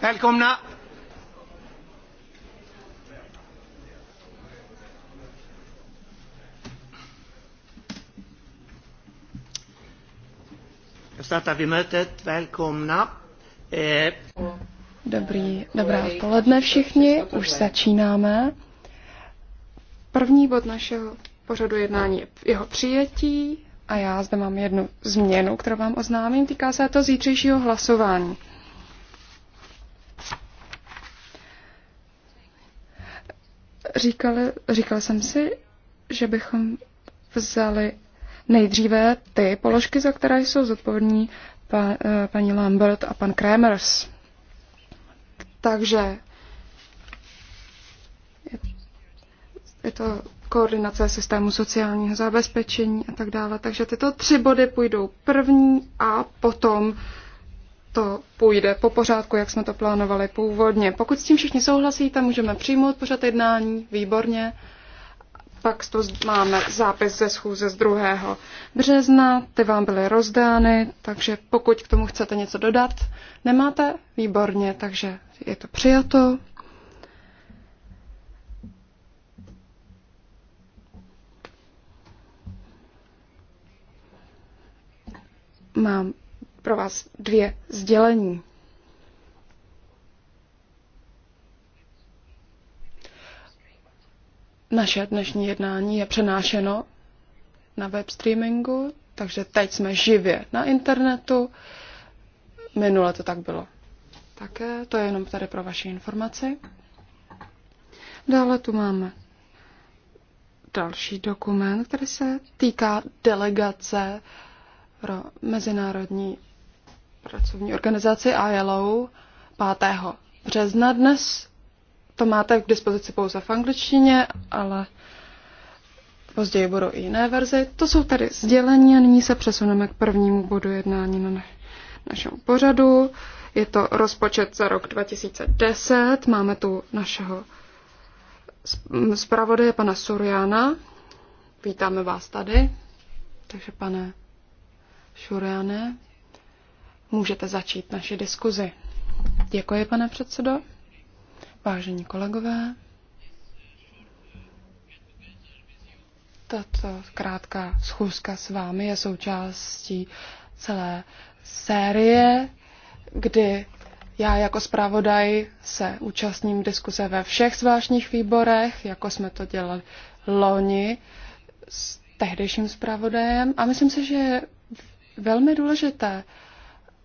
Välkomna! Jag startar vid mötet. Välkomna! Eh. Dobrý, dobré odpoledne všichni, už začínáme. První bod našeho pořadu jednání je jeho přijetí a já zde mám jednu změnu, kterou vám oznámím. Týká se to zítřejšího hlasování. Říkal, říkal jsem si, že bychom vzali nejdříve ty položky, za které jsou zodpovědní pa, eh, paní Lambert a pan Kremers. Takže je to koordinace systému sociálního zabezpečení a tak dále. Takže tyto tři body půjdou první a potom to půjde po pořádku, jak jsme to plánovali původně. Pokud s tím všichni souhlasíte, můžeme přijmout pořad jednání, výborně. Pak to máme zápis ze schůze z 2. března, ty vám byly rozdány, takže pokud k tomu chcete něco dodat, nemáte, výborně, takže je to přijato. Mám pro vás dvě sdělení. Naše dnešní jednání je přenášeno na web streamingu, takže teď jsme živě na internetu. Minule to tak bylo také, to je jenom tady pro vaši informaci. Dále tu máme další dokument, který se týká delegace pro Mezinárodní pracovní organizaci ILO 5. března dnes. To máte k dispozici pouze v angličtině, ale později budou i jiné verze. To jsou tady sdělení a nyní se přesuneme k prvnímu bodu jednání na našem pořadu. Je to rozpočet za rok 2010. Máme tu našeho zpravodaje pana Suriana. Vítáme vás tady. Takže pane Šuriane, můžete začít naši diskuzi. Děkuji, pane předsedo. Vážení kolegové, tato krátká schůzka s vámi je součástí celé série, kdy já jako zpravodaj se účastním diskuse ve všech zvláštních výborech, jako jsme to dělali loni s tehdejším zpravodajem. A myslím si, že je velmi důležité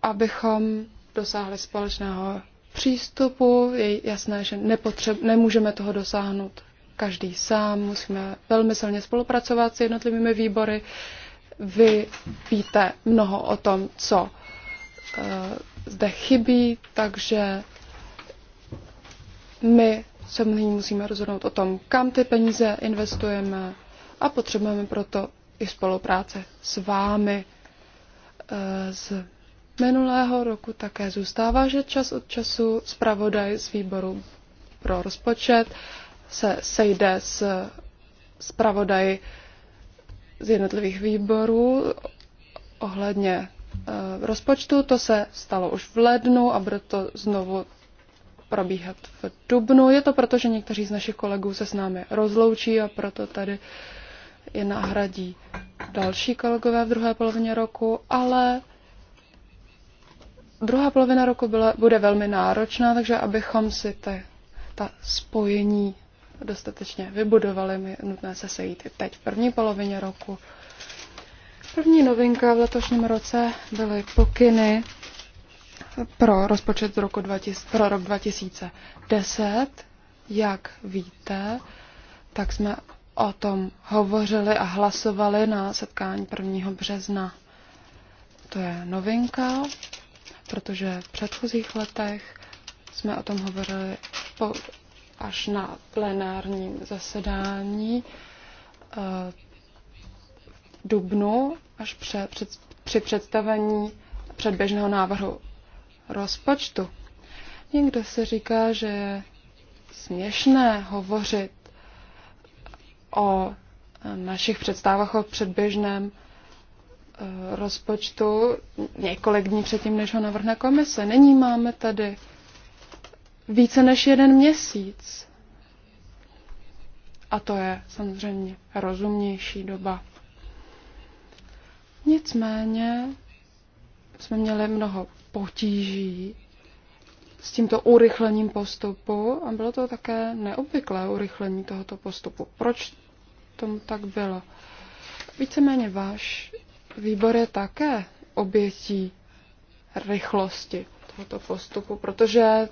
abychom dosáhli společného přístupu. Je jasné, že nepotřeb, nemůžeme toho dosáhnout každý sám, musíme velmi silně spolupracovat s jednotlivými výbory. Vy víte mnoho o tom, co eh, zde chybí, takže my se nyní musíme rozhodnout o tom, kam ty peníze investujeme a potřebujeme proto i spolupráce s vámi, eh, s minulého roku také zůstává, že čas od času zpravodaj z výboru pro rozpočet se sejde s zpravodaj z jednotlivých výborů ohledně eh, rozpočtu. To se stalo už v lednu a bude to znovu probíhat v dubnu. Je to proto, že někteří z našich kolegů se s námi rozloučí a proto tady je nahradí další kolegové v druhé polovině roku, ale druhá polovina roku byla, bude velmi náročná, takže abychom si te, ta spojení dostatečně vybudovali, my nutné se sejít i teď v první polovině roku. První novinka v letošním roce byly pokyny pro rozpočet z roku 20, pro rok 2010. Jak víte, tak jsme o tom hovořili a hlasovali na setkání 1. března. To je novinka protože v předchozích letech jsme o tom hovořili po, až na plenárním zasedání eh, v dubnu, až pře, před, při představení předběžného návrhu rozpočtu. Někdo se říká, že je směšné hovořit o našich představách o předběžném Eh, rozpočtu několik dní předtím, než ho navrhne komise. Není máme tady více než jeden měsíc. A to je samozřejmě rozumnější doba. Nicméně jsme měli mnoho potíží s tímto urychlením postupu a bylo to také neobvyklé urychlení tohoto postupu. Proč tomu tak bylo? Víceméně váš Výbor je také obětí rychlosti tohoto postupu, protože e,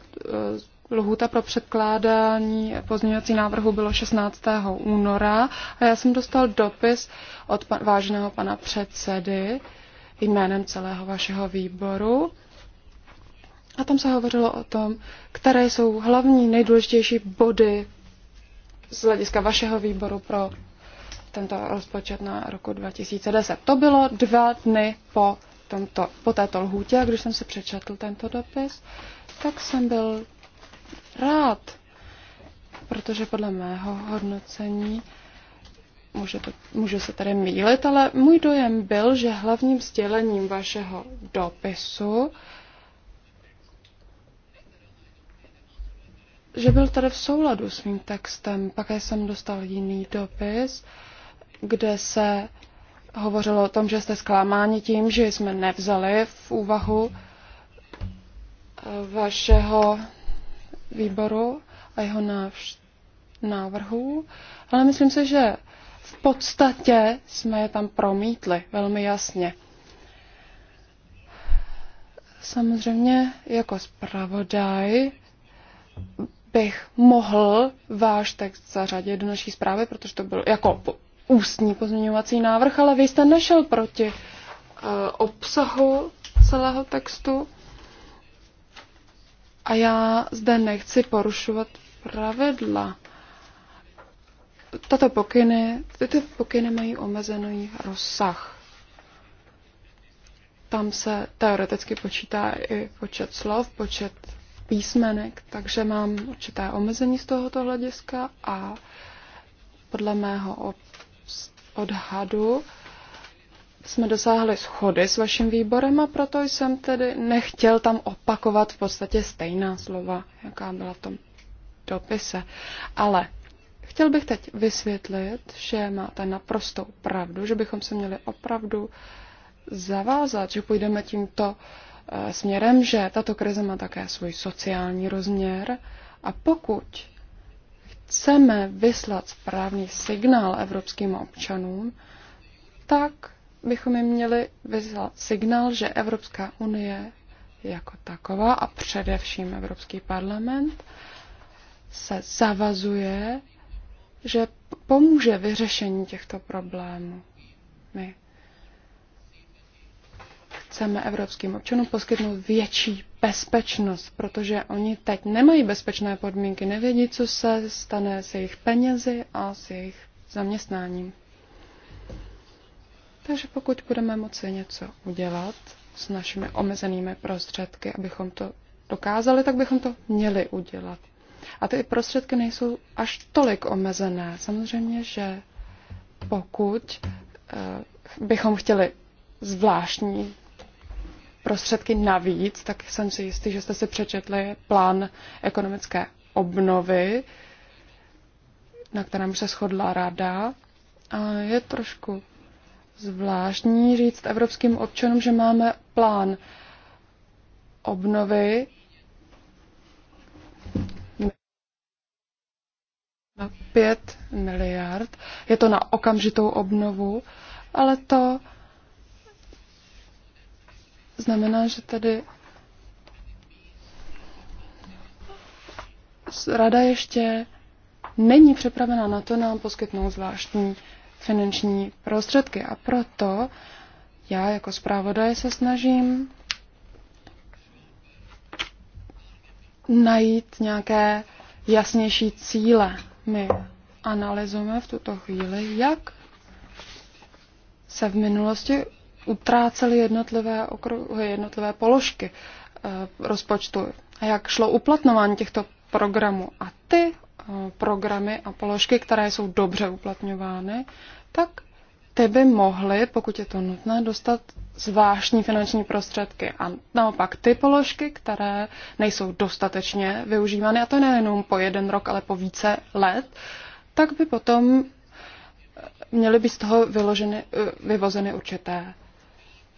lhůta pro předkládání pozměňovací návrhu bylo 16. února a já jsem dostal dopis od pan, váženého pana předsedy jménem celého vašeho výboru. A tam se hovořilo o tom, které jsou hlavní nejdůležitější body z hlediska vašeho výboru pro tento rozpočet na roku 2010. To bylo dva dny po, tomto, po této lhůtě a když jsem si přečetl tento dopis, tak jsem byl rád, protože podle mého hodnocení může to, může se tady mýlit, ale můj dojem byl, že hlavním sdělením vašeho dopisu že byl tady v souladu s mým textem. Pak jsem dostal jiný dopis, kde se hovořilo o tom, že jste zklamáni tím, že jsme nevzali v úvahu eh, vašeho výboru a jeho návrhů, ale myslím si, že v podstatě jsme je tam promítli velmi jasně. Samozřejmě jako zpravodaj bych mohl váš text zařadit do naší zprávy, protože to bylo jako ústní pozměňovací návrh, ale vy jste nešel proti eh, obsahu celého textu. A já zde nechci porušovat pravidla. Tato pokyny, tyto pokyny mají omezený rozsah. Tam se teoreticky počítá i počet slov, počet písmenek, takže mám určité omezení z tohoto hlediska a podle mého op odhadu jsme dosáhli schody s vaším výborem a proto jsem tedy nechtěl tam opakovat v podstatě stejná slova, jaká byla v tom dopise. Ale chtěl bych teď vysvětlit, že máte naprostou pravdu, že bychom se měli opravdu zavázat, že půjdeme tímto eh, směrem, že tato krize má také svůj sociální rozměr a pokud chceme vyslat správný signál evropským občanům, tak bychom jim měli vyslat signál, že Evropská unie jako taková a především Evropský parlament se zavazuje, že pomůže vyřešení těchto problémů. My chceme evropským občanům poskytnout větší bezpečnost, protože oni teď nemají bezpečné podmínky, nevědí, co se stane s jejich penězi a s jejich zaměstnáním. Takže pokud budeme moci něco udělat s našimi omezenými prostředky, abychom to dokázali, tak bychom to měli udělat. A ty prostředky nejsou až tolik omezené. Samozřejmě, že pokud eh, bychom chtěli zvláštní prostředky navíc, tak jsem si jistý, že jste si přečetli plán ekonomické obnovy, na kterém se shodla rada. A je trošku zvláštní říct evropským občanům, že máme plán obnovy. Na 5 miliard. Je to na okamžitou obnovu, ale to znamená, že tady rada ještě není připravena na to nám poskytnout zvláštní finanční prostředky. A proto já jako zpravodaj se snažím najít nějaké jasnější cíle. My analyzujeme v tuto chvíli, jak se v minulosti utráceli jednotlivé okruhy, jednotlivé položky eh, rozpočtu a jak šlo uplatňování těchto programů. A ty eh, programy a položky, které jsou dobře uplatňovány, tak ty by mohly, pokud je to nutné, dostat zvláštní finanční prostředky. A naopak ty položky, které nejsou dostatečně využívány, a to nejenom po jeden rok, ale po více let, tak by potom měly být z toho vyloženy, eh, vyvozeny určité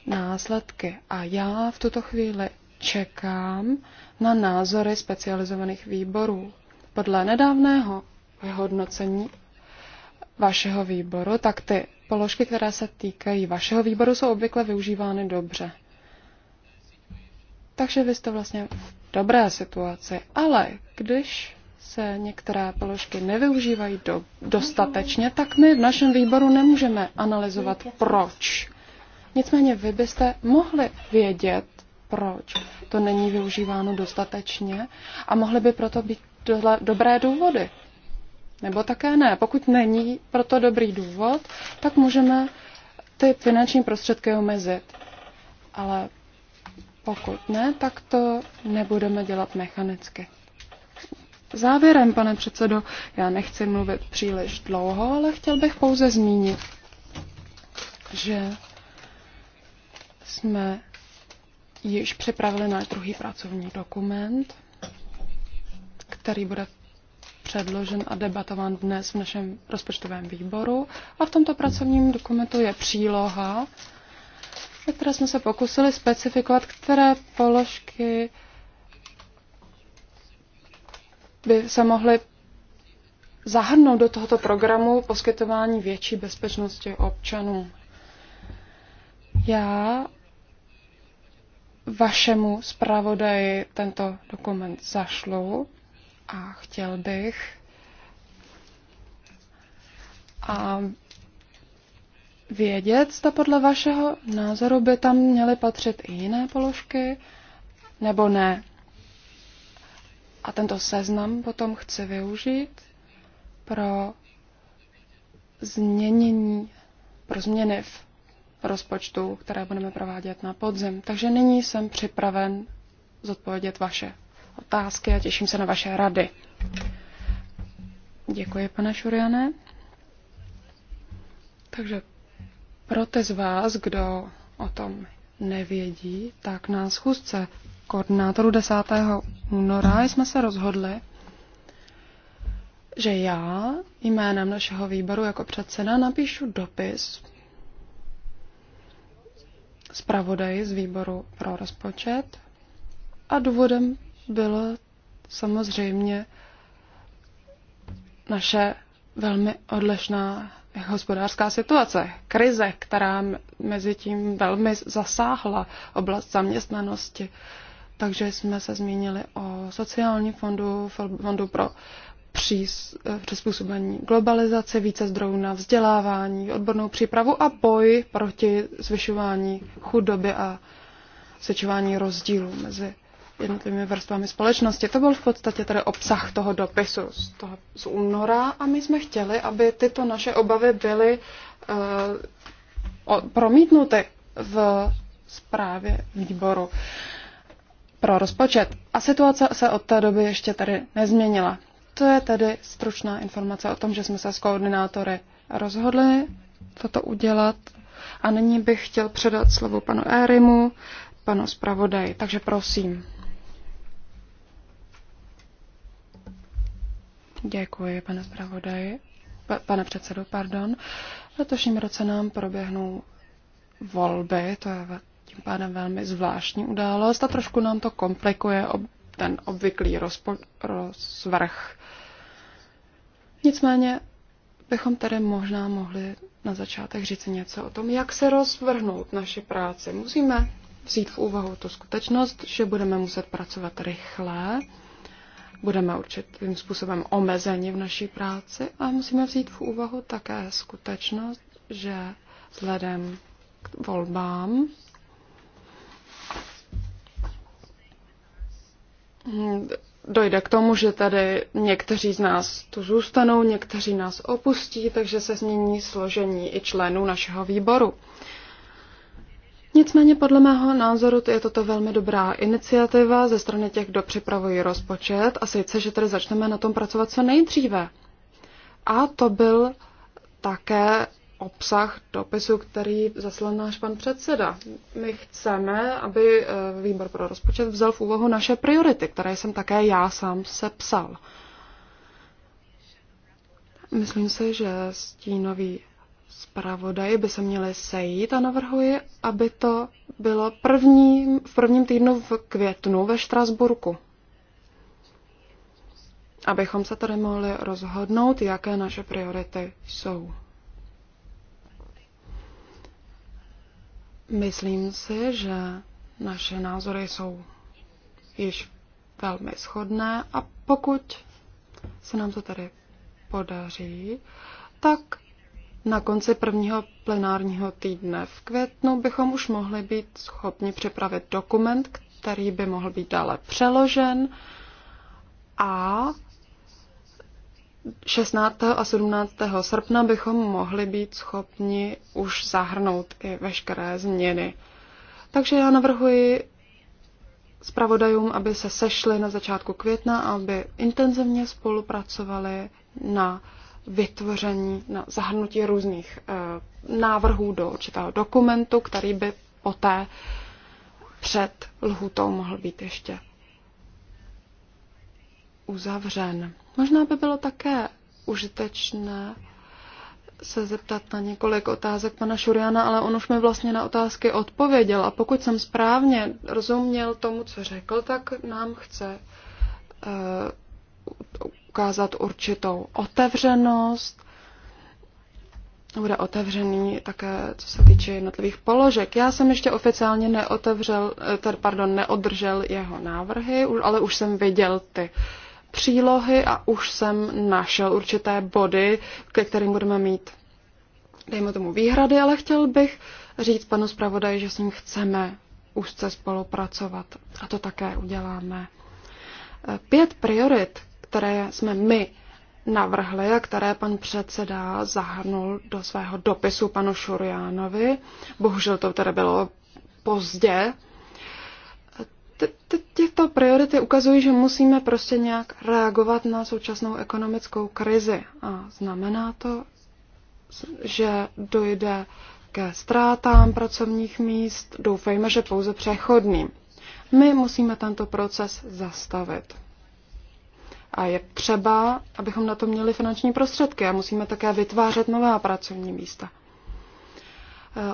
následky. A já v tuto chvíli čekám na názory specializovaných výborů. Podle nedávného vyhodnocení vašeho výboru, tak ty položky, které se týkají vašeho výboru, jsou obvykle využívány dobře. Takže vy jste vlastně v dobré situaci. Ale když se některé položky nevyužívají do, dostatečně, tak my v našem výboru nemůžeme analyzovat proč. Nicméně vy byste mohli vědět, proč to není využíváno dostatečně a mohly by proto být dohle, dobré důvody. Nebo také ne. Pokud není proto dobrý důvod, tak můžeme ty finanční prostředky omezit. Ale pokud ne, tak to nebudeme dělat mechanicky. Závěrem, pane předsedo, já nechci mluvit příliš dlouho, ale chtěl bych pouze zmínit, že jsme již připravili náš druhý pracovní dokument, který bude předložen a debatován dnes v našem rozpočtovém výboru. A v tomto pracovním dokumentu je příloha, ve které jsme se pokusili specifikovat, které položky by se mohly zahrnout do tohoto programu poskytování větší bezpečnosti občanů. Já vašemu zpravodaji tento dokument zašlu a chtěl bych, a vědět, zda podle vašeho názoru by tam měly patřit i jiné položky, nebo ne. A tento seznam potom chci využít pro změnění, pro změny v rozpočtu, které budeme provádět na podzim. Takže nyní jsem připraven zodpovědět vaše otázky a těším se na vaše rady. Děkuji, pane Šuriane. Takže pro ty z vás, kdo o tom nevědí, tak na schůzce koordinátoru 10. února jsme se rozhodli, že já jménem našeho výboru jako předseda napíšu dopis zpravodaji z výboru pro rozpočet a důvodem bylo samozřejmě naše velmi odlišná hospodářská situace, krize, která mezi tím velmi zasáhla oblast zaměstnanosti. Takže jsme se zmínili o sociálním fondu, fondu pro Eh, přizpůsobení globalizace, více zdrojů na vzdělávání, odbornou přípravu a boj proti zvyšování chudoby a sečování rozdílů mezi jednotlivými vrstvami společnosti. To byl v podstatě tedy obsah toho dopisu z, toho, z února a my jsme chtěli, aby tyto naše obavy byly uh, promítnuty v zprávě výboru pro rozpočet. A situace se od té doby ještě tady nezměnila. To je tedy stručná informace o tom, že jsme se s koordinátory rozhodli toto udělat. A nyní bych chtěl předat slovo panu Érimu, panu zpravodaji. Takže prosím. Děkuji, pane zpravodaji. Pa, pane předsedu, pardon. V letošním roce nám proběhnou volby, to je tím pádem velmi zvláštní událost a trošku nám to komplikuje ten obvyklý rozpo, rozvrh. Nicméně bychom tady možná mohli na začátek říct něco o tom, jak se rozvrhnout naši práci. Musíme vzít v úvahu tu skutečnost, že budeme muset pracovat rychle, budeme určitým způsobem omezeni v naší práci a musíme vzít v úvahu také skutečnost, že vzhledem k volbám dojde k tomu, že tady někteří z nás tu zůstanou, někteří nás opustí, takže se změní složení i členů našeho výboru. Nicméně podle mého názoru je toto velmi dobrá iniciativa ze strany těch, kdo připravují rozpočet a sice, že tady začneme na tom pracovat co nejdříve. A to byl také obsah dopisu, který zaslal náš pan předseda. My chceme, aby eh, výbor pro rozpočet vzal v úvahu naše priority, které jsem také já sám sepsal. Myslím si, že stínový zpravodaj by se měli sejít a navrhuji, aby to bylo první, v prvním týdnu v květnu ve Štrasburku. Abychom se tady mohli rozhodnout, jaké naše priority jsou. Myslím si, že naše názory jsou již velmi shodné a pokud se nám to tady podaří, tak na konci prvního plenárního týdne v květnu bychom už mohli být schopni připravit dokument, který by mohl být dále přeložen a 16. a 17. srpna bychom mohli být schopni už zahrnout i veškeré změny. Takže já navrhuji zpravodajům, aby se sešli na začátku května, aby intenzivně spolupracovali na vytvoření, na zahrnutí různých e, návrhů do určitého dokumentu, který by poté před lhutou mohl být ještě uzavřen. Možná by bylo také užitečné se zeptat na několik otázek pana Šuriana, ale on už mi vlastně na otázky odpověděl. A pokud jsem správně rozuměl tomu, co řekl, tak nám chce uh, ukázat určitou otevřenost. Bude otevřený také, co se týče jednotlivých položek. Já jsem ještě oficiálně neotevřel, eh, ter, pardon, neodržel jeho návrhy, ale už jsem viděl ty uh, přílohy a už jsem našel určité body, ke kterým budeme mít, dejme tomu, výhrady, ale chtěl bych říct panu zpravodaji, že s ním chceme úzce spolupracovat a to také uděláme. Pět priorit, které jsme my navrhli a které pan předseda zahrnul do svého dopisu panu Šuriánovi. Bohužel to tedy bylo pozdě, těchto priority ukazují, že musíme prostě nějak reagovat na současnou ekonomickou krizi. A znamená to, že dojde ke ztrátám pracovních míst, doufejme, že pouze přechodným. My musíme tento proces zastavit. A je třeba, abychom na to měli finanční prostředky a musíme také vytvářet nová pracovní místa.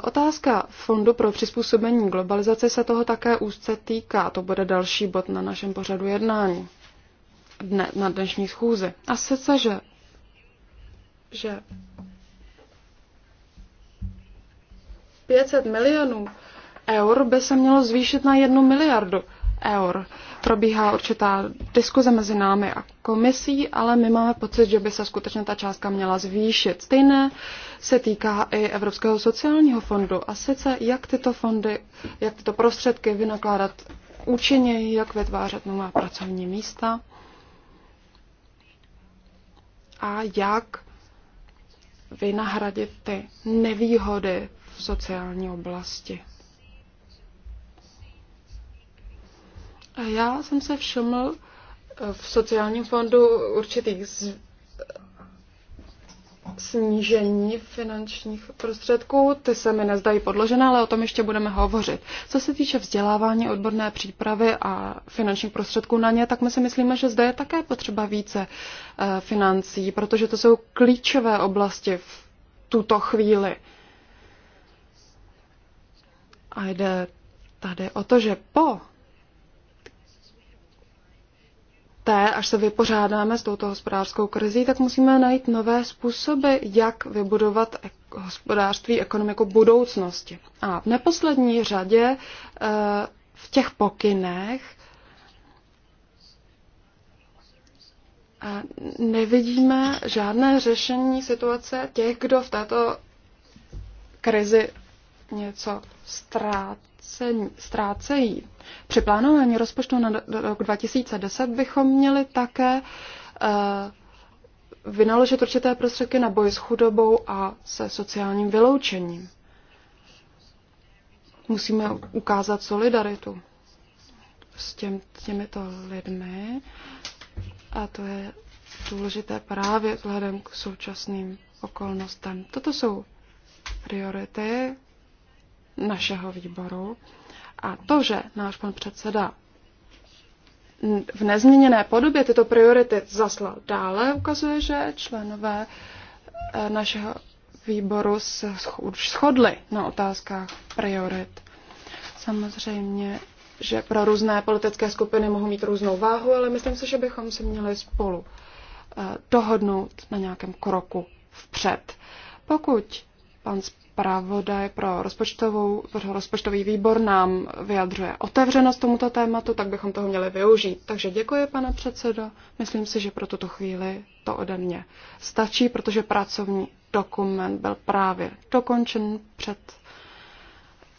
Otázka Fondu pro přizpůsobení globalizace se toho také úzce týká. To bude další bod na našem pořadu jednání dne, na dnešní schůzi. A sice, že, že 500 milionů eur by se mělo zvýšit na jednu miliardu eur probíhá určitá diskuze mezi námi a komisí, ale my máme pocit, že by se skutečně ta částka měla zvýšit. Stejné se týká i Evropského sociálního fondu a sice jak tyto fondy, jak tyto prostředky vynakládat účinněji, jak vytvářet nová pracovní místa a jak vynahradit ty nevýhody v sociální oblasti. Já jsem se všiml eh, v sociálním fondu určitých z... snížení finančních prostředků. Ty se mi nezdají podložené, ale o tom ještě budeme hovořit. Co se týče vzdělávání, odborné přípravy a finančních prostředků na ně, tak my si myslíme, že zde je také potřeba více eh, financí, protože to jsou klíčové oblasti v tuto chvíli. A jde tady o to, že po té, až se vypořádáme s touto hospodářskou krizí, tak musíme najít nové způsoby, jak vybudovat hospodářství, ekonomiku budoucnosti. A v neposlední řadě eh, v těch pokynech eh, nevidíme žádné řešení situace těch, kdo v této krizi něco ztrát, ztrácejí. Při plánování rozpočtu na rok 2010 bychom měli také eh, vynaložit určité prostředky na boj s chudobou a se sociálním vyloučením. Musíme ukázat solidaritu s těm, těmito lidmi a to je důležité právě vzhledem k současným okolnostem. Toto jsou priority, našeho výboru. A to, že náš pan předseda v nezměněné podobě tyto priority zaslal dále, ukazuje, že členové eh, našeho výboru se už shodli na otázkách priorit. Samozřejmě, že pro různé politické skupiny mohou mít různou váhu, ale myslím si, že bychom se měli spolu eh, dohodnout na nějakém kroku vpřed. Pokud pan zpravodaj pro, rozpočtovou, pro rozpočtový výbor nám vyjadřuje otevřenost tomuto tématu, tak bychom toho měli využít. Takže děkuji, pane předsedo. Myslím si, že pro tuto chvíli to ode mě stačí, protože pracovní dokument byl právě dokončen před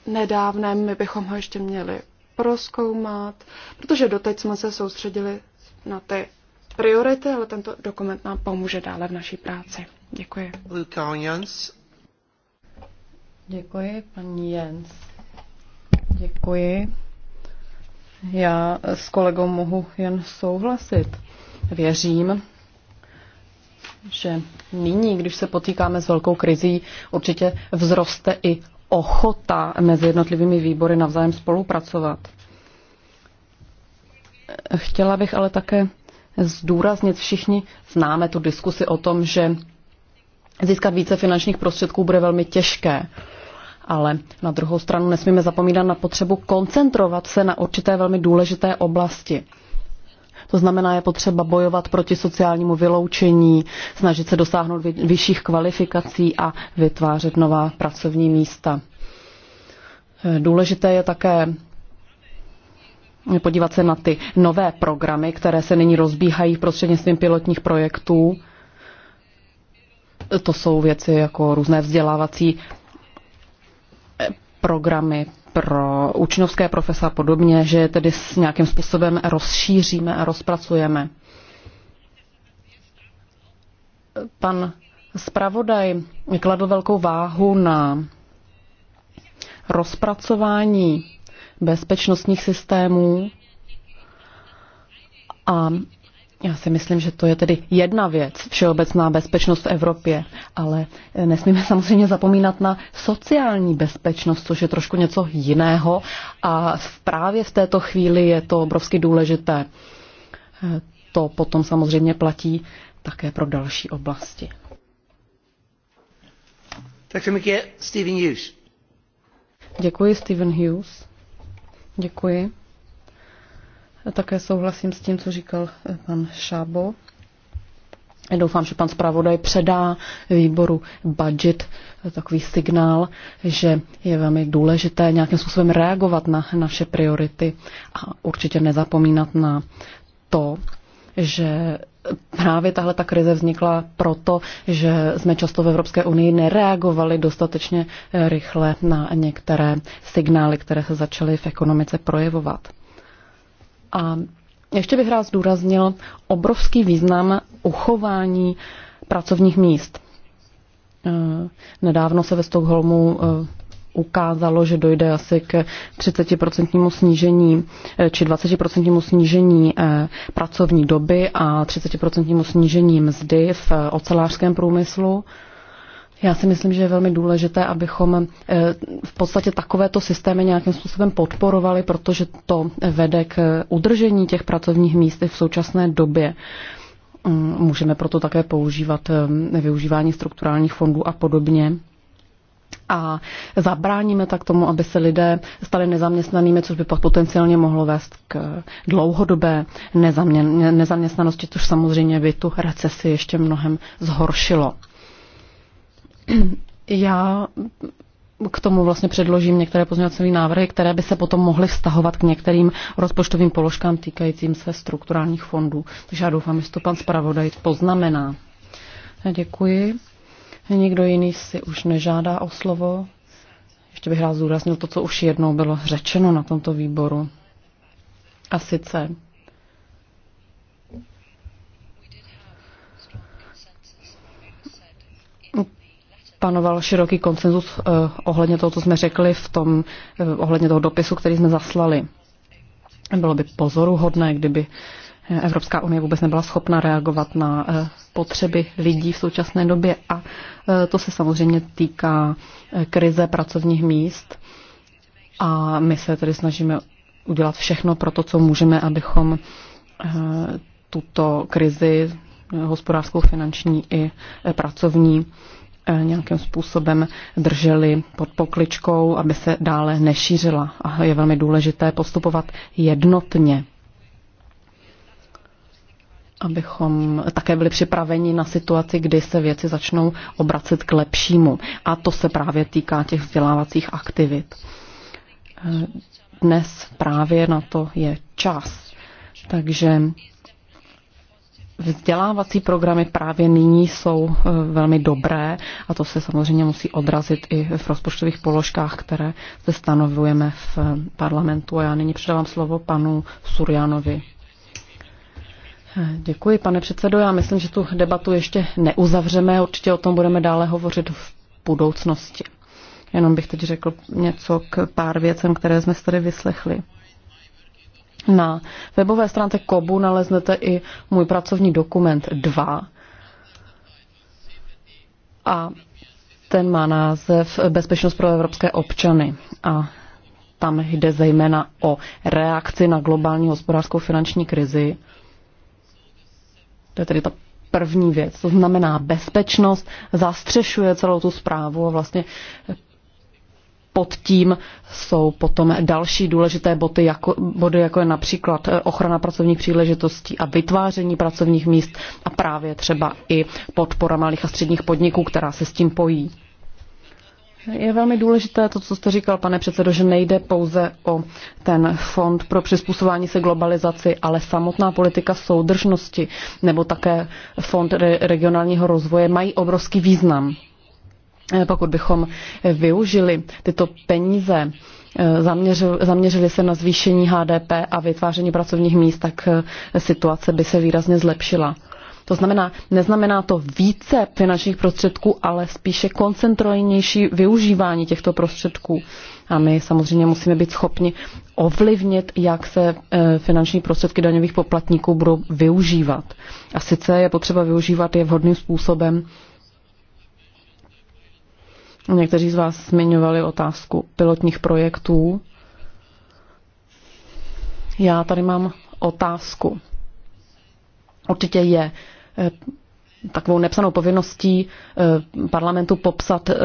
nedávnem. My bychom ho ještě měli proskoumat, protože doteď jsme se soustředili na ty priority, ale tento dokument nám pomůže dále v naší práci. Děkuji. Děkuji, paní Jens. Děkuji. Já s kolegou mohu jen souhlasit. Věřím, že nyní, když se potýkáme s velkou krizí, určitě vzroste i ochota mezi jednotlivými výbory navzájem spolupracovat. Chtěla bych ale také zdůraznit, všichni známe tu diskusi o tom, že získat více finančních prostředků bude velmi těžké. Ale na druhou stranu nesmíme zapomínat na potřebu koncentrovat se na určité velmi důležité oblasti. To znamená, je potřeba bojovat proti sociálnímu vyloučení, snažit se dosáhnout vyšších kvalifikací a vytvářet nová pracovní místa. Eh, důležité je také eh, podívat se na ty nové programy, které se nyní rozbíhají prostřednictvím pilotních projektů to jsou věci jako různé vzdělávací eh, programy pro učňovské profese a podobně, že je tedy s nějakým způsobem rozšíříme a rozpracujeme. Pan zpravodaj kladl velkou váhu na rozpracování bezpečnostních systémů a já si myslím, že to je tedy jedna věc, všeobecná bezpečnost v Evropě, ale eh, nesmíme samozřejmě zapomínat na sociální bezpečnost, což je trošku něco jiného a právě v této chvíli je to obrovsky důležité. Eh, to potom samozřejmě platí také pro další oblasti. Tak Stephen Hughes. Děkuji, Stephen Hughes. Děkuji. Také souhlasím s tím, co říkal eh, pan Šábo. Doufám, že pan zpravodaj předá výboru budget eh, takový signál, že je velmi důležité nějakým způsobem reagovat na naše priority a určitě nezapomínat na to, že právě tahle ta krize vznikla proto, že jsme často v Evropské unii nereagovali dostatečně eh, rychle na některé signály, které se začaly v ekonomice projevovat. A ještě bych rád zdůraznil obrovský význam uchování pracovních míst. Eh, nedávno se ve Stockholmu eh, ukázalo, že dojde asi k 30% snížení eh, či 20% snížení pracovní doby a 30% snížení mzdy v ocelářském průmyslu. Já si myslím, že je velmi důležité, abychom eh, v podstatě takovéto systémy nějakým způsobem podporovali, protože to eh, vede k eh, udržení těch pracovních míst v současné době. Mm, můžeme proto také používat využívání strukturálních fondů a podobně. A zabráníme tak tomu, aby se lidé stali nezaměstnanými, což by pak potenciálně mohlo vést k dlouhodobé nezaměstnanosti, což samozřejmě by tu recesi ještě mnohem zhoršilo. Já k tomu vlastně předložím některé pozměňovací návrhy, které by se potom mohly vztahovat k některým rozpočtovým položkám týkajícím se strukturálních fondů. Takže já doufám, že to pan zpravodaj poznamená. Děkuji. Nikdo jiný si už nežádá o slovo. Ještě bych rád zúraznil to, co už jednou bylo řečeno na tomto výboru. A sice panoval široký konsenzus eh, ohledně toho, co jsme řekli v tom, eh, ohledně toho dopisu, který jsme zaslali. Bylo by pozoruhodné, kdyby eh, Evropská unie vůbec nebyla schopna reagovat na potřeby lidí v současné době a to se samozřejmě týká krize pracovních míst a my se tedy snažíme udělat všechno pro to, co můžeme, abychom tuto krizi hospodářskou, finanční i pracovní Eh, nějakým způsobem drželi pod pokličkou, aby se dále nešířila. A je velmi důležité postupovat jednotně, abychom také byli připraveni na situaci, kdy se věci začnou obracet k lepšímu. A to se právě týká těch vzdělávacích aktivit. Eh, dnes právě na to je čas. Takže vzdělávací programy právě nyní jsou e, velmi dobré a to se samozřejmě musí odrazit i v rozpočtových položkách, které se stanovujeme v parlamentu. A já nyní předávám slovo panu Surjanovi. E, děkuji, pane předsedo. Já myslím, že tu debatu ještě neuzavřeme. Určitě o tom budeme dále hovořit v budoucnosti. Jenom bych teď řekl něco k pár věcem, které jsme tady vyslechli. Na webové stránce KOBu naleznete i můj pracovní dokument 2. A ten má název Bezpečnost pro evropské občany. A tam jde zejména o reakci na globální hospodářskou finanční krizi. To je tedy ta první věc. To znamená, bezpečnost zastřešuje celou tu zprávu a vlastně pod tím jsou potom další důležité body jako, body, jako je například eh, ochrana pracovních příležitostí a vytváření pracovních míst a právě třeba i podpora malých a středních podniků, která se s tím pojí. Je velmi důležité to, co jste říkal, pane předsedo, že nejde pouze o ten fond pro přizpůsobování se globalizaci, ale samotná politika soudržnosti nebo také fond regionálního rozvoje mají obrovský význam. Eh, pokud bychom eh, využili tyto peníze, eh, zaměřili, zaměřili se na zvýšení HDP a vytváření pracovních míst, tak situace by se výrazně zlepšila. To znamená, neznamená to více finančních prostředků, ale spíše koncentrovanější využívání těchto prostředků. A my samozřejmě musíme být schopni ovlivnit, jak se finanční prostředky daňových poplatníků budou využívat. A sice je potřeba využívat je vhodným způsobem, Někteří z vás zmiňovali otázku pilotních projektů. Já tady mám otázku. Určitě je eh, takovou nepsanou povinností eh, parlamentu popsat, eh,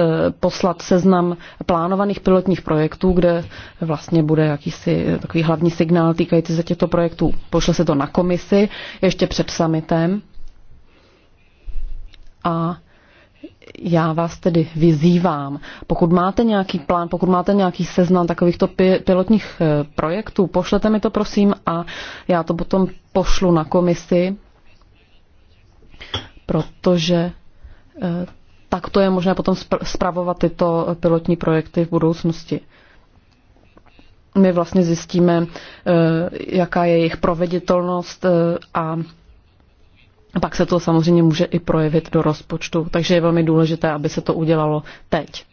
poslat seznam plánovaných pilotních projektů, kde vlastně bude jakýsi takový hlavní signál týkající se těchto projektů. Pošle se to na komisi ještě před summitem. A já vás tedy vyzývám, pokud máte nějaký plán, pokud máte nějaký seznam takovýchto pilotních eh, projektů, pošlete mi to prosím a já to potom pošlu na komisi, protože eh, tak to je možné potom spravovat tyto pilotní projekty v budoucnosti. My vlastně zjistíme, eh, jaká je jejich proveditelnost a a pak se to samozřejmě může i projevit do rozpočtu, takže je velmi důležité, aby se to udělalo teď.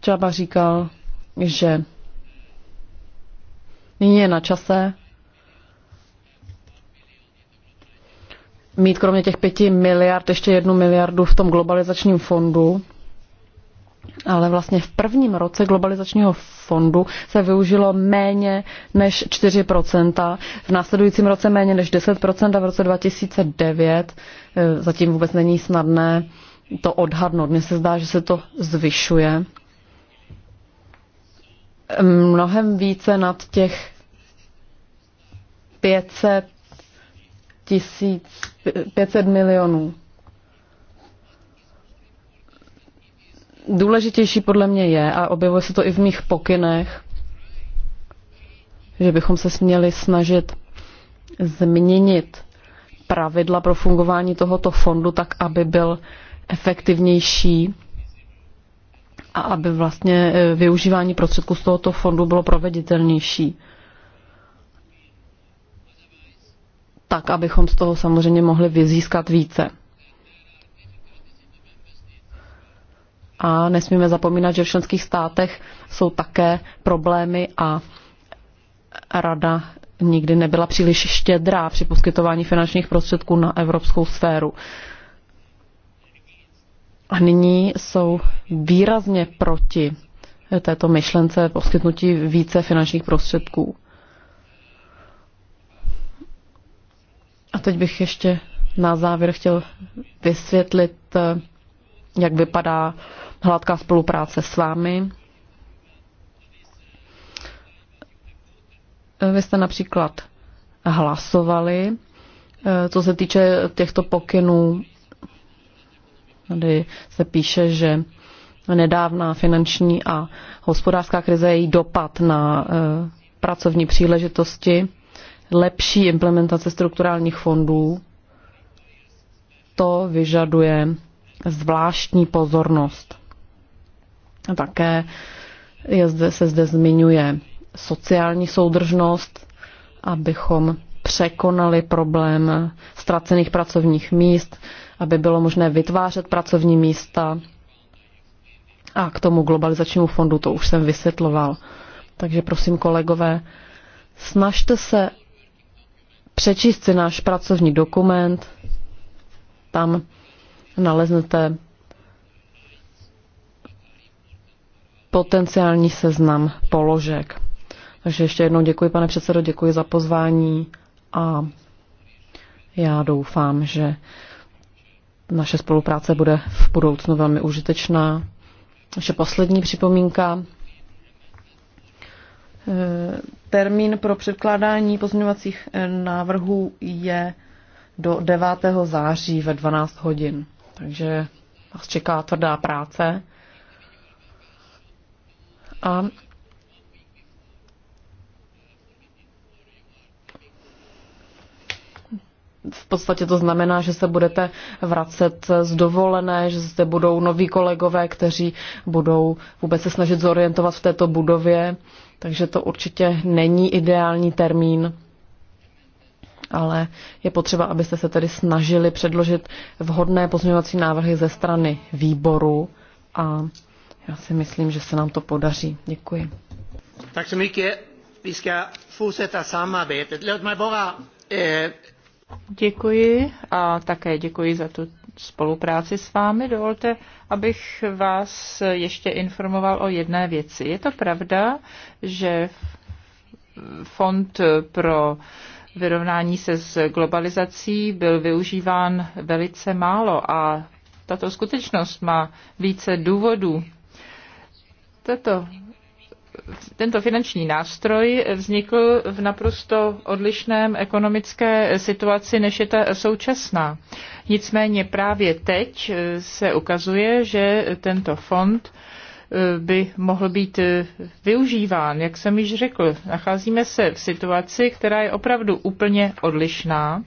Čaba říkal, že nyní je na čase mít kromě těch pěti miliard ještě jednu miliardu v tom globalizačním fondu, ale vlastně v prvním roce globalizačního fondu se využilo méně než 4%, v následujícím roce méně než 10% a v roce 2009 eh, zatím vůbec není snadné to odhadnout. Mně se zdá, že se to zvyšuje mnohem více nad těch 500 tisíc, 500 milionů. důležitější podle mě je, a objevuje se to i v mých pokynech, že bychom se směli snažit změnit pravidla pro fungování tohoto fondu tak, aby byl efektivnější a aby vlastně e, využívání prostředků z tohoto fondu bylo proveditelnější. Tak, abychom z toho samozřejmě mohli vyzískat více. a nesmíme zapomínat, že v členských státech jsou také problémy a rada nikdy nebyla příliš štědrá při poskytování finančních prostředků na evropskou sféru. A nyní jsou výrazně proti této myšlence poskytnutí více finančních prostředků. A teď bych ještě na závěr chtěl vysvětlit, jak vypadá hladká spolupráce s vámi. Vy jste například hlasovali, eh, co se týče těchto pokynů. Tady se píše, že nedávná finanční a hospodářská krize, její dopad na eh, pracovní příležitosti, lepší implementace strukturálních fondů, to vyžaduje zvláštní pozornost. Také je zde, se zde zmiňuje sociální soudržnost, abychom překonali problém ztracených pracovních míst, aby bylo možné vytvářet pracovní místa. A k tomu globalizačnímu fondu to už jsem vysvětloval. Takže prosím kolegové, snažte se přečíst si náš pracovní dokument. Tam naleznete potenciální seznam položek. Takže ještě jednou děkuji, pane předsedo, děkuji za pozvání a já doufám, že naše spolupráce bude v budoucnu velmi užitečná. Naše poslední připomínka. Eh, termín pro předkládání pozměňovacích eh, návrhů je do 9. září ve 12 hodin. Takže vás čeká tvrdá práce a v podstatě to znamená, že se budete vracet z dovolené, že zde budou noví kolegové, kteří budou vůbec se snažit zorientovat v této budově, takže to určitě není ideální termín, ale je potřeba, abyste se tedy snažili předložit vhodné pozměňovací návrhy ze strany výboru a já si myslím, že se nám to podaří. Děkuji. Tak se mycket. Vi ska fortsätta samarbetet. Låt mig øh, Děkuji a také děkuji za tu spolupráci s vámi. Dovolte, abych vás ještě informoval o jedné věci. Je to pravda, že fond pro vyrovnání se s globalizací byl využíván velice málo a tato skutečnost má více důvodů. Tato, tento finanční nástroj vznikl v naprosto odlišném ekonomické situaci, než je ta současná. Nicméně právě teď se ukazuje, že tento fond eh, by mohl být eh, využíván. Jak jsem již řekl, nacházíme se v situaci, která je opravdu úplně odlišná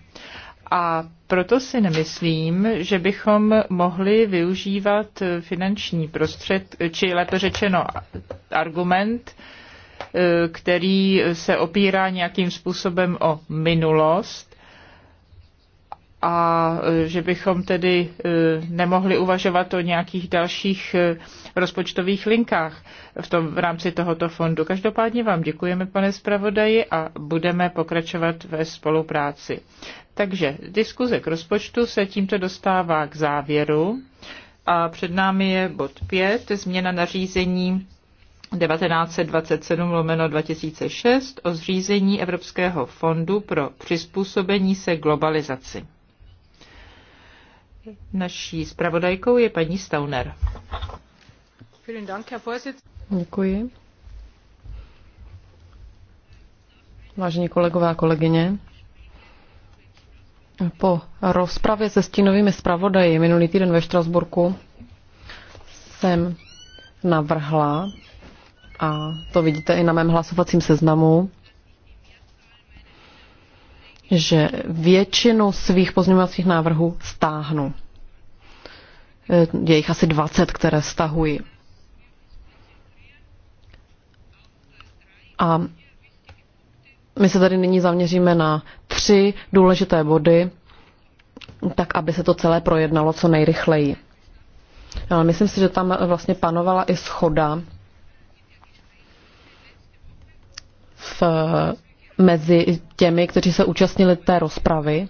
a proto si nemyslím, že bychom mohli využívat finanční prostřed, či lépe řečeno argument, eh, který se opírá nějakým způsobem o minulost a že bychom tedy eh, nemohli uvažovat o nějakých dalších eh, rozpočtových linkách v, tom, v rámci tohoto fondu. Každopádně vám děkujeme, pane zpravodaji, a budeme pokračovat ve spolupráci. Takže diskuze k rozpočtu se tímto dostává k závěru a před námi je bod 5, změna nařízení 1927 lomeno 2006 o zřízení Evropského fondu pro přizpůsobení se globalizaci. Naší zpravodajkou je paní Stauner. Děkuji. Vážení kolegové a kolegyně, po rozpravě se stínovými zpravodaji minulý týden ve Štrasburku jsem navrhla, a to vidíte i na mém hlasovacím seznamu, že většinu svých pozměňovacích návrhů stáhnu. Je jich asi 20, které stahuji. A my se tady nyní zaměříme na tři důležité body, tak aby se to celé projednalo co nejrychleji. Ale myslím si, že tam vlastně panovala i schoda v, mezi těmi, kteří se účastnili té rozpravy,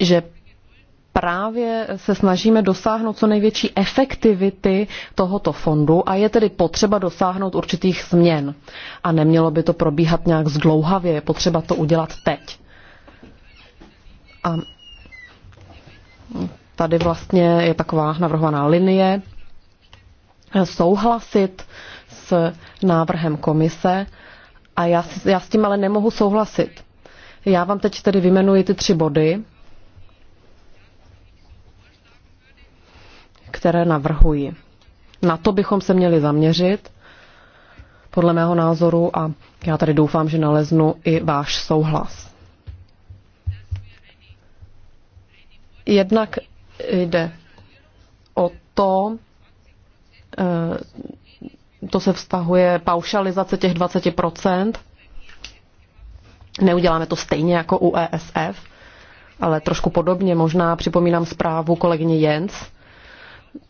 že právě se snažíme dosáhnout co největší efektivity tohoto fondu a je tedy potřeba dosáhnout určitých změn. A nemělo by to probíhat nějak zdlouhavě, je potřeba to udělat teď. A tady vlastně je taková navrhovaná linie souhlasit s návrhem komise a já, já s tím ale nemohu souhlasit. Já vám teď tedy vymenuji ty tři body, které navrhuji. Na to bychom se měli zaměřit, podle mého názoru, a já tady doufám, že naleznu i váš souhlas. Jednak jde o to, eh, to se vztahuje paušalizace těch 20%. Neuděláme to stejně jako u ESF, ale trošku podobně. Možná připomínám zprávu kolegyně Jens,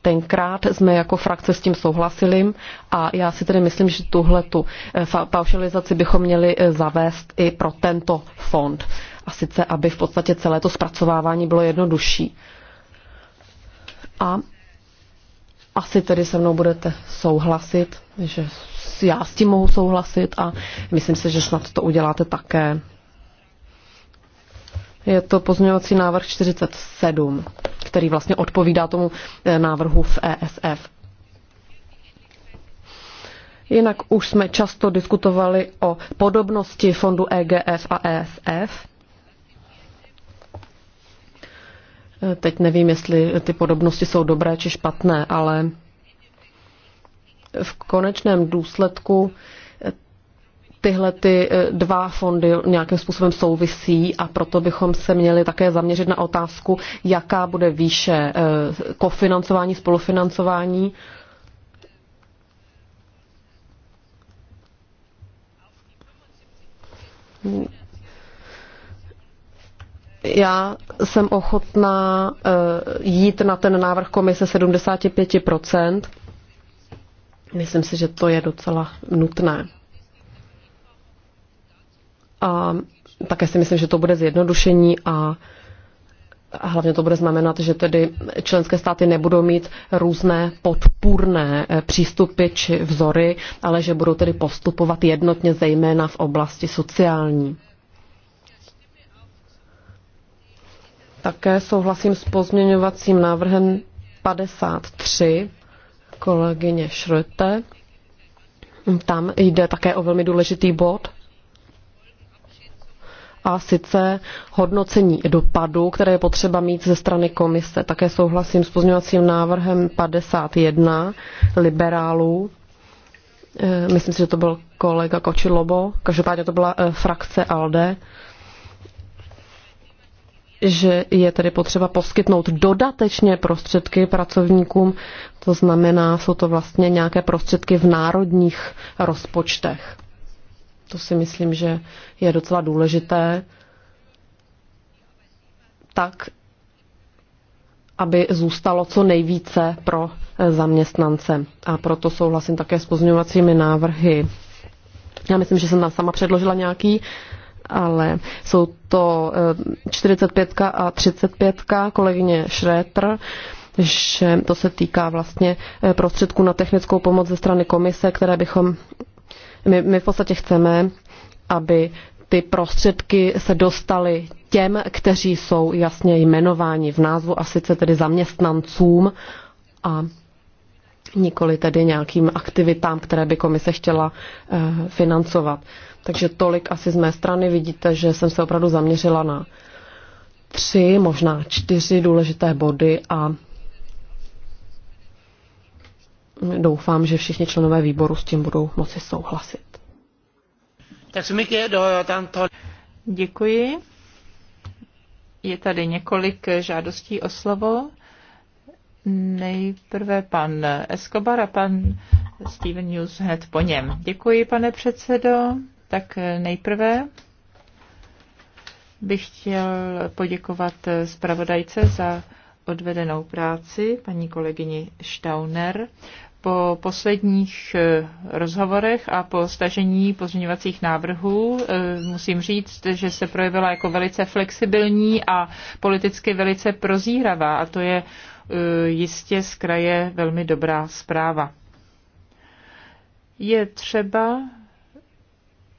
tenkrát jsme jako frakce s tím souhlasili a já si tedy myslím, že tuhle tu eh, paušalizaci bychom měli eh, zavést i pro tento fond. A sice, aby v podstatě celé to zpracovávání bylo jednodušší. A asi tedy se mnou budete souhlasit, že já s tím mohu souhlasit a myslím si, že snad to uděláte také. Je to pozměňovací návrh 47 který vlastně odpovídá tomu eh, návrhu v ESF. Jinak už jsme často diskutovali o podobnosti fondu EGF a ESF. Eh, teď nevím, jestli ty podobnosti jsou dobré či špatné, ale v konečném důsledku tyhle ty e, dva fondy nějakým způsobem souvisí a proto bychom se měli také zaměřit na otázku, jaká bude výše e, kofinancování, spolufinancování. Já jsem ochotná e, jít na ten návrh komise 75%. Myslím si, že to je docela nutné a také si myslím, že to bude zjednodušení a a hlavně to bude znamenat, že tedy členské státy nebudou mít různé podpůrné eh, přístupy či vzory, ale že budou tedy postupovat jednotně, zejména v oblasti sociální. Také souhlasím s pozměňovacím návrhem 53 kolegyně Šrute. Tam jde také o velmi důležitý bod, a sice hodnocení dopadu, které je potřeba mít ze strany komise. Také souhlasím s pozměňovacím návrhem 51 liberálů. Eh, myslím si, že to byl kolega Kočilobo, každopádně to byla eh, frakce ALDE že je tedy potřeba poskytnout dodatečně prostředky pracovníkům, to znamená, jsou to vlastně nějaké prostředky v národních rozpočtech. To si myslím, že je docela důležité. Tak, aby zůstalo co nejvíce pro eh, zaměstnance. A proto souhlasím také s pozměňovacími návrhy. Já myslím, že jsem tam sama předložila nějaký, ale jsou to 45 eh, a 35 kolegyně Šrétr, že to se týká vlastně eh, prostředků na technickou pomoc ze strany komise, které bychom my, my v podstatě chceme, aby ty prostředky se dostaly těm, kteří jsou jasně jmenováni v názvu a sice tedy zaměstnancům a nikoli tedy nějakým aktivitám, které by komise chtěla eh, financovat. Takže tolik asi z mé strany vidíte, že jsem se opravdu zaměřila na tři, možná čtyři důležité body a doufám, že všichni členové výboru s tím budou moci souhlasit. Děkuji. Je tady několik žádostí o slovo. Nejprve pan Escobar a pan Steven News hned po něm. Děkuji, pane předsedo. Tak nejprve bych chtěl poděkovat zpravodajce za odvedenou práci, paní kolegyni Stauner po posledních eh, rozhovorech a po stažení pozměňovacích návrhů eh, musím říct, že se projevila jako velice flexibilní a politicky velice prozíravá a to je eh, jistě z kraje velmi dobrá zpráva. Je třeba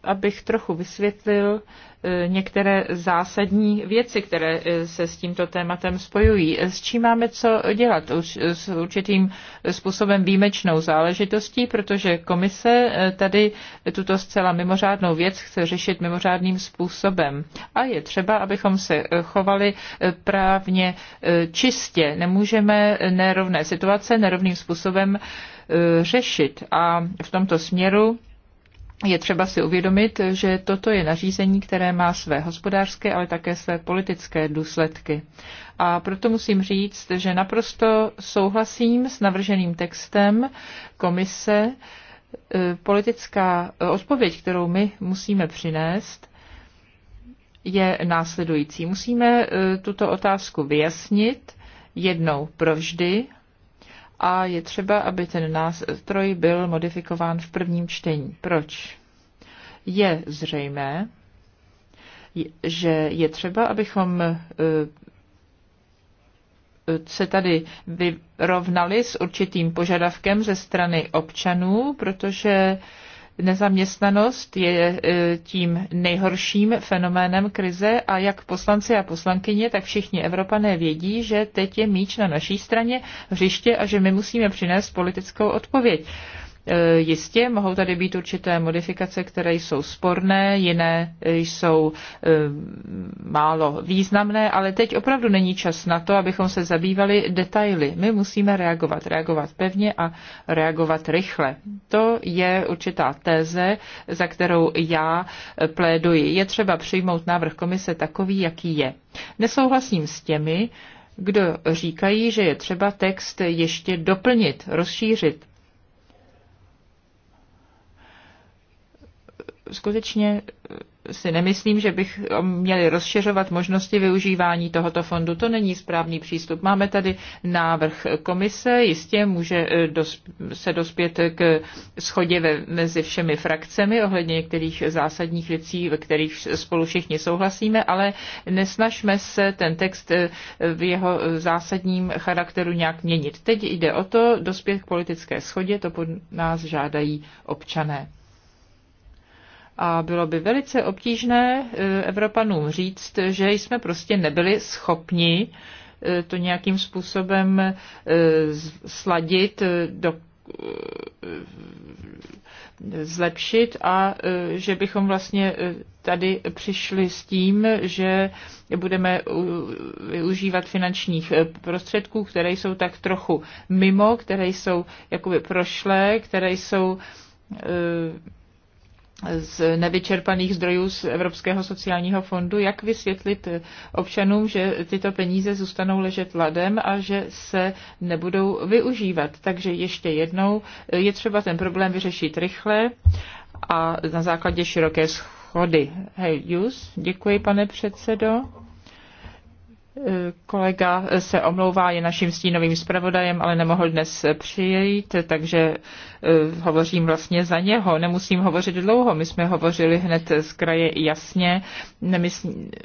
abych trochu vysvětlil eh, některé zásadní věci, které eh, se s tímto tématem spojují. S čím máme co dělat? Už eh, s určitým způsobem výjimečnou záležitostí, protože komise tady tuto zcela mimořádnou věc chce řešit mimořádným způsobem. A je třeba, abychom se chovali právně čistě. Nemůžeme nerovné situace nerovným způsobem řešit. A v tomto směru je třeba si uvědomit, že toto je nařízení, které má své hospodářské, ale také své politické důsledky. A proto musím říct, že naprosto souhlasím s navrženým textem komise. E, politická e, odpověď, kterou my musíme přinést, je následující. Musíme e, tuto otázku vyjasnit jednou provždy a je třeba, aby ten nástroj byl modifikován v prvním čtení. Proč? Je zřejmé, že je třeba, abychom e, e, se tady vyrovnali s určitým požadavkem ze strany občanů, protože Nezaměstnanost je e, tím nejhorším fenoménem krize a jak poslanci a poslankyně, tak všichni Evropané vědí, že teď je míč na naší straně hřiště a že my musíme přinést politickou odpověď. E, jistě mohou tady být určité modifikace, které jsou sporné, jiné jsou e, málo významné, ale teď opravdu není čas na to, abychom se zabývali detaily. My musíme reagovat, reagovat pevně a reagovat rychle. To je určitá téze, za kterou já pléduji. Je třeba přijmout návrh komise takový, jaký je. Nesouhlasím s těmi, kdo říkají, že je třeba text ještě doplnit, rozšířit. skutečně eh, si nemyslím, že bych eh, měli rozšiřovat možnosti využívání tohoto fondu. To není správný přístup. Máme tady návrh komise, jistě může eh, se dospět k schodě mezi všemi frakcemi ohledně některých zásadních věcí, ve kterých spolu všichni souhlasíme, ale nesnažme se ten text v jeho zásadním charakteru nějak měnit. Teď jde o to dospět k politické schodě, to pod nás žádají občané a bylo by velice obtížné e, Evropanům říct, že jsme prostě nebyli schopni e, to nějakým způsobem e, sladit, do, zlepšit a že bychom vlastně tady přišli s tím, že budeme využívat finančních prostředků, které jsou tak trochu mimo, které jsou jakoby prošlé, které jsou z nevyčerpaných zdrojů z Evropského sociálního fondu, jak vysvětlit občanům, že tyto peníze zůstanou ležet ladem a že se nebudou využívat. Takže ještě jednou je třeba ten problém vyřešit rychle a na základě široké schody. Hej, Jus, děkuji, pane předsedo. Kolega se omlouvá, je naším stínovým zpravodajem, ale nemohl dnes přijít, takže e, hovořím vlastně za něho. Nemusím hovořit dlouho, my jsme hovořili hned z kraje jasně. Nemyslí, e,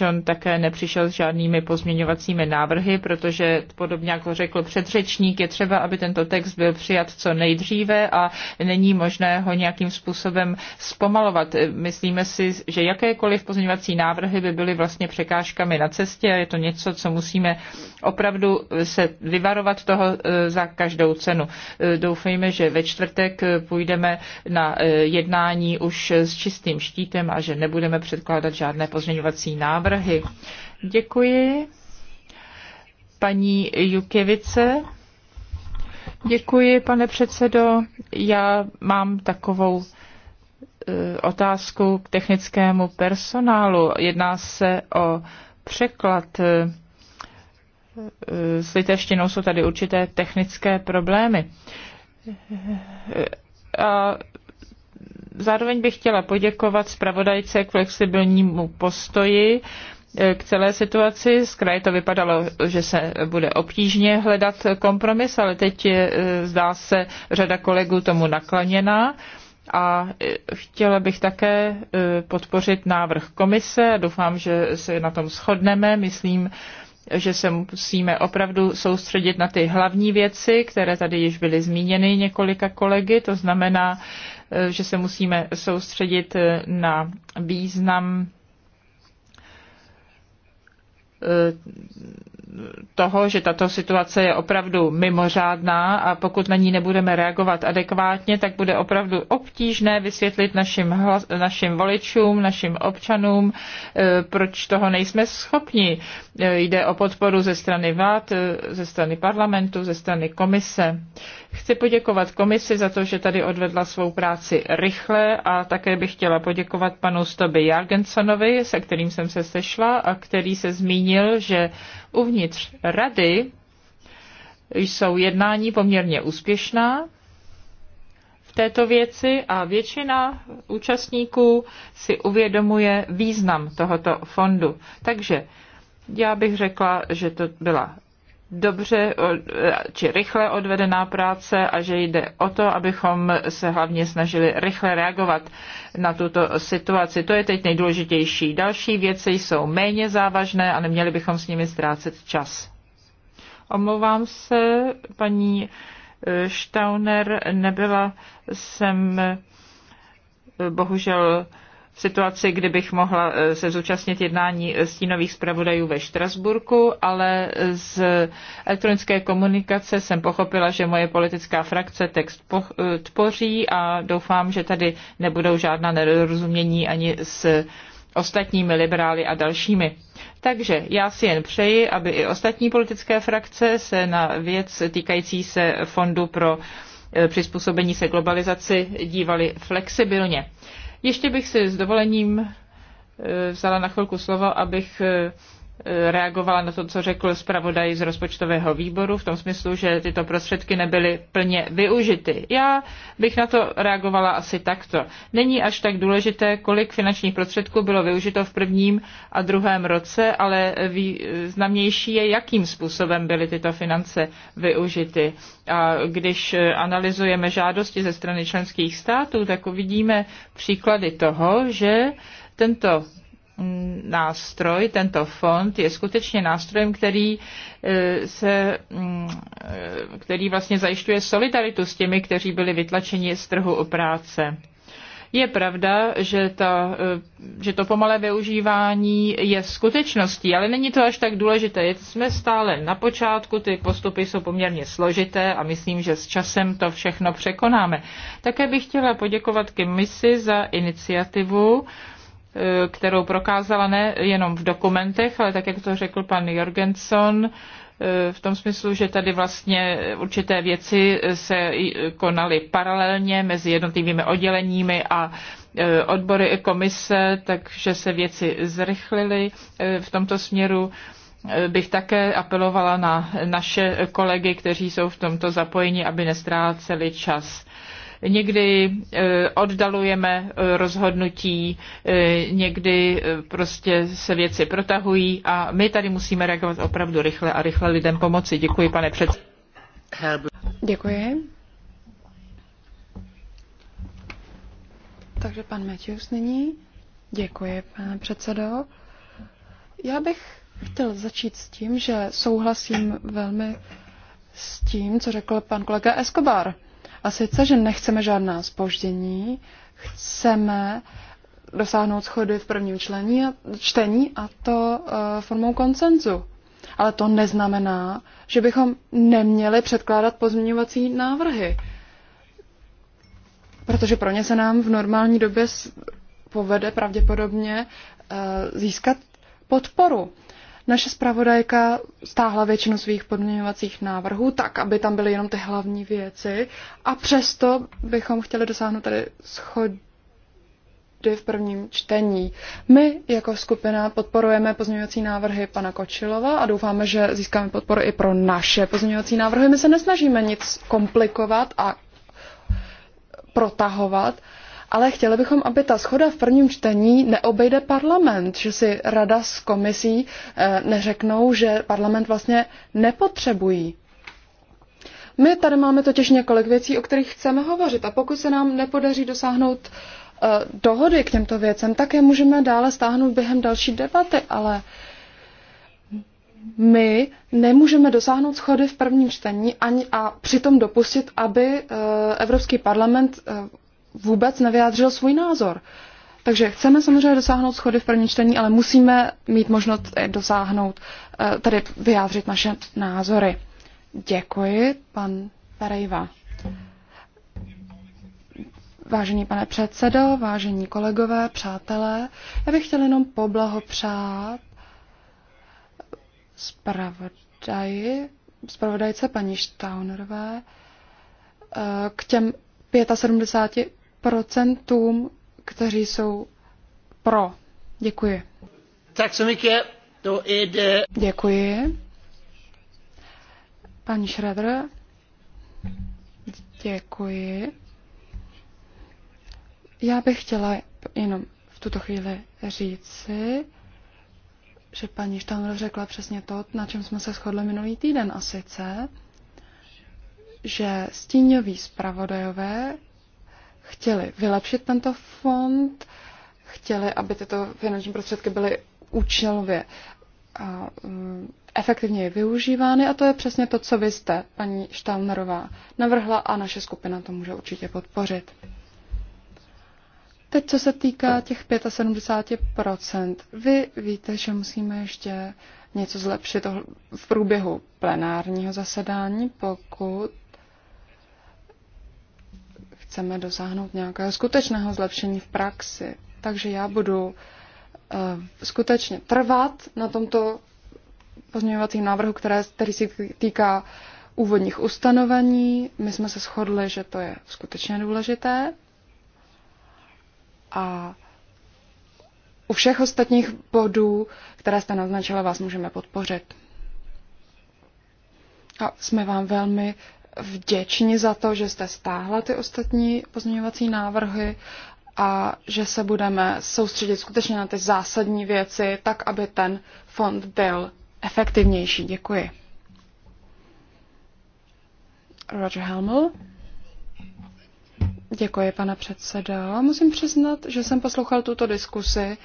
John také nepřišel s žádnými pozměňovacími návrhy, protože podobně jako řekl předřečník, je třeba, aby tento text byl přijat co nejdříve a není možné ho nějakým způsobem zpomalovat. E, myslíme si, že jakékoliv pozměňovací návrhy by byly vlastně překážkami na cestě cestě a je to něco, co musíme opravdu se vyvarovat toho e, za každou cenu. E, doufejme, že ve čtvrtek půjdeme na e, jednání už s čistým štítem a že nebudeme předkládat žádné pozměňovací návrhy. Děkuji. Paní Jukevice. Děkuji, pane předsedo. Já mám takovou otázku k technickému personálu. Jedná se o překlad. Eh, eh, s litevštinou jsou tady určité technické problémy. Eh, a zároveň bych chtěla poděkovat zpravodajce k flexibilnímu postoji k celé situaci. Z kraje to vypadalo, že se bude obtížně hledat kompromis, ale teď je, zdá se řada kolegů tomu nakloněná. A e, chtěla bych také e, podpořit návrh komise doufám, že se na tom shodneme. Myslím, že se musíme opravdu soustředit na ty hlavní věci, které tady již byly zmíněny několika kolegy. To znamená, e, že se musíme soustředit na význam toho, že tato situace je opravdu mimořádná a pokud na ní nebudeme reagovat adekvátně, tak bude opravdu obtížné vysvětlit našim, hlas, našim voličům, našim občanům, eh, proč toho nejsme schopni. Eh, jde o podporu ze strany vlád, eh, ze strany parlamentu, ze strany komise. Chci poděkovat komisi za to, že tady odvedla svou práci rychle a také bych chtěla poděkovat panu Stoby Jargensonovi, se kterým jsem se sešla a který se zmínil, že Uvnitř rady jsou jednání poměrně úspěšná v této věci a většina účastníků si uvědomuje význam tohoto fondu. Takže já bych řekla, že to byla dobře či rychle odvedená práce a že jde o to, abychom se hlavně snažili rychle reagovat na tuto situaci. To je teď nejdůležitější. Další věci jsou méně závažné a neměli bychom s nimi ztrácet čas. Omlouvám se, paní Stauner, e, nebyla jsem e, bohužel situaci, bych mohla eh, se zúčastnit jednání eh, stínových zpravodajů ve Štrasburku, ale eh, z elektronické komunikace jsem pochopila, že moje politická frakce text tvoří a doufám, že tady nebudou žádná nedorozumění ani s ostatními liberály a dalšími. Takže já si jen přeji, aby i ostatní politické frakce se na věc týkající se Fondu pro přizpůsobení se globalizaci dívali flexibilně. Ještě bych si s dovolením eh, vzala na chvilku slovo, abych eh, reagovala na to, co řekl zpravodaj z rozpočtového výboru v tom smyslu, že tyto prostředky nebyly plně využity. Já bych na to reagovala asi takto. Není až tak důležité, kolik finančních prostředků bylo využito v prvním a druhém roce, ale významnější je, jakým způsobem byly tyto finance využity. A když analyzujeme žádosti ze strany členských států, tak uvidíme příklady toho, že tento nástroj, tento fond je skutečně nástrojem, který, eh, se, mm, eh, který vlastně zajišťuje solidaritu s těmi, kteří byli vytlačeni z trhu o práce. Je pravda, že, ta, eh, že to pomalé využívání je skutečností, ale není to až tak důležité. Jsme stále na počátku, ty postupy jsou poměrně složité a myslím, že s časem to všechno překonáme. Také bych chtěla poděkovat Kimisi za iniciativu, Eh, kterou prokázala ne jenom v dokumentech, ale tak, jak to řekl pan Jorgenson, eh, v tom smyslu, že tady vlastně určité věci se konaly paralelně mezi jednotlivými odděleními a eh, odbory i komise, takže se věci zrychlily v tomto směru bych také apelovala na naše kolegy, kteří jsou v tomto zapojeni, aby nestráceli čas. Někdy eh, oddalujeme eh, rozhodnutí, eh, někdy prostě se věci protahují a my tady musíme reagovat opravdu rychle a rychle lidem pomoci. Děkuji, pane předsedo. Děkuji. Takže pan Matthews nyní. Děkuji, pane předsedo. Já bych chtěl začít s tím, že souhlasím velmi s tím, co řekl pan kolega Escobar. A sice, že nechceme žádná spoždění, chceme dosáhnout schody v prvním člení a, čtení a to uh, formou koncenzu. Ale to neznamená, že bychom neměli předkládat pozměňovací návrhy, protože pro ně se nám v normální době povede pravděpodobně uh, získat podporu. Naše zpravodajka stáhla většinu svých podměňovacích návrhů tak, aby tam byly jenom ty hlavní věci a přesto bychom chtěli dosáhnout tady schody v prvním čtení. My jako skupina podporujeme pozměňovací návrhy pana Kočilova a doufáme, že získáme podporu i pro naše pozměňovací návrhy. My se nesnažíme nic komplikovat a protahovat ale chtěli bychom, aby ta schoda v prvním čtení neobejde parlament, že si rada s komisí eh, neřeknou, že parlament vlastně nepotřebují. My tady máme totiž několik věcí, o kterých chceme hovořit a pokud se nám nepodaří dosáhnout eh, dohody k těmto věcem, tak je můžeme dále stáhnout během další debaty, ale my nemůžeme dosáhnout schody v prvním čtení ani a přitom dopustit, aby eh, Evropský parlament vůbec nevyjádřil svůj názor. Takže chceme samozřejmě dosáhnout schody v prvním čtení, ale musíme mít možnost dosáhnout, eh, tedy vyjádřit naše názory. Děkuji, pan Perejva. Vážený pane předsedo, vážení kolegové, přátelé, já bych chtěl jenom poblahopřát zpravodaji, zpravodajce paní Štaunerové eh, k těm 75 procentům, kteří jsou pro. Děkuji. Tak se mycket. to jde. Děkuji. Paní Schrader. Děkuji. Já bych chtěla jenom v tuto chvíli říci, že paní Štanl řekla přesně to, na čem jsme se shodli minulý týden a sice, že stíňoví zpravodajové chtěli vylepšit tento fond, chtěli, aby tyto finanční prostředky byly účelově a, um, využívány a to je přesně to, co vy jste, paní Štalnerová, navrhla a naše skupina to může určitě podpořit. Teď, co se týká těch 75%, vy víte, že musíme ještě něco zlepšit v průběhu plenárního zasedání, pokud chceme dosáhnout nějakého skutečného zlepšení v praxi. Takže já budu eh, skutečně trvat na tomto pozměňovacím návrhu, které, který se týká úvodních ustanovení. My jsme se shodli, že to je skutečně důležité. A u všech ostatních bodů, které jste naznačila, vás můžeme podpořit. A jsme vám velmi vděční za to, že jste stáhla ty ostatní pozměňovací návrhy a že se budeme soustředit skutečně na ty zásadní věci, tak aby ten fond byl efektivnější. Děkuji. Roger Helmel. Děkuji, pane předsedo. Musím přiznat, že jsem poslouchal tuto diskusi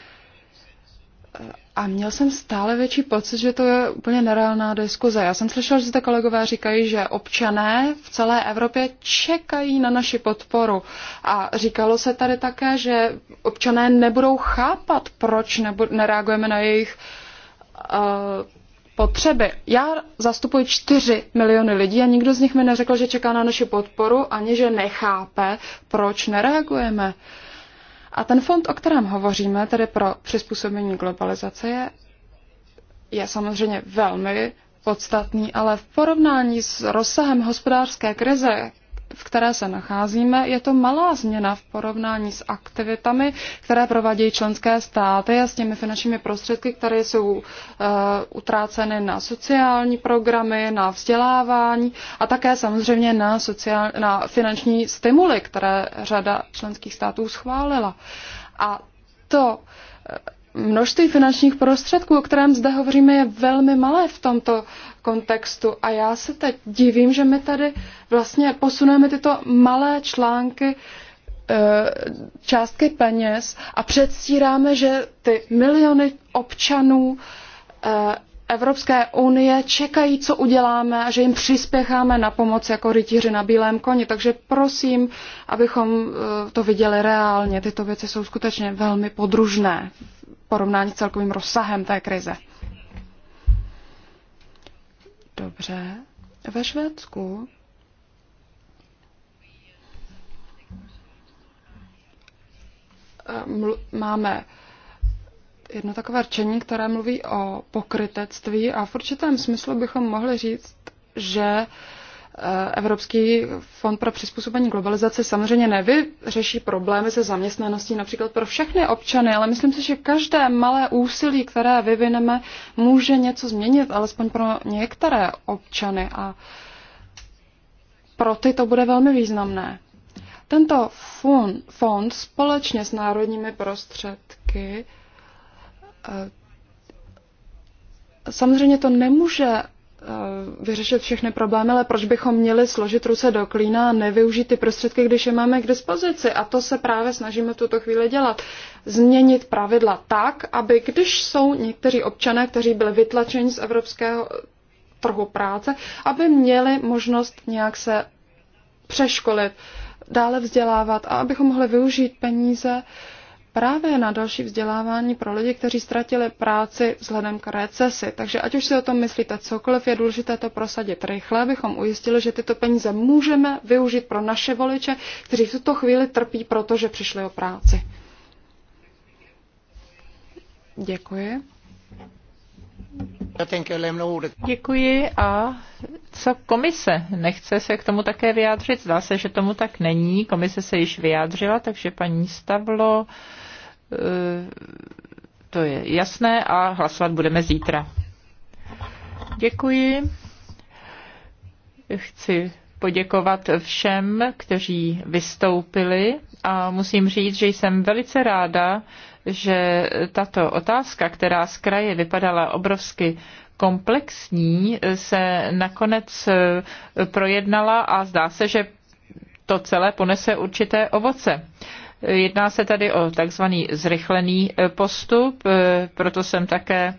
a měl jsem stále větší pocit, že to je úplně nereálná diskuze. Já jsem slyšel, že zde kolegové říkají, že občané v celé Evropě čekají na naši podporu. A říkalo se tady také, že občané nebudou chápat, proč nebu- nereagujeme na jejich uh, potřeby. Já zastupuji 4 miliony lidí a nikdo z nich mi neřekl, že čeká na naši podporu, ani že nechápe, proč nereagujeme. Uh, a ten fond, o kterém hovoříme, tedy pro přizpůsobení globalizace, je, je samozřejmě velmi podstatný, ale v porovnání s rozsahem hospodářské krize, v které se nacházíme, je to malá změna v porovnání s aktivitami, které provádějí členské státy a s těmi finančními prostředky, které jsou uh, utráceny na sociální programy, na vzdělávání a také samozřejmě na, sociál, na finanční stimuly, které řada členských států schválila. A to eh, množství finančních prostředků, o kterém zde hovoříme, je velmi malé v tomto kontextu. A já se teď divím, že my tady vlastně posuneme tyto malé články eh, částky peněz a předstíráme, že ty miliony občanů eh, Evropské unie čekají, co uděláme a že jim přispěcháme na pomoc jako rytíři na bílém koni. Takže prosím, abychom eh, to viděli reálně. Tyto věci jsou skutečně velmi podružné v porovnání s celkovým rozsahem té krize. Dobře. Ve Švédsku máme jedno takové řečení, které mluví o pokrytectví a v určitém smyslu bychom mohli říct, že uh, Eh, Evropský fond pro přizpůsobení globalizace samozřejmě nevyřeší problémy se zaměstnaností například pro všechny občany, ale myslím si, že každé malé úsilí, které vyvineme, může něco změnit, alespoň pro některé občany a pro ty to bude velmi významné. Tento fond, fond společně s národními prostředky eh, Samozřejmě to nemůže Eh, vyřešit všechny problémy, ale proč bychom měli složit ruce do klína a nevyužít ty prostředky, když je máme k dispozici. A to se právě snažíme v tuto chvíli dělat. Změnit pravidla tak, aby když jsou někteří občané, kteří byli vytlačeni z evropského trhu práce, aby měli možnost nějak se přeškolit, dále vzdělávat a abychom mohli využít peníze uh, právě na další vzdělávání pro lidi, kteří ztratili práci vzhledem k recesi. Takže ať už si o tom myslíte cokoliv, je důležité to prosadit rychle, abychom ujistili, že tyto peníze můžeme využít pro naše voliče, kteří v tuto chvíli trpí, protože přišli o práci. Děkuji. Děkuji a co komise? Nechce se k tomu také vyjádřit? Zdá se, že tomu tak není. Komise se již vyjádřila, takže paní Stavlo, to je jasné a hlasovat budeme zítra. Děkuji. Chci poděkovat všem, kteří vystoupili a musím říct, že jsem velice ráda, že tato otázka, která z kraje vypadala obrovsky komplexní, se nakonec eh, projednala a zdá se, že to celé ponese určité ovoce. Jedná se tady o takzvaný zrychlený postup, proto jsem také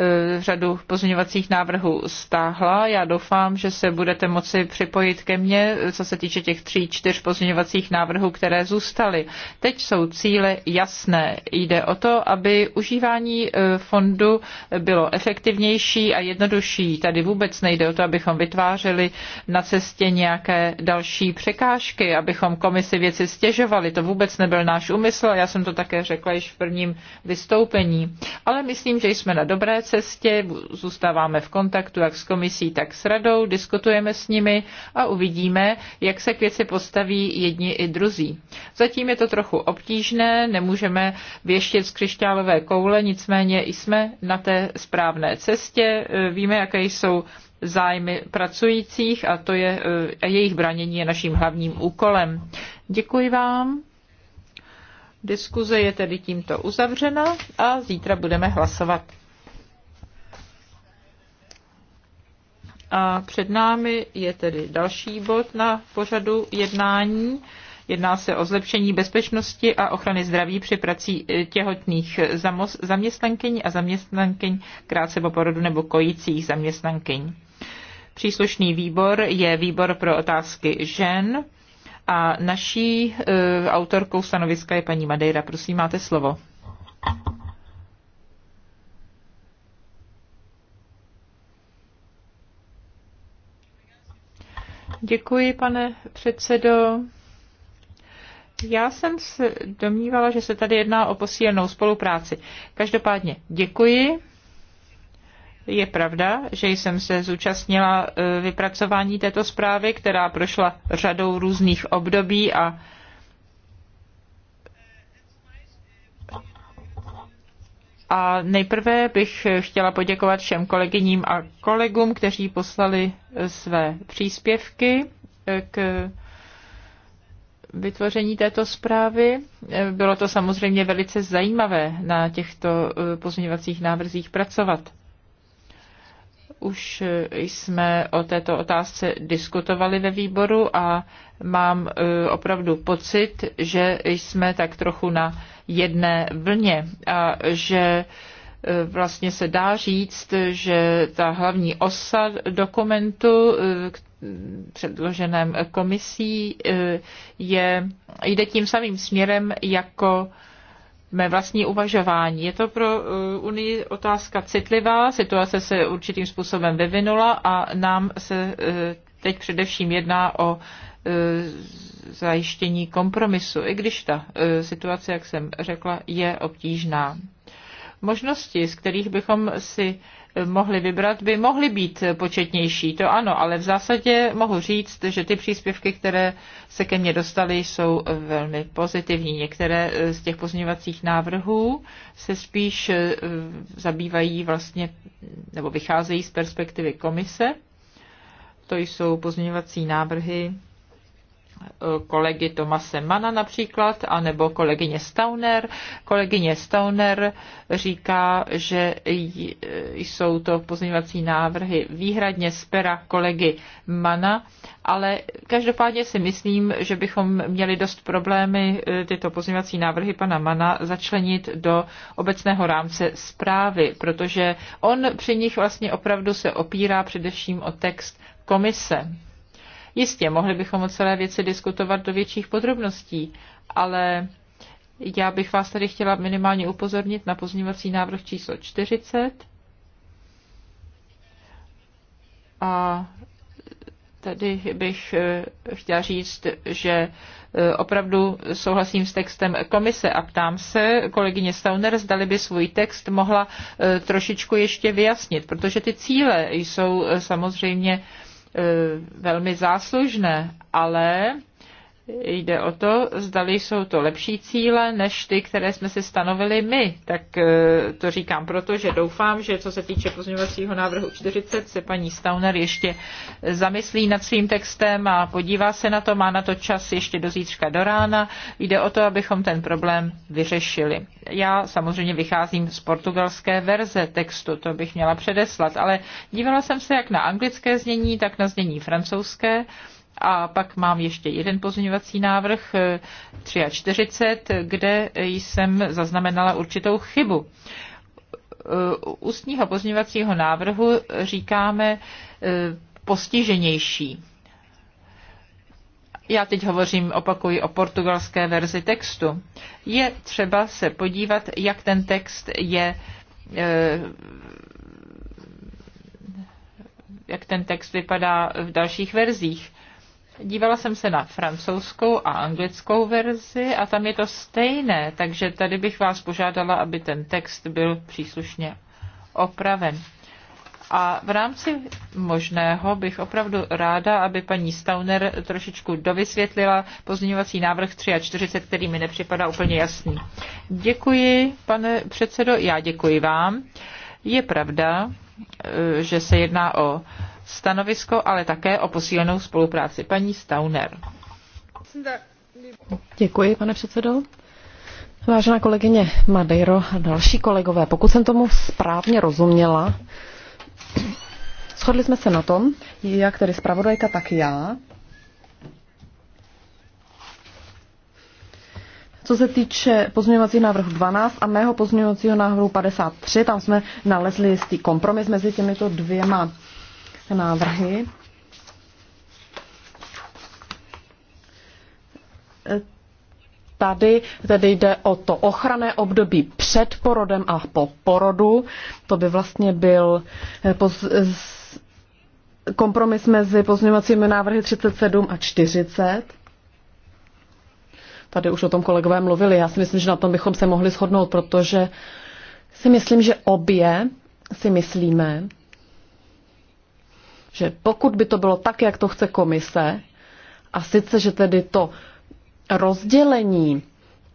Eh, řadu pozměňovacích návrhů stáhla. Já doufám, že se budete moci připojit ke mně, co se týče těch tří, čtyř pozměňovacích návrhů, které zůstaly. Teď jsou cíle jasné. Jde o to, aby užívání eh, fondu bylo efektivnější a jednodušší. Tady vůbec nejde o to, abychom vytvářeli na cestě nějaké další překážky, abychom komisi věci stěžovali. To vůbec nebyl náš úmysl a já jsem to také řekla již v prvním vystoupení. Ale myslím, že jsme na dobré cestě, zůstáváme v kontaktu jak s komisí, tak s radou, diskutujeme s nimi a uvidíme, jak se k věci postaví jedni i druzí. Zatím je to trochu obtížné, nemůžeme věštět z křišťálové koule, nicméně jsme na té správné cestě, e, víme, jaké jsou zájmy pracujících a to je, e, a jejich branění je naším hlavním úkolem. Děkuji vám. Diskuze je tedy tímto uzavřena a zítra budeme hlasovat. A před námi je tedy další bod na pořadu jednání. Jedná se o zlepšení bezpečnosti a ochrany zdraví při prací e, těhotných zaměstnankyň a zaměstnankyň krátce po porodu nebo kojících zaměstnankyň. Příslušný výbor je výbor pro otázky žen a naší e, autorkou stanoviska je paní Madeira. Prosím, máte slovo. Děkuji, pane předsedo. Já jsem se domnívala, že se tady jedná o posílenou spolupráci. Každopádně děkuji. Je pravda, že jsem se zúčastnila e, vypracování této zprávy, která prošla řadou různých období a A nejprve bych chtěla poděkovat všem kolegyním a kolegům, kteří poslali eh, své příspěvky eh, k vytvoření této zprávy. Eh, bylo to samozřejmě velice zajímavé na těchto pozměňovacích návrzích pracovat. Už jsme o této otázce diskutovali ve výboru a mám e, opravdu pocit, že jsme tak trochu na jedné vlně a že e, vlastně se dá říct, že ta hlavní osa dokumentu e, předloženém komisí je, jde tím samým směrem jako mé vlastní uvažování. Je to pro eh, Unii otázka citlivá, situace se určitým způsobem vyvinula a nám se eh, teď především jedná o eh, zajištění kompromisu, i když ta situace, jak jsem řekla, je obtížná. Možnosti, z kterých bychom si mohli vybrat, by mohly být početnější, to ano, ale v zásadě mohu říct, že ty příspěvky, které se ke mně dostaly, jsou velmi pozitivní. Některé eh, z těch pozměňovacích návrhů se spíš eh, zabývají vlastně, nebo vycházejí z perspektivy komise. To jsou pozměňovací návrhy kolegy Tomase Mana například, anebo kolegyně Stauner. Kolegyně Stauner říká, že jsou to pozměňovací návrhy výhradně z pera kolegy Mana, ale každopádně si myslím, že bychom měli dost problémy eh, tyto pozměňovací návrhy pana Mana začlenit do obecného rámce zprávy, protože on při nich vlastně opravdu se opírá především o text komise. Jistě, mohli bychom o celé věci diskutovat do větších podrobností, ale já bych vás tady chtěla minimálně upozornit na pozměňovací návrh číslo 40. A tady bych eh, chtěla říct, že eh, opravdu souhlasím s textem komise a ptám se kolegyně Stauner, zdali by svůj text mohla eh, trošičku ještě vyjasnit, protože ty cíle jsou samozřejmě velmi záslužné, ale jde o to, zdali jsou to lepší cíle než ty, které jsme si stanovili my. Tak eh, to říkám proto, že doufám, že co se týče pozměňovacího návrhu 40, se paní Stauner ještě zamyslí nad svým textem a podívá se na to, má na to čas ještě do zítřka do rána. Jde o to, abychom ten problém vyřešili. Já samozřejmě vycházím z portugalské verze textu, to bych měla předeslat, ale dívala jsem se jak na anglické znění, tak na znění francouzské. A pak mám ještě jeden pozměňovací návrh 43, eh, kde jsem zaznamenala určitou chybu. Eh, ústního pozměňovacího návrhu říkáme eh, postiženější. Já teď hovořím, opakuji, o portugalské verzi textu. Je třeba se podívat, jak ten text je jak ten text vypadá v dalších verzích. Dívala jsem se na francouzskou a anglickou verzi a tam je to stejné, takže tady bych vás požádala, aby ten text byl příslušně opraven. A v rámci možného bych opravdu ráda, aby paní Stauner trošičku dovysvětlila pozměňovací návrh 43, který mi nepřipadá úplně jasný. Děkuji, pane předsedo, já děkuji vám. Je pravda, Eh, že se jedná o stanovisko, ale také o posílenou spolupráci. Paní Stauner. Děkuji, pane předsedo. Vážená kolegyně Madeiro a další kolegové, pokud jsem tomu správně rozuměla, shodli jsme se na tom, jak tedy zpravodajka, tak já, Co se týče pozměňovacího návrhu 12 a mého pozměňovacího návrhu 53, tam jsme nalezli jistý kompromis mezi těmito dvěma návrhy. Tady tedy jde o to ochranné období před porodem a po porodu. To by vlastně byl eh, poz, kompromis mezi pozměňovacími návrhy 37 a 40. Tady už o tom kolegové mluvili. Já si myslím, že na tom bychom se mohli shodnout, protože si myslím, že obě si myslíme, že pokud by to bylo tak, jak to chce komise, a sice, že tedy to rozdělení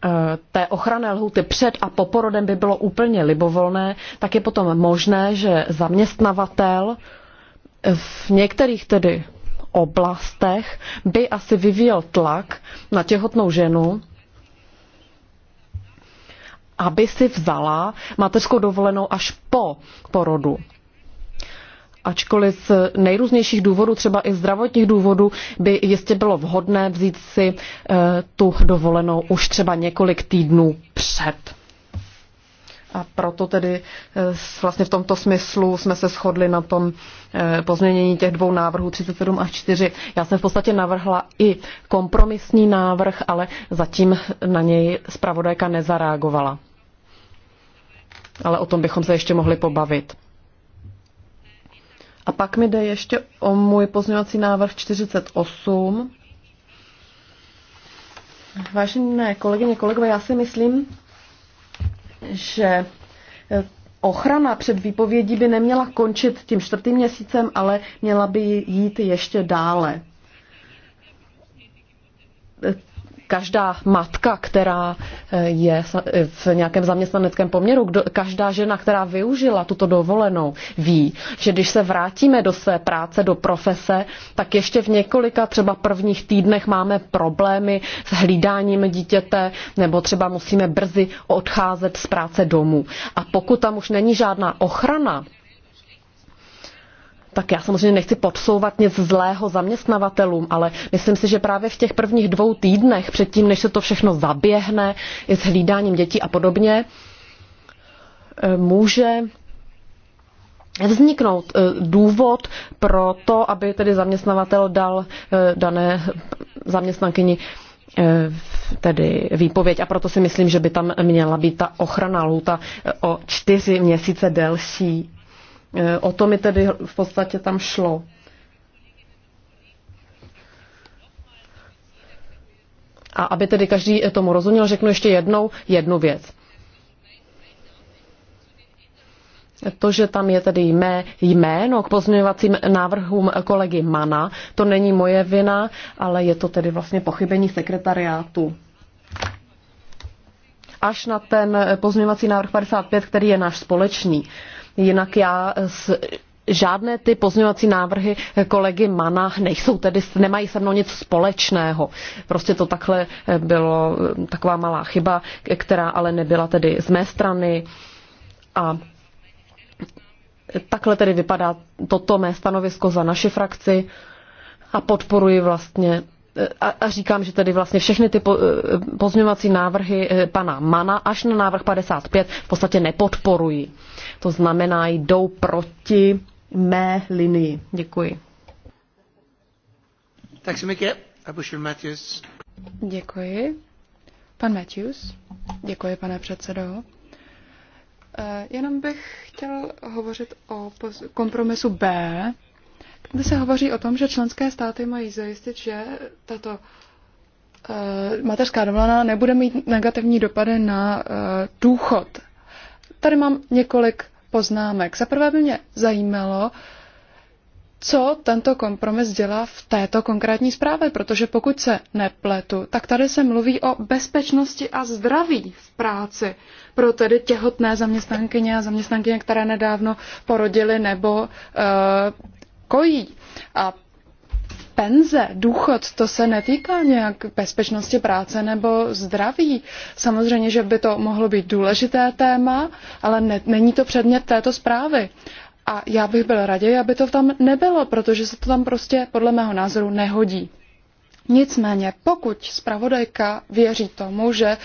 eh, té ochranné lhuty před a po porodem by bylo úplně libovolné, tak je potom možné, že zaměstnavatel v některých tedy oblastech by asi vyvíjel tlak na těhotnou ženu, aby si vzala mateřskou dovolenou až po porodu. Ačkoliv z nejrůznějších důvodů, třeba i zdravotních důvodů, by jistě bylo vhodné vzít si eh, tu dovolenou už třeba několik týdnů před a proto tedy eh, vlastně v tomto smyslu jsme se shodli na tom eh, pozměnění těch dvou návrhů 37 a 4. Já jsem v podstatě navrhla i kompromisní návrh, ale zatím na něj zpravodajka nezareagovala. Ale o tom bychom se ještě mohli pobavit. A pak mi jde ještě o můj pozměňovací návrh 48. Vážené kolegyně, kolegové, já si myslím, že eh, ochrana před výpovědí by neměla končit tím čtvrtým měsícem, ale měla by jít ještě dále každá matka, která eh, je eh, v nějakém zaměstnaneckém poměru, kdo, každá žena, která využila tuto dovolenou, ví, že když se vrátíme do své práce, do profese, tak ještě v několika třeba prvních týdnech máme problémy s hlídáním dítěte, nebo třeba musíme brzy odcházet z práce domů. A pokud tam už není žádná ochrana, tak já samozřejmě nechci podsouvat nic zlého zaměstnavatelům, ale myslím si, že právě v těch prvních dvou týdnech, předtím, než se to všechno zaběhne, i s hlídáním dětí a podobně, e, může vzniknout e, důvod pro to, aby tedy zaměstnavatel dal e, dané zaměstnankyni tedy výpověď a proto si myslím, že by tam měla být ta ochrana lhůta o čtyři měsíce delší. O to mi tedy v podstatě tam šlo. A aby tedy každý tomu rozuměl, řeknu ještě jednou jednu věc. To, že tam je tedy mé jméno k pozměňovacím návrhům kolegy Mana, to není moje vina, ale je to tedy vlastně pochybení sekretariátu. Až na ten pozměňovací návrh 55, který je náš společný. Jinak já s, žádné ty pozměňovací návrhy kolegy Mana nejsou tedy, nemají se mnou nic společného. Prostě to takhle bylo taková malá chyba, která ale nebyla tedy z mé strany. A takhle tedy vypadá toto mé stanovisko za naši frakci a podporuji vlastně a, a říkám, že tedy vlastně všechny ty po, eh, pozměňovací návrhy eh, pana Mana až na návrh 55 v podstatě nepodporují. To znamená, jdou proti mé linii. Děkuji. Tak Děkuji. Pan Matthews. Děkuji, pane předsedo. Eh, jenom bych chtěl hovořit o kompromisu B, kde se hovoří o tom, že členské státy mají zajistit, že tato uh, mateřská dovolená nebude mít negativní dopady na uh, důchod. Tady mám několik poznámek. Za prvé by mě zajímalo, co tento kompromis dělá v této konkrétní zprávě, protože pokud se nepletu, tak tady se mluví o bezpečnosti a zdraví v práci pro tedy těhotné zaměstnankyně a zaměstnankyně, které nedávno porodily nebo uh, kojí. A penze, důchod, to se netýká nějak bezpečnosti práce nebo zdraví. Samozřejmě, že by to mohlo být důležité téma, ale ne, není to předmět této zprávy. A já bych byl raději, aby to tam nebylo, protože se to tam prostě podle mého názoru nehodí. Nicméně, pokud zpravodajka věří tomu, že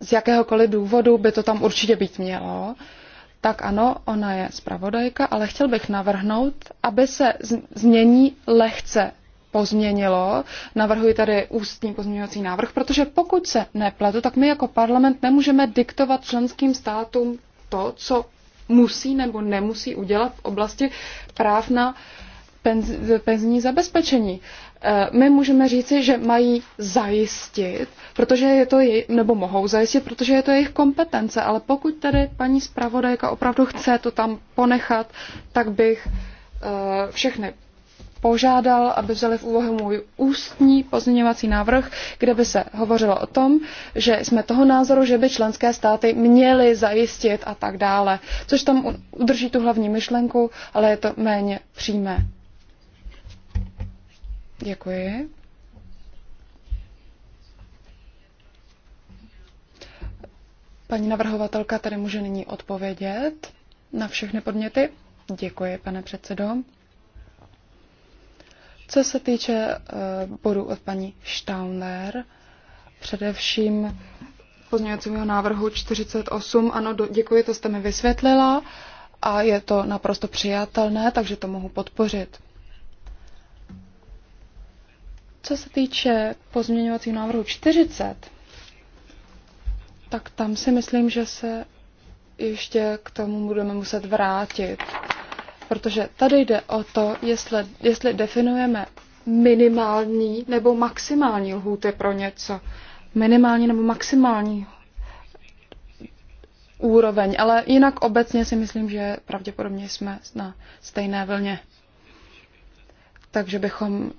z jakéhokoliv důvodu by to tam určitě být mělo, tak ano, ona je zpravodajka, ale chtěl bych navrhnout, aby se změní lehce pozměnilo. Navrhuji tady ústní pozměňovací návrh, protože pokud se nepletu, tak my jako parlament nemůžeme diktovat členským státům to, co musí nebo nemusí udělat v oblasti práv na penzní zabezpečení. Eh, my můžeme říci, že mají zajistit, protože je to jej, nebo mohou zajistit, protože je to jejich kompetence, ale pokud tedy paní zpravodajka opravdu chce to tam ponechat, tak bych eh, všechny požádal, aby vzali v úvahu můj ústní pozměňovací návrh, kde by se hovořilo o tom, že jsme toho názoru, že by členské státy měly zajistit a tak dále, což tam udrží tu hlavní myšlenku, ale je to méně přímé. Děkuji. Paní navrhovatelka tady může nyní odpovědět na všechny podněty. Děkuji, pane předsedo. Co se týče uh, bodu od paní Štauner, především pozměňovacího návrhu 48, ano, do, děkuji, to jste mi vysvětlila a je to naprosto přijatelné, takže to mohu podpořit. Co se týče pozměňovacího návrhu 40, tak tam si myslím, že se ještě k tomu budeme muset vrátit. Protože tady jde o to, jestli, jestli definujeme minimální nebo maximální lhůty pro něco. Minimální nebo maximální úroveň, ale jinak obecně si myslím, že pravděpodobně jsme na stejné vlně. Takže bychom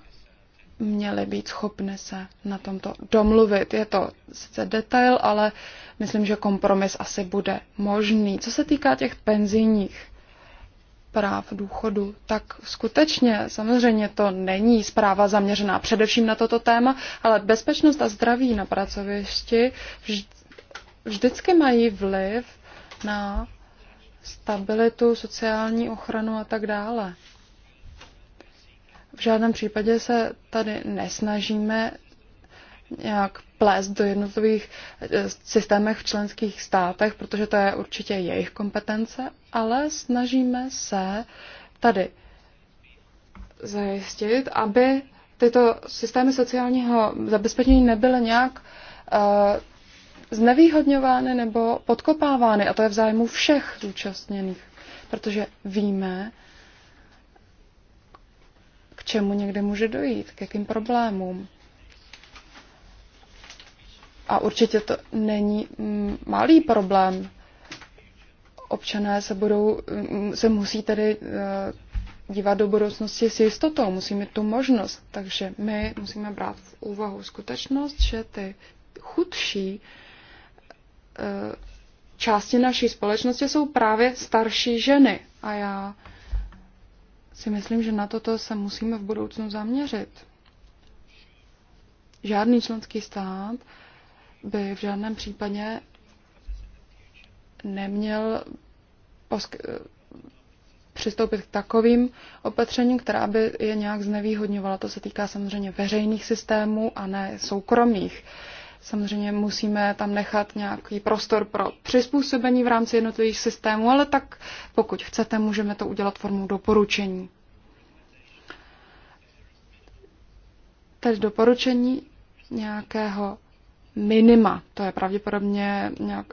měly být schopny se na tomto domluvit. Je to sice detail, ale myslím, že kompromis asi bude možný. Co se týká těch penzijních práv důchodu, tak skutečně samozřejmě to není zpráva zaměřená především na toto téma, ale bezpečnost a zdraví na pracovišti vždycky mají vliv na stabilitu, sociální ochranu a tak dále. V žádném případě se tady nesnažíme nějak plést do jednotlivých eh, systémech v členských státech, protože to je určitě jejich kompetence, ale snažíme se tady zajistit, aby tyto systémy sociálního zabezpečení nebyly nějak uh, znevýhodňovány nebo podkopávány. A to je v zájmu všech zúčastněných, protože víme, čemu někde může dojít, k jakým problémům. A určitě to není mm, malý problém. Občané se, budou, mm, se musí tedy eh, dívat do budoucnosti s jistotou, musí mít tu možnost. Takže my musíme brát v úvahu skutečnost, že ty chudší eh, části naší společnosti jsou právě starší ženy. A já si myslím, že na toto se musíme v budoucnu zaměřit. Žádný členský stát by v žádném případě neměl přistoupit k takovým opatřením, která by je nějak znevýhodňovala. To se týká samozřejmě veřejných systémů a ne soukromých. Uh, Samozřejmě musíme tam nechat nějaký prostor pro přizpůsobení v rámci jednotlivých systémů, ale tak pokud chcete, můžeme to udělat formou doporučení. Tedy doporučení nějakého minima. To je pravděpodobně nějak,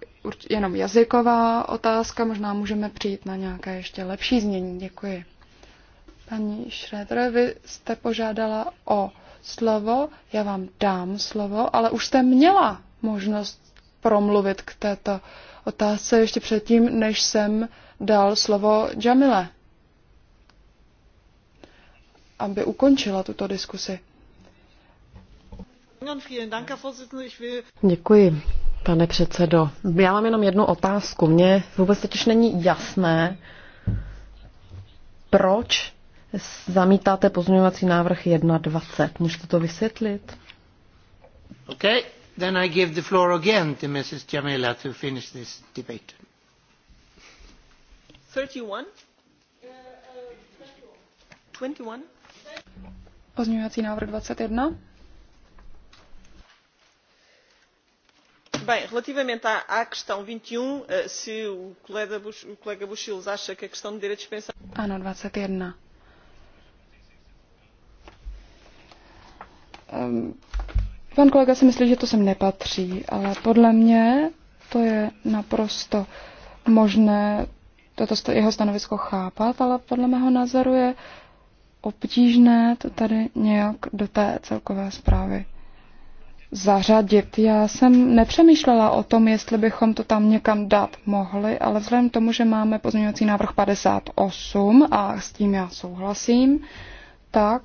jenom jazyková otázka, možná můžeme přijít na nějaké ještě lepší znění. Děkuji. Paní Šredre, vy jste požádala o slovo, já vám dám slovo, ale už jste měla možnost promluvit k této otázce ještě předtím, než jsem dal slovo Jamile, aby ukončila tuto diskusi. Děkuji, pane předsedo. Já mám jenom jednu otázku. Mně vůbec totiž není jasné, proč zamítáte pozměňovací návrh 1.20. Můžete to vysvětlit? Okay. Then I give the floor again to Mrs. Jamila to finish this debate. 31? 21? Pozměňovací návrh 21. Bem, relativamente à, à questão 21, e um, eh, se o colega, o colega Buxilos acha que a questão de direitos pensados... Ano, 21 Ehm, pan kolega si myslí, že to sem nepatří, ale podle mě to je naprosto možné toto jeho stanovisko chápat, ale podle mého názoru je obtížné to tady nějak do té celkové zprávy zařadit. Já jsem nepřemýšlela o tom, jestli bychom to tam někam dát mohli, ale vzhledem k tomu, že máme pozměňovací návrh 58 a s tím já souhlasím, tak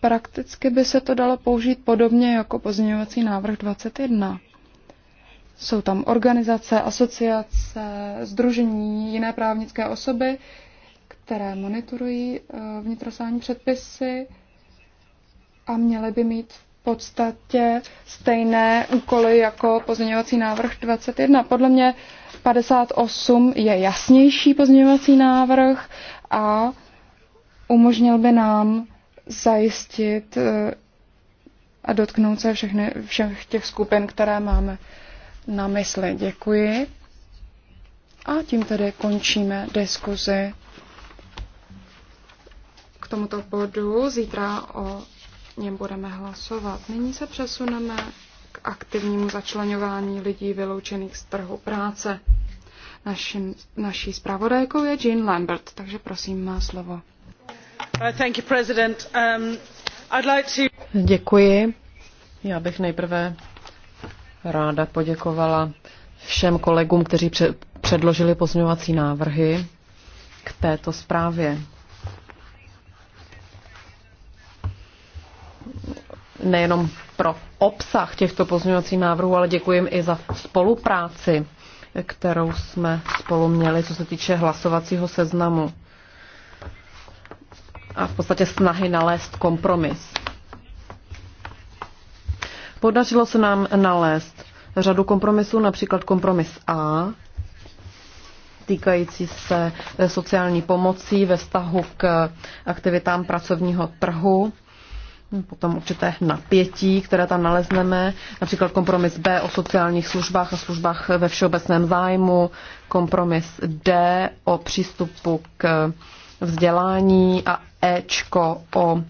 Prakticky by se to dalo použít podobně jako pozměňovací návrh 21. Jsou tam organizace, asociace, združení, jiné právnické osoby, které monitorují eh, vnitrostátní předpisy a měly by mít v podstatě stejné úkoly jako pozměňovací návrh 21. Podle mě 58 je jasnější pozměňovací návrh a umožnil by nám zajistit eh, a dotknout se všechny, všech těch skupin, které máme na mysli. Děkuji. A tím tedy končíme diskuzi k tomuto bodu. Zítra o něm budeme hlasovat. Nyní se přesuneme k aktivnímu začlenování lidí vyloučených z trhu práce. Naším, naší zpravodajkou je Jean Lambert, takže prosím má slovo. Uh, um, děkuji. Já bych nejprve ráda poděkovala všem kolegům, kteří předložili pozměňovací návrhy k této zprávě. Nejenom pro obsah těchto pozměňovacích návrhů, ale děkuji jim i za spolupráci, kterou jsme spolu měli, co se týče hlasovacího seznamu a v podstatě snahy nalézt kompromis. Podařilo se nám nalézt řadu kompromisů, například kompromis A, týkající se sociální pomoci ve vztahu k aktivitám pracovního trhu, potom určité napětí, které tam nalezneme, například kompromis B o sociálních službách a službách ve všeobecném zájmu, kompromis D o přístupu k vzdělání a Ečko o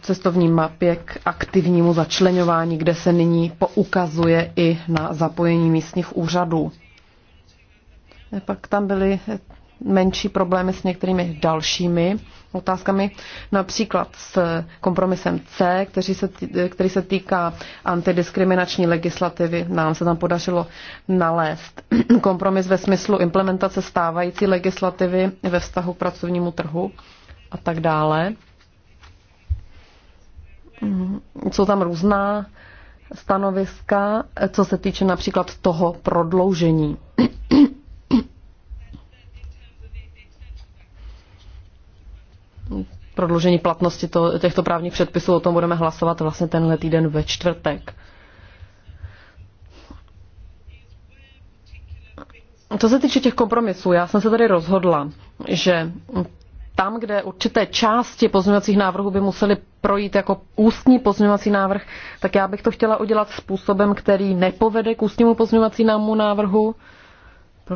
cestovní mapě k aktivnímu začlenování, kde se nyní poukazuje i na zapojení místních úřadů. Pak tam byly menší problémy s některými dalšími otázkami, například s kompromisem C, který se, který se týká antidiskriminační legislativy. Nám se tam podařilo nalézt kompromis ve smyslu implementace stávající legislativy ve vztahu k pracovnímu trhu a tak dále. Mhm. Jsou tam různá stanoviska, co se týče například toho prodloužení prodloužení platnosti to, těchto právních předpisů. O tom budeme hlasovat vlastně tenhle týden ve čtvrtek. Co se týče těch kompromisů, já jsem se tady rozhodla, že tam, kde určité části pozměňovacích návrhů by musely projít jako ústní pozměňovací návrh, tak já bych to chtěla udělat způsobem, který nepovede k ústnímu pozměňovacímu návrhu,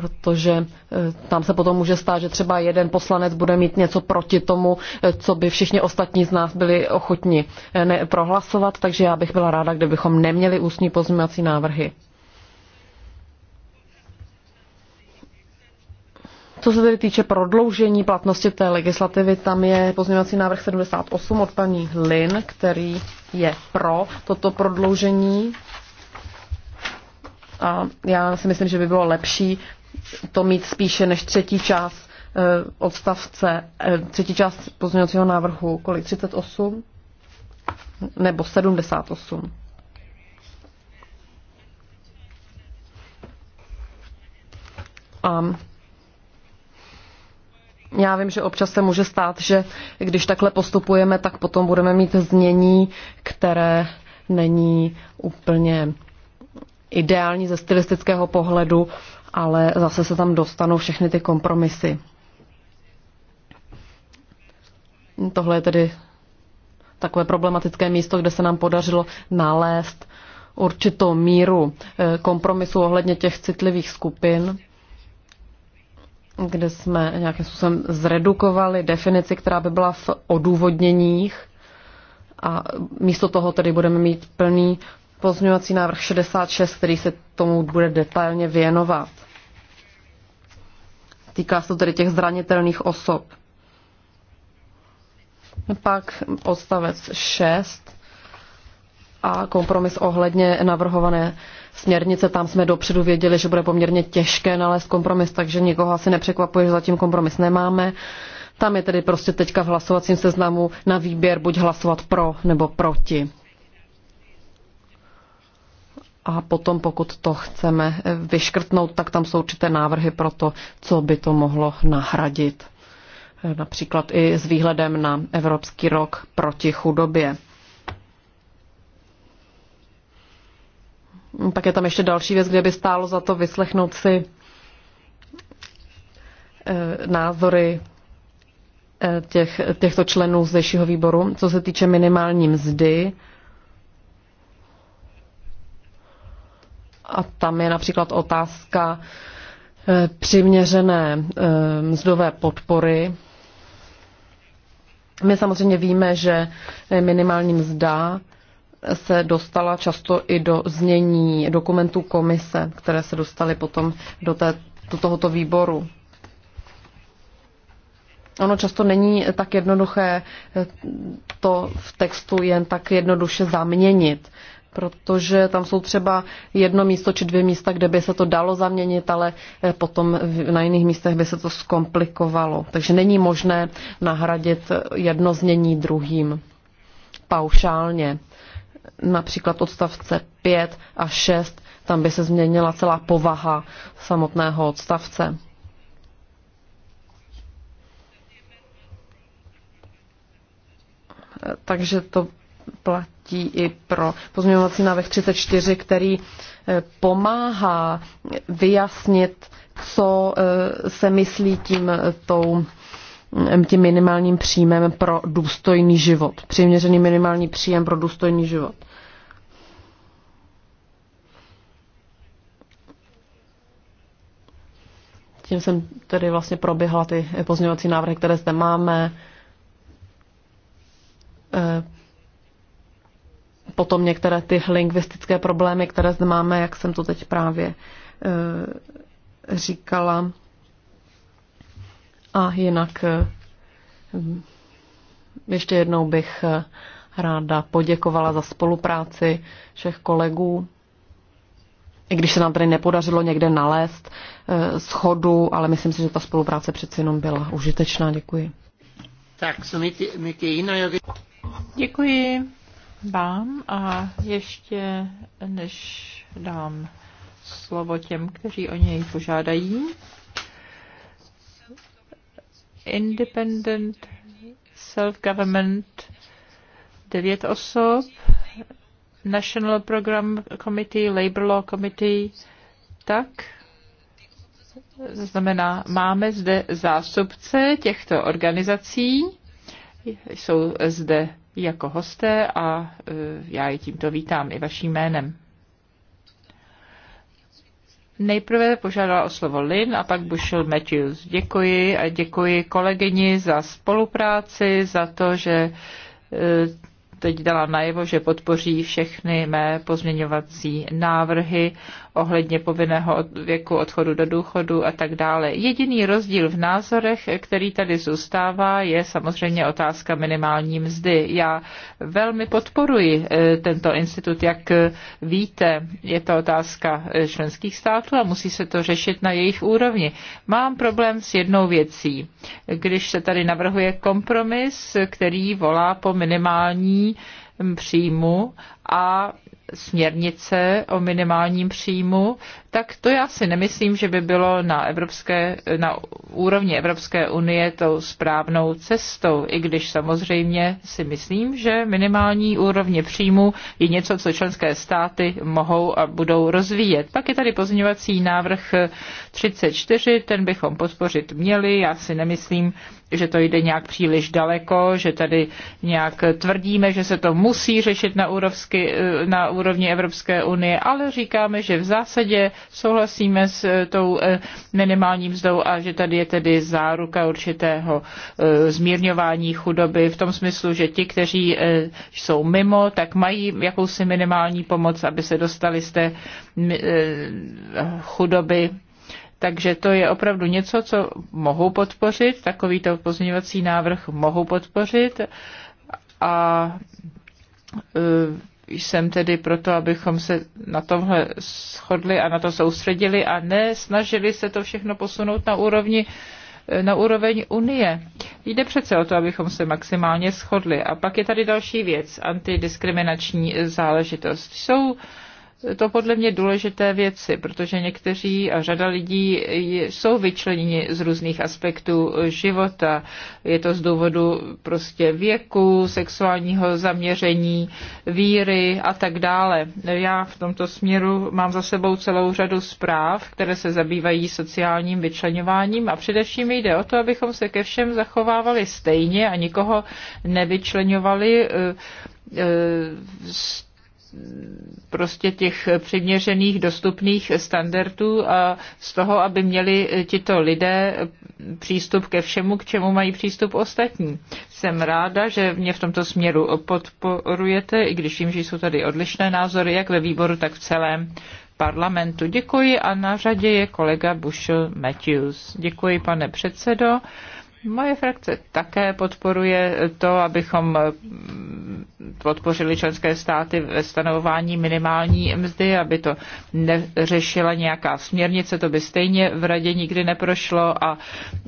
protože eh, tam se potom může stát, že třeba jeden poslanec bude mít něco proti tomu, eh, co by všichni ostatní z nás byli ochotni eh, prohlasovat, takže já bych byla ráda, kdybychom neměli ústní pozměňovací návrhy. Co se tedy týče prodloužení platnosti té legislativy, tam je pozměňovací návrh 78 od paní Lin, který je pro toto prodloužení. A já si myslím, že by bylo lepší to mít spíše než třetí část eh, odstavce, eh, třetí část pozměňovacího návrhu, kolik 38 nebo 78. A já vím, že občas se může stát, že když takhle postupujeme, tak potom budeme mít znění, které není úplně ideální ze stylistického pohledu ale zase se tam dostanou všechny ty kompromisy. Tohle je tedy takové problematické místo, kde se nám podařilo nalézt určitou míru eh, kompromisu ohledně těch citlivých skupin, kde jsme nějakým způsobem zredukovali definici, která by byla v odůvodněních a místo toho tedy budeme mít plný pozměňovací návrh 66, který se tomu bude detailně věnovat. Týká se to tedy těch zranitelných osob. Pak odstavec 6 a kompromis ohledně navrhované směrnice. Tam jsme dopředu věděli, že bude poměrně těžké nalézt kompromis, takže nikoho asi nepřekvapuje, že zatím kompromis nemáme. Tam je tedy prostě teďka v hlasovacím seznamu na výběr buď hlasovat pro nebo proti a potom, pokud to chceme vyškrtnout, tak tam jsou určité návrhy pro to, co by to mohlo nahradit. Například i s výhledem na Evropský rok proti chudobě. Pak je tam ještě další věc, kde by stálo za to vyslechnout si e, názory e, těch, těchto členů zdejšího výboru, co se týče minimální mzdy. A tam je například otázka eh, přiměřené eh, mzdové podpory. My samozřejmě víme, že minimální mzda se dostala často i do znění dokumentů komise, které se dostaly potom do, té, do tohoto výboru. Ono často není tak jednoduché to v textu jen tak jednoduše zaměnit protože tam jsou třeba jedno místo či dvě místa, kde by se to dalo zaměnit, ale eh, potom na jiných místech by se to zkomplikovalo. Takže není možné nahradit eh, jedno znění druhým paušálně. Například odstavce 5 a 6, tam by se změnila celá povaha samotného odstavce. Eh, takže to platí platí i pro pozměňovací návrh 34, který eh, pomáhá vyjasnit, co eh, se myslí tím eh, tou mm, tím minimálním příjmem pro důstojný život. Přiměřený minimální příjem pro důstojný život. Tím jsem tedy vlastně proběhla ty pozměňovací návrhy, které zde máme potom některé ty lingvistické problémy, které zde máme, jak jsem to teď právě eh, říkala. A jinak eh, ještě jednou bych eh, ráda poděkovala za spolupráci všech kolegů. I když se nám tady nepodařilo někde nalézt schodu, ale myslím si, že ta spolupráce přeci jenom byla užitečná. Děkuji. Tak, co mi Děkuji vám a ještě než dám slovo těm, kteří o něj požádají, Independent Self-Government devět osob, National Program Committee, Labor Law Committee, tak to znamená, máme zde zástupce těchto organizací, jsou zde jako hosté a e, já je tímto vítám i vaším jménem. Nejprve požádala o slovo Lynn a pak Bushel Matthews. Děkuji a děkuji kolegyni za spolupráci, za to, že e, teď dala najevo, že podpoří všechny mé pozměňovací návrhy ohledně povinného věku odchodu do důchodu a tak dále. Jediný rozdíl v názorech, který tady zůstává, je samozřejmě otázka minimální mzdy. Já velmi podporuji eh, tento institut, jak víte, je to otázka eh, členských států a musí se to řešit na jejich úrovni. Mám problém s jednou věcí. Když se tady navrhuje kompromis, který volá po minimální příjmu a směrnice o minimálním příjmu, tak to já si nemyslím, že by bylo na, evropské, na úrovni Evropské unie tou správnou cestou, i když samozřejmě si myslím, že minimální úrovně příjmu je něco, co členské státy mohou a budou rozvíjet. Pak je tady pozměňovací návrh 34, ten bychom podpořit měli, já si nemyslím, že to jde nějak příliš daleko, že tady nějak tvrdíme, že se to musí řešit na, úrovsky, eh, na úrovni Evropské unie, ale říkáme, že v zásadě souhlasíme s eh, tou eh, minimální mzdou a že tady je tedy záruka určitého zmírňování chudoby v tom smyslu, že ti, kteří jsou mimo, tak mají jakousi minimální pomoc, aby se dostali z té chudoby takže to je opravdu něco, co mohu podpořit, takovýto pozměňovací návrh mohu podpořit a e, jsem tedy proto, abychom se na tomhle shodli a na to soustředili a ne snažili se to všechno posunout na úrovni e, na úroveň Unie. Jde přece o to, abychom se maximálně shodli. A pak je tady další věc, antidiskriminační záležitost. Jsou to podle mě důležité věci, protože někteří a řada lidí jsou vyčleněni z různých aspektů života. Je to z důvodu prostě věku, sexuálního zaměření, víry a tak dále. Já v tomto směru mám za sebou celou řadu zpráv, které se zabývají sociálním vyčlenováním a především jde o to, abychom se ke všem zachovávali stejně a nikoho nevyčlenovali z eh, eh, prostě těch přiměřených dostupných standardů a z toho, aby měli tito lidé přístup ke všemu, k čemu mají přístup ostatní. Jsem ráda, že mě v tomto směru podporujete, i když vím, že jsou tady odlišné názory, jak ve výboru, tak v celém parlamentu. Děkuji a na řadě je kolega Bushel Matthews. Děkuji, pane předsedo. Moje frakce také podporuje to, abychom podpořili členské státy ve stanovování minimální mzdy, aby to neřešila nějaká směrnice, to by stejně v radě nikdy neprošlo a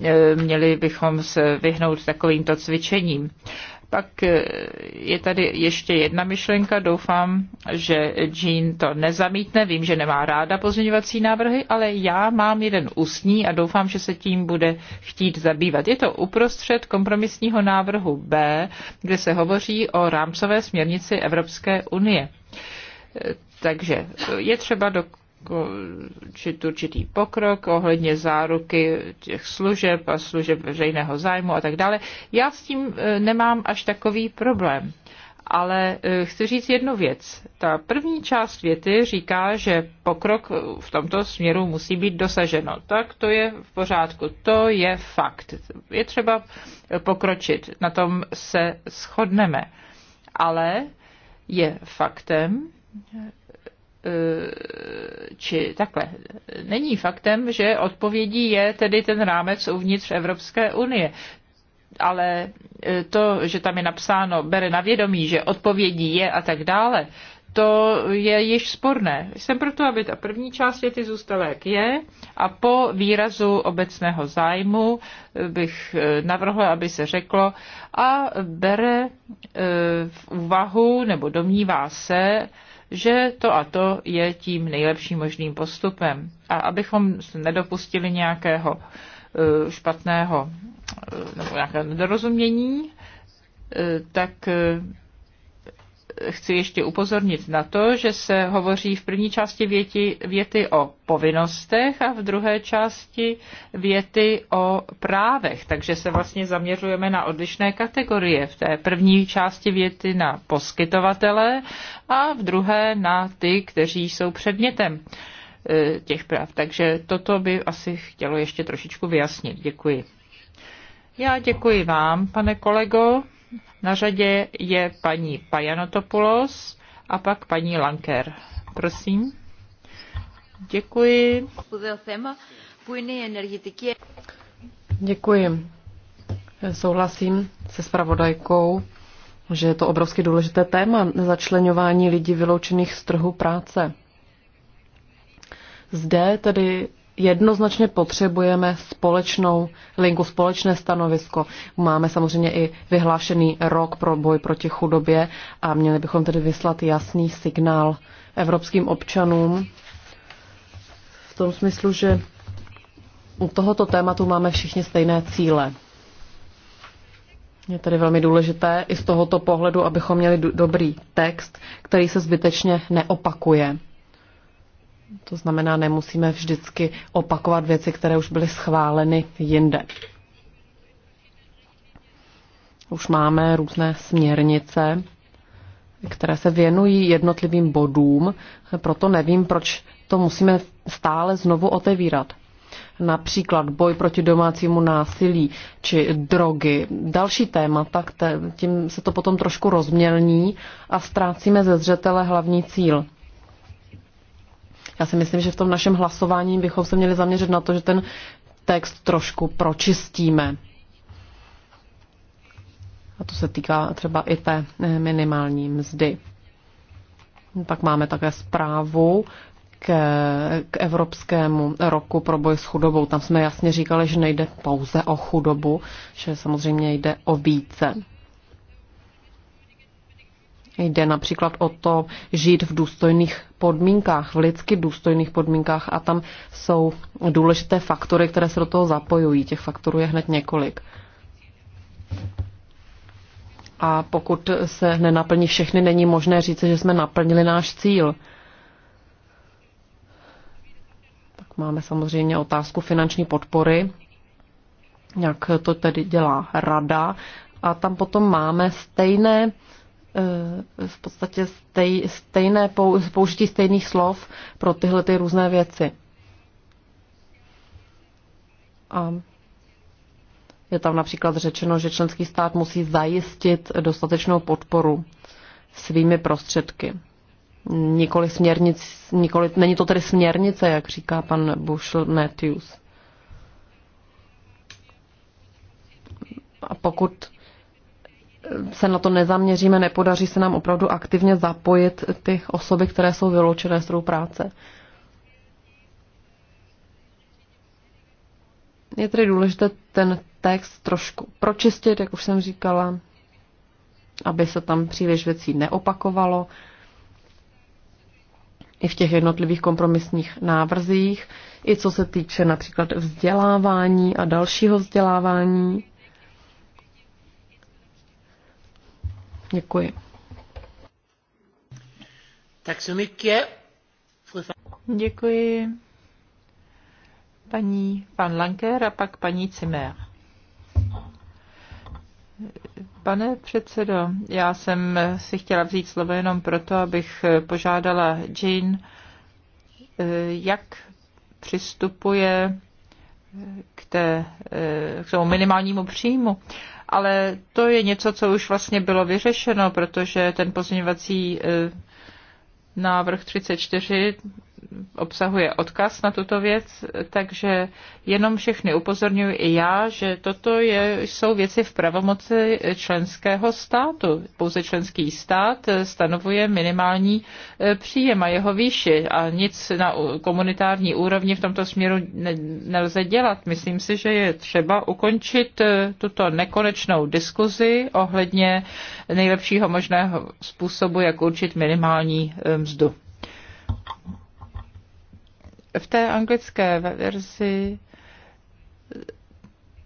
e, měli bychom se vyhnout takovýmto cvičením. Pak eh, je tady ještě jedna myšlenka, doufám, že Jean to nezamítne, vím, že nemá ráda pozměňovací návrhy, ale já mám jeden ústní a doufám, že se tím bude chtít zabývat. Je to uprostřed kompromisního návrhu B, kde se hovoří o rámcové směrnici Evropské unie. Eh, takže je třeba do určit, jako, určitý pokrok ohledně záruky těch služeb a služeb veřejného zájmu a tak dále. Já s tím e, nemám až takový problém. Ale e, chci říct jednu věc. Ta první část věty říká, že pokrok v tomto směru musí být dosaženo. Tak to je v pořádku, to je fakt. Je třeba pokročit, na tom se shodneme. Ale je faktem, Eh, či takhle, není faktem, že odpovědí je tedy ten rámec uvnitř Evropské unie ale eh, to, že tam je napsáno, bere na vědomí, že odpovědí je a tak dále, to je již sporné. Jsem proto, aby ta první část věty zůstala jak je a po výrazu obecného zájmu bych eh, navrhla, aby se řeklo a bere v úvahu nebo domnívá se že to a to je tím nejlepším možným postupem. A abychom se nedopustili nějakého e, špatného e, nebo nějakého nedorozumění, e, tak chci ještě upozornit na to, že se hovoří v první části věti, věty o povinnostech a v druhé části věty o právech. Takže se vlastně zaměřujeme na odlišné kategorie. V té první části věty na poskytovatele a v druhé na ty, kteří jsou předmětem e, těch práv. Takže toto by asi chtělo ještě trošičku vyjasnit. Děkuji. Já děkuji vám, pane kolego. Na řadě je paní Pajanotopoulos a pak paní Lanker. Prosím. Děkuji. Děkuji. Souhlasím se spravodajkou, že je to obrovsky důležité téma začlenování lidí vyloučených z trhu práce. Zde tedy jednoznačně potřebujeme společnou linku, společné stanovisko. Máme samozřejmě i vyhlášený rok pro boj proti chudobě a měli bychom tedy vyslat jasný signál evropským občanům v tom smyslu, že u tohoto tématu máme všichni stejné cíle. Je tedy velmi důležité i z tohoto pohledu, abychom měli dobrý text, který se zbytečně neopakuje. To znamená, nemusíme vždycky opakovat věci, které už byly schváleny jinde. Už máme různé směrnice, které se věnují jednotlivým bodům, proto nevím, proč to musíme stále znovu otevírat. Například boj proti domácímu násilí či drogy. Další témata, tím se to potom trošku rozmělní a ztrácíme ze zřetele hlavní cíl. Já si myslím, že v tom našem hlasování bychom se měli zaměřit na to, že ten text trošku pročistíme. A to se týká třeba i té eh, minimální mzdy. Pak máme také zprávu k, k Evropskému roku pro boj s chudobou. Tam jsme jasně říkali, že nejde pouze o chudobu, že samozřejmě jde o více. Jde například o to žít v důstojných podmínkách, v lidsky důstojných podmínkách a tam jsou důležité faktory, které se do toho zapojují. Těch faktorů je hned několik. A pokud se nenaplní všechny, není možné říct, že jsme naplnili náš cíl. Tak máme samozřejmě otázku finanční podpory, jak to tedy dělá rada. A tam potom máme stejné Eh, v podstatě stej, stejné použití stejných slov pro tyhle ty různé věci. A je tam například řečeno, že členský stát musí zajistit dostatečnou podporu svými prostředky. Nikoli směrnic, nikoli, není to tedy směrnice, jak říká pan Bushel Matthews. A pokud se na to nezaměříme, nepodaří se nám opravdu aktivně zapojit ty osoby, které jsou vyloučené z trhu práce. Je tedy důležité ten text trošku pročistit, jak už jsem říkala, aby se tam příliš věcí neopakovalo. I v těch jednotlivých kompromisních návrzích, i co se týče například vzdělávání a dalšího vzdělávání. Děkuji. Tak mi mycket. Děkuji. Paní pan Lanker a pak paní Cimer. Pane předsedo, já jsem si chtěla vzít slovo jenom proto, abych požádala Jane, jak přistupuje k, té, k tomu minimálnímu příjmu ale to je něco, co už vlastně bylo vyřešeno, protože ten pozměňovací eh, návrh 34 obsahuje odkaz na tuto věc, takže jenom všechny upozorňuji i já, že toto je, jsou věci v pravomoci členského státu. Pouze členský stát stanovuje minimální eh, příjem a jeho výši a nic na komunitární úrovni v tomto směru nelze dělat. Myslím si, že je třeba ukončit eh, tuto nekonečnou diskuzi ohledně nejlepšího možného způsobu, jak určit minimální eh, mzdu. V té anglické verzi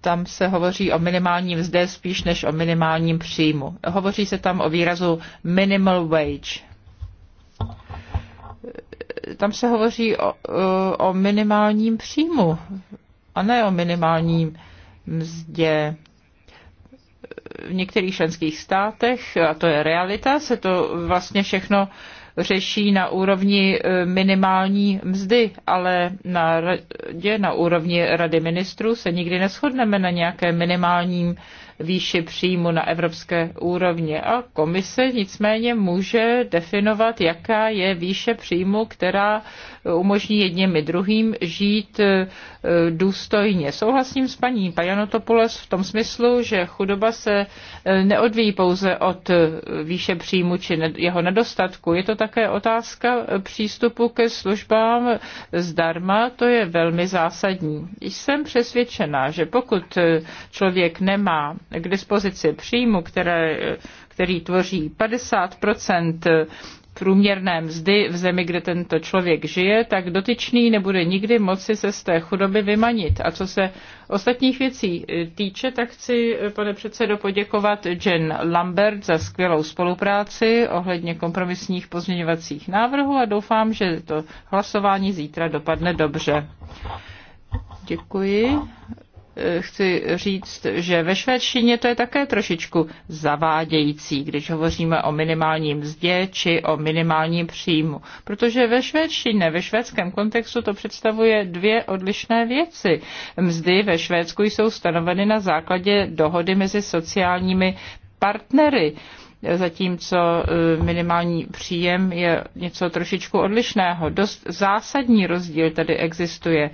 tam se hovoří o minimálním mzdě spíš než o minimálním příjmu. Hovoří se tam o výrazu minimal wage. Tam se hovoří o, o minimálním příjmu a ne o minimálním mzdě. V některých členských státech, a to je realita, se to vlastně všechno uh, řeší na úrovni e, minimální mzdy, ale na, radě, na úrovni Rady ministrů se nikdy neschodneme na nějaké minimálním výši příjmu na evropské úrovni. A komise nicméně může definovat, jaká je výše příjmu, která umožní jedním i druhým žít e, důstojně. Souhlasím s paní Pajanotopoulos v tom smyslu, že chudoba se e, neodvíjí pouze od e, výše příjmu či jeho nedostatku. Je to také otázka přístupu ke službám zdarma. To je velmi zásadní. Jsem přesvědčená, že pokud člověk nemá k dispozici příjmu, které, který tvoří 50 průměrné mzdy v zemi, kde tento člověk žije, tak dotyčný nebude nikdy moci se z té chudoby vymanit. A co se ostatních věcí eh, týče, tak chci, eh, pane předsedo, poděkovat Jen Lambert za skvělou spolupráci ohledně kompromisních pozměňovacích návrhů a doufám, že to hlasování zítra dopadne dobře. Děkuji chci říct, že ve švédštině to je také trošičku zavádějící, když hovoříme o minimálním mzdě či o minimálním příjmu. Protože ve švédštině, ve švédském kontextu to představuje dvě odlišné věci. Mzdy ve Švédsku jsou stanoveny na základě dohody mezi sociálními partnery zatímco e, minimální příjem je něco trošičku odlišného. Dost zásadní rozdíl tady existuje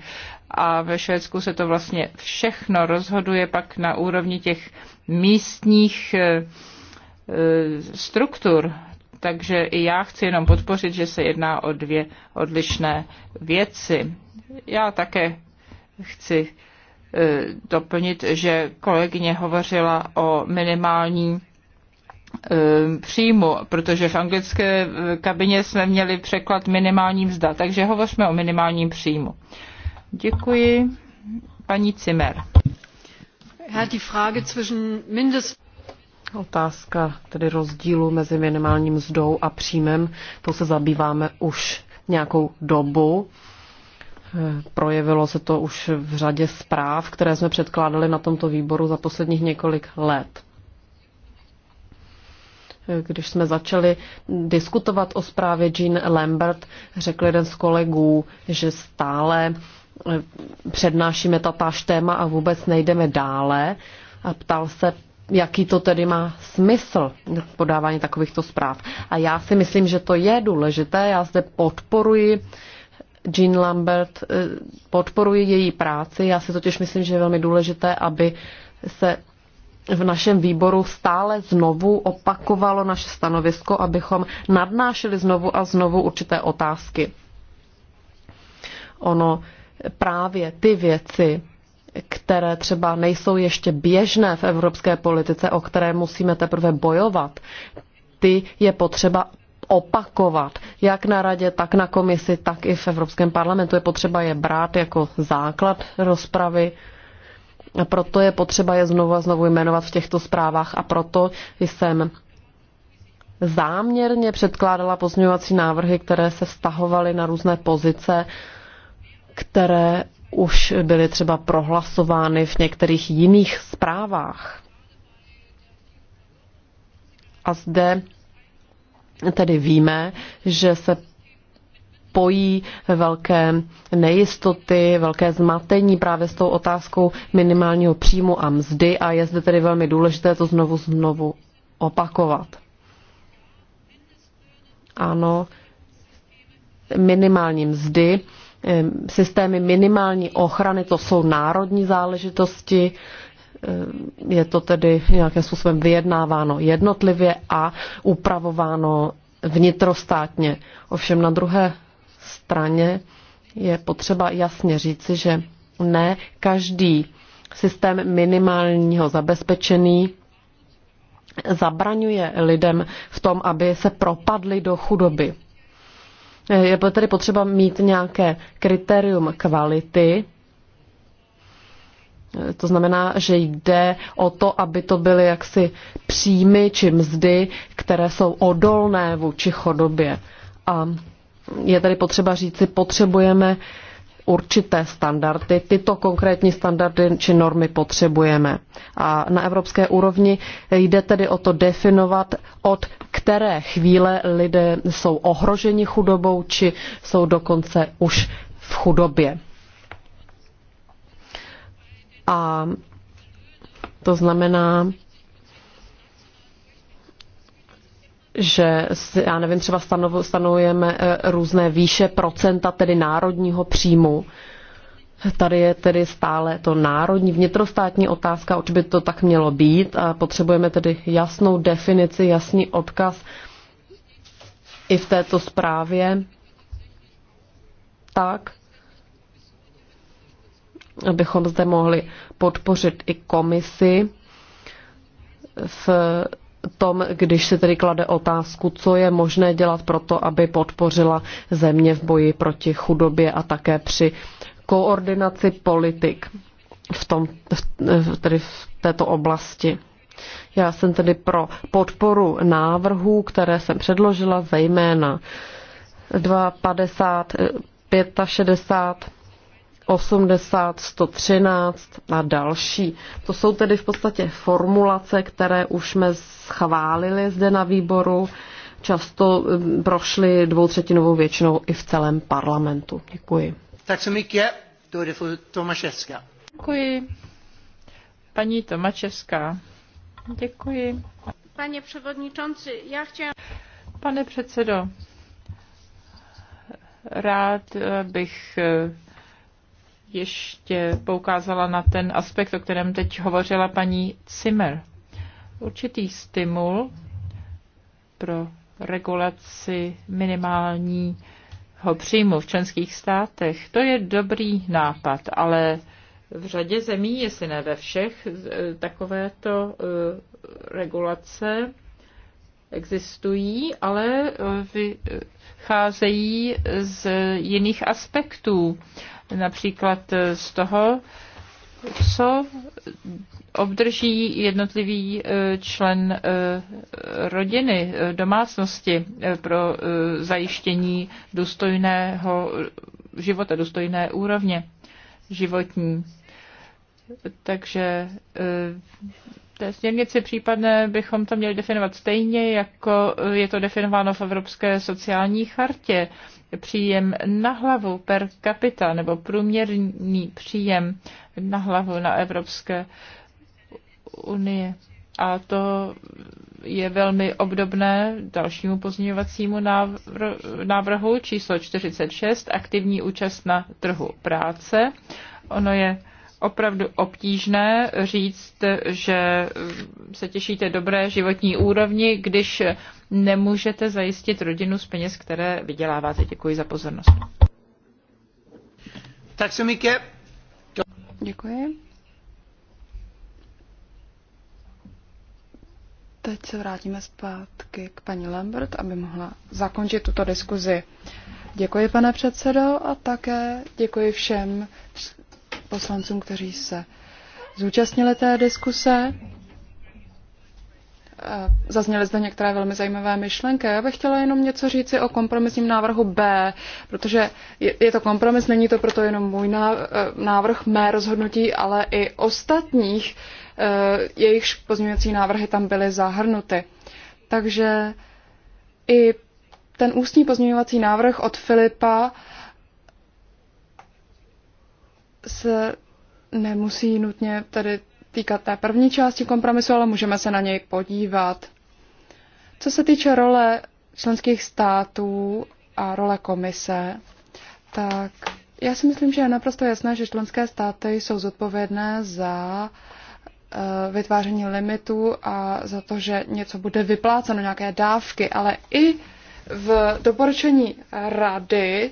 a ve Švédsku se to vlastně všechno rozhoduje pak na úrovni těch místních eh, eh, struktur. Takže i já chci jenom podpořit, že se jedná o dvě odlišné věci. Já také chci eh, doplnit, že kolegyně hovořila o minimální příjmu, protože v anglické kabině jsme měli překlad minimální mzda, takže hovořme o minimálním příjmu. Děkuji. Paní Cimer. Otázka tedy rozdílu mezi minimálním mzdou a příjmem, to se zabýváme už nějakou dobu. Eh, projevilo se to už v řadě zpráv, které jsme předkládali na tomto výboru za posledních několik let. Eh, když jsme začali diskutovat o zprávě Jean Lambert, řekl jeden z kolegů, že stále přednášíme tatáž téma a vůbec nejdeme dále. A ptal se, jaký to tedy má smysl podávání takovýchto zpráv. A já si myslím, že to je důležité. Já zde podporuji Jean Lambert, eh, podporuji její práci. Já si totiž myslím, že je velmi důležité, aby se v našem výboru stále znovu opakovalo naše stanovisko, abychom nadnášeli znovu a znovu určité otázky. Ono právě ty věci, které třeba nejsou ještě běžné v evropské politice, o které musíme teprve bojovat, ty je potřeba opakovat, jak na radě, tak na komisi, tak i v Evropském parlamentu. Je potřeba je brát jako základ rozpravy. A proto je potřeba je znovu a znovu jmenovat v těchto zprávách a proto jsem záměrně předkládala pozměňovací návrhy, které se vztahovaly na různé pozice které už byly třeba prohlasovány v některých jiných zprávách. A zde tedy víme, že se pojí velké nejistoty, velké zmatení právě s tou otázkou minimálního příjmu a mzdy a je zde tedy velmi důležité to znovu znovu opakovat. Ano, minimální mzdy systémy minimální ochrany, to jsou národní záležitosti, je to tedy nějakým způsobem vyjednáváno jednotlivě a upravováno vnitrostátně. Ovšem na druhé straně je potřeba jasně říci, že ne každý systém minimálního zabezpečení zabraňuje lidem v tom, aby se propadli do chudoby. Je tedy potřeba mít nějaké kritérium kvality, to znamená, že jde o to, aby to byly jaksi příjmy či mzdy, které jsou odolné vůči chodobě. A je tedy potřeba říci, potřebujeme určité standardy, tyto konkrétní standardy či normy potřebujeme. A na evropské úrovni jde tedy o to definovat, od které chvíle lidé jsou ohroženi chudobou či jsou dokonce už v chudobě. A to znamená, že, já nevím, třeba stanovujeme eh, různé výše procenta, tedy národního příjmu. Tady je tedy stále to národní vnitrostátní otázka, oč by to tak mělo být a potřebujeme tedy jasnou definici, jasný odkaz i v této zprávě tak, abychom zde mohli podpořit i komisi v tom, když se tedy klade otázku, co je možné dělat pro to, aby podpořila země v boji proti chudobě a také při koordinaci politik v, tom, v, tedy v této oblasti. Já jsem tedy pro podporu návrhů, které jsem předložila, zejména 250, 65, 80, 113 a další. To jsou tedy v podstatě formulace, které už jsme schválili zde na výboru. Často hm, prošly dvoutřetinovou většinou i v celém parlamentu. Děkuji. Tak så mycket. Då är det fru Tomaševska. Děkuji. Paní Tomaševská. Děkuji. Pane předsedající, já chtěla... Pane předsedo, rád eh, bych eh, ještě poukázala na ten aspekt, o kterém teď hovořila paní Zimmer. Určitý stimul pro regulaci minimální ho přijmu v členských státech, to je dobrý nápad, ale v řadě zemí, jestli ne ve všech, e, takovéto e, regulace existují, ale e, vycházejí z jiných aspektů. Například z toho, co obdrží jednotlivý e, člen e, rodiny, e, domácnosti pro zajištění důstojného života, důstojné úrovně životní. Takže té směrnici případné bychom to měli definovat stejně, jako je to definováno v Evropské sociální chartě příjem na hlavu per capita nebo průměrný příjem na hlavu na Evropské unie. A to je velmi obdobné dalšímu pozměňovacímu návrhu číslo 46, aktivní účast na trhu práce. Ono je opravdu obtížné říct, že se těšíte dobré životní úrovni, když nemůžete zajistit rodinu z peněz, které vyděláváte. Děkuji za pozornost. Tak se Mike. Děkuji. Teď se vrátíme zpátky k paní Lambert, aby mohla zakončit tuto diskuzi. Děkuji, pane předsedo, a také děkuji všem poslancům, kteří se zúčastnili té diskuse. Zazněly zde některé velmi zajímavé myšlenky. Já bych chtěla jenom něco říci o kompromisním návrhu B, protože je to kompromis, není to proto jenom můj e, návrh, mé rozhodnutí, ale i ostatních, e, jejichž pozměňovací návrhy tam byly zahrnuty. Takže i ten ústní pozměňovací návrh od Filipa se nemusí nutně tady týkat té první části kompromisu, ale můžeme se na něj podívat. Co se týče role členských států a role komise, tak já si myslím, že je naprosto jasné, že členské státy jsou zodpovědné za eh, vytváření limitů a za to, že něco bude vypláceno, nějaké dávky, ale i v doporučení rady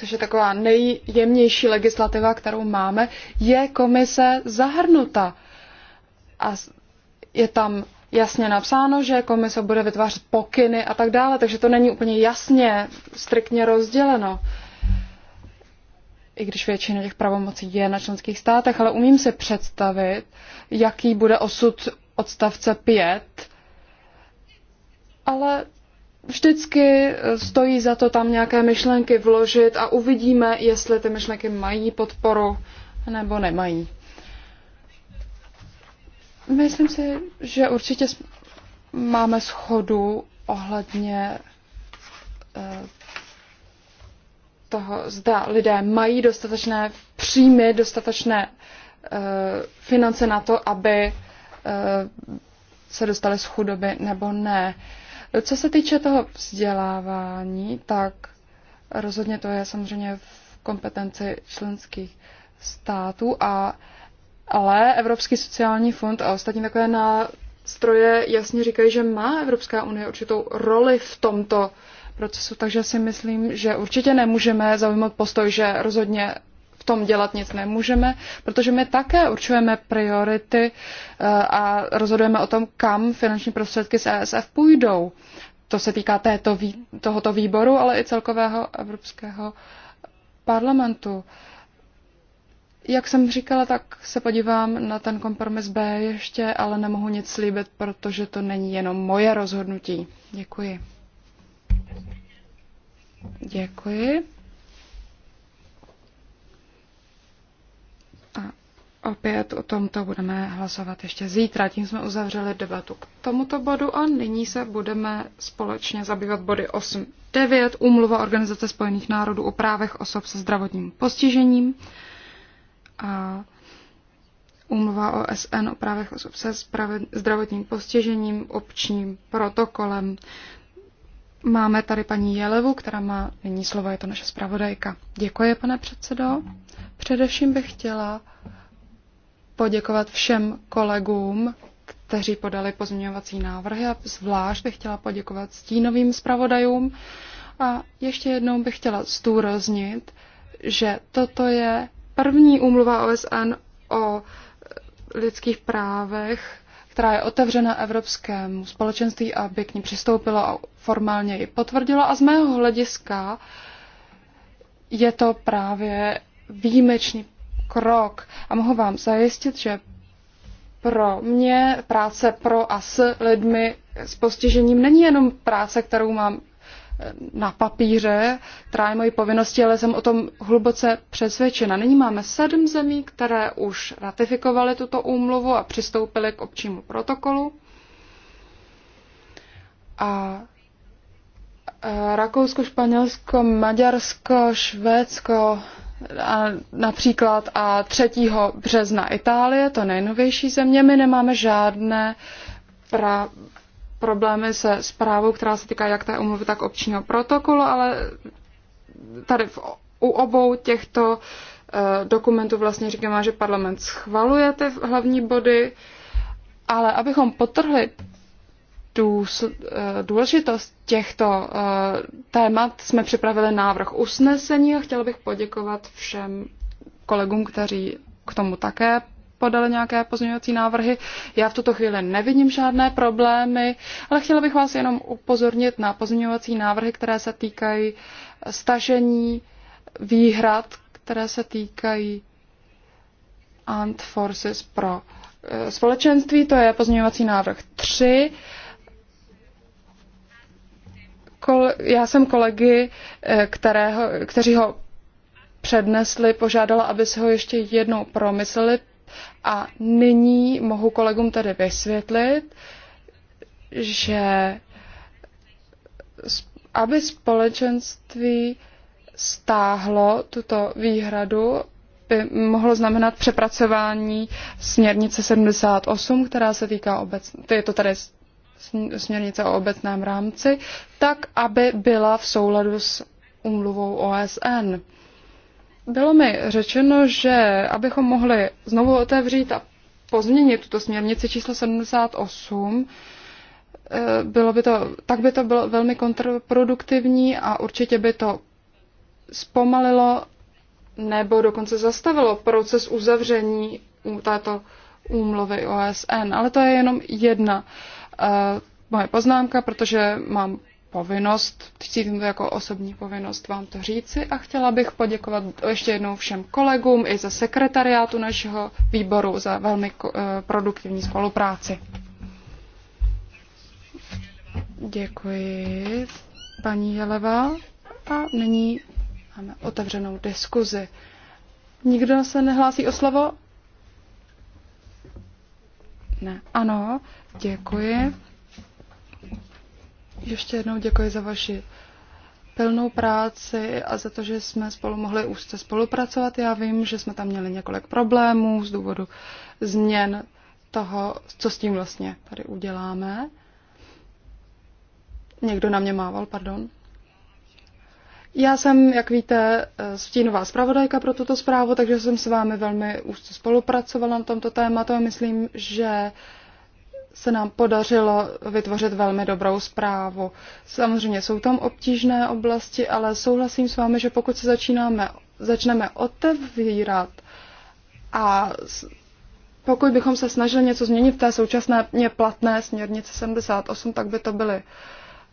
což je taková nejjemnější legislativa, kterou máme, je komise zahrnuta. A je tam jasně napsáno, že komise bude vytvářet pokyny a tak dále, takže to není úplně jasně, striktně rozděleno. I když většina těch pravomocí je na členských státech, ale umím si představit, jaký bude osud odstavce 5, ale vždycky stojí za to tam nějaké myšlenky vložit a uvidíme, jestli ty myšlenky mají podporu nebo nemají. Myslím si, že určitě máme schodu ohledně eh, toho, zda lidé mají dostatečné příjmy, dostatečné eh, finance na to, aby eh, se dostali z chudoby nebo ne. Co se týče toho vzdělávání, tak rozhodně to je samozřejmě v kompetenci členských států, a, ale Evropský sociální fond a ostatní takové nástroje jasně říkají, že má Evropská unie určitou roli v tomto procesu, takže si myslím, že určitě nemůžeme zaujmout postoj, že rozhodně tom dělat nic nemůžeme, protože my také určujeme priority eh, a rozhodujeme o tom, kam finanční prostředky z ESF půjdou. To se týká této, tohoto výboru, ale i celkového Evropského parlamentu. Jak jsem říkala, tak se podívám na ten kompromis B ještě, ale nemohu nic slíbit, protože to není jenom moje rozhodnutí. Děkuji. Děkuji. Opět o tomto budeme hlasovat ještě zítra. Tím jsme uzavřeli debatu k tomuto bodu a nyní se budeme společně zabývat body 8. 9. Úmluva Organizace spojených národů o právech osob se zdravotním postižením a Úmluva OSN o právech osob se zdravotním postižením občním protokolem. Máme tady paní Jelevu, která má nyní slovo, je to naše zpravodajka. Děkuji, pane předsedo. Především bych chtěla poděkovat všem kolegům, kteří podali pozměňovací návrhy a zvlášť bych chtěla poděkovat stínovým zpravodajům. A ještě jednou bych chtěla zdůraznit, že toto je první úmluva OSN o e, lidských právech, která je otevřena Evropskému společenství, aby k ní přistoupilo a formálně ji potvrdilo. A z mého hlediska je to právě výjimečný krok. A mohu vám zajistit, že pro mě práce pro a s lidmi s postižením není jenom práce, kterou mám eh, na papíře, která je mojí povinnosti, ale jsem o tom hluboce přesvědčena. Nyní máme sedm zemí, které už ratifikovaly tuto úmluvu a přistoupily k občímu protokolu. A eh, Rakousko, Španělsko, Maďarsko, Švédsko, a například a 3. března Itálie, to nejnovější země, my nemáme žádné pra, problémy se zprávou, která se týká jak té umluvy, tak občního protokolu, ale tady v, u obou těchto uh, dokumentů vlastně říkáme, že parlament schvaluje ty hlavní body, ale abychom potrhli Eh, důležitost těchto eh, témat jsme připravili návrh usnesení a chtěla bych poděkovat všem kolegům, kteří k tomu také podali nějaké pozměňovací návrhy. Já v tuto chvíli nevidím žádné problémy, ale chtěla bych vás jenom upozornit na pozměňovací návrhy, které se týkají stažení výhrad, které se týkají Armed Forces pro eh, společenství. To je pozměňovací návrh 3 kol, já jsem kolegy, eh, kterého, kteří ho přednesli, požádala, aby se ho ještě jednou promysleli a nyní mohu kolegům tedy vysvětlit, že aby společenství stáhlo tuto výhradu, by mohlo znamenat přepracování směrnice 78, která se týká obecně, je to tady směrnice o obecném rámci, tak aby byla v souladu s úmluvou OSN. Bylo mi řečeno, že abychom mohli znovu otevřít a pozměnit tuto směrnici číslo 78, eh, bylo by to, tak by to bylo velmi kontraproduktivní a určitě by to zpomalilo nebo dokonce zastavilo proces uzavření této úmluvy OSN. Ale to je jenom jedna Eh, moje poznámka, protože mám povinnost, cítím to jako osobní povinnost vám to říci a chtěla bych poděkovat ještě jednou všem kolegům i za sekretariátu našeho výboru za velmi eh, produktivní spolupráci. Děkuji, paní Jeleva. A nyní máme otevřenou diskuzi. Nikdo se nehlásí o slovo? Ne. Ano, Děkuji. Ještě jednou děkuji za vaši plnou práci a za to, že jsme spolu mohli úzce spolupracovat. Já vím, že jsme tam měli několik problémů z důvodu změn toho, co s tím vlastně tady uděláme. Někdo na mě mával, pardon. Já jsem, jak víte, stínová zpravodajka pro tuto zprávu, takže jsem s vámi velmi úzce spolupracovala na tomto tématu a myslím, že se nám podařilo vytvořit velmi dobrou zprávu. Samozřejmě jsou tam obtížné oblasti, ale souhlasím s vámi, že pokud se začínáme, začneme otevírat a pokud bychom se snažili něco změnit v té současné platné směrnici 78, tak by to byly,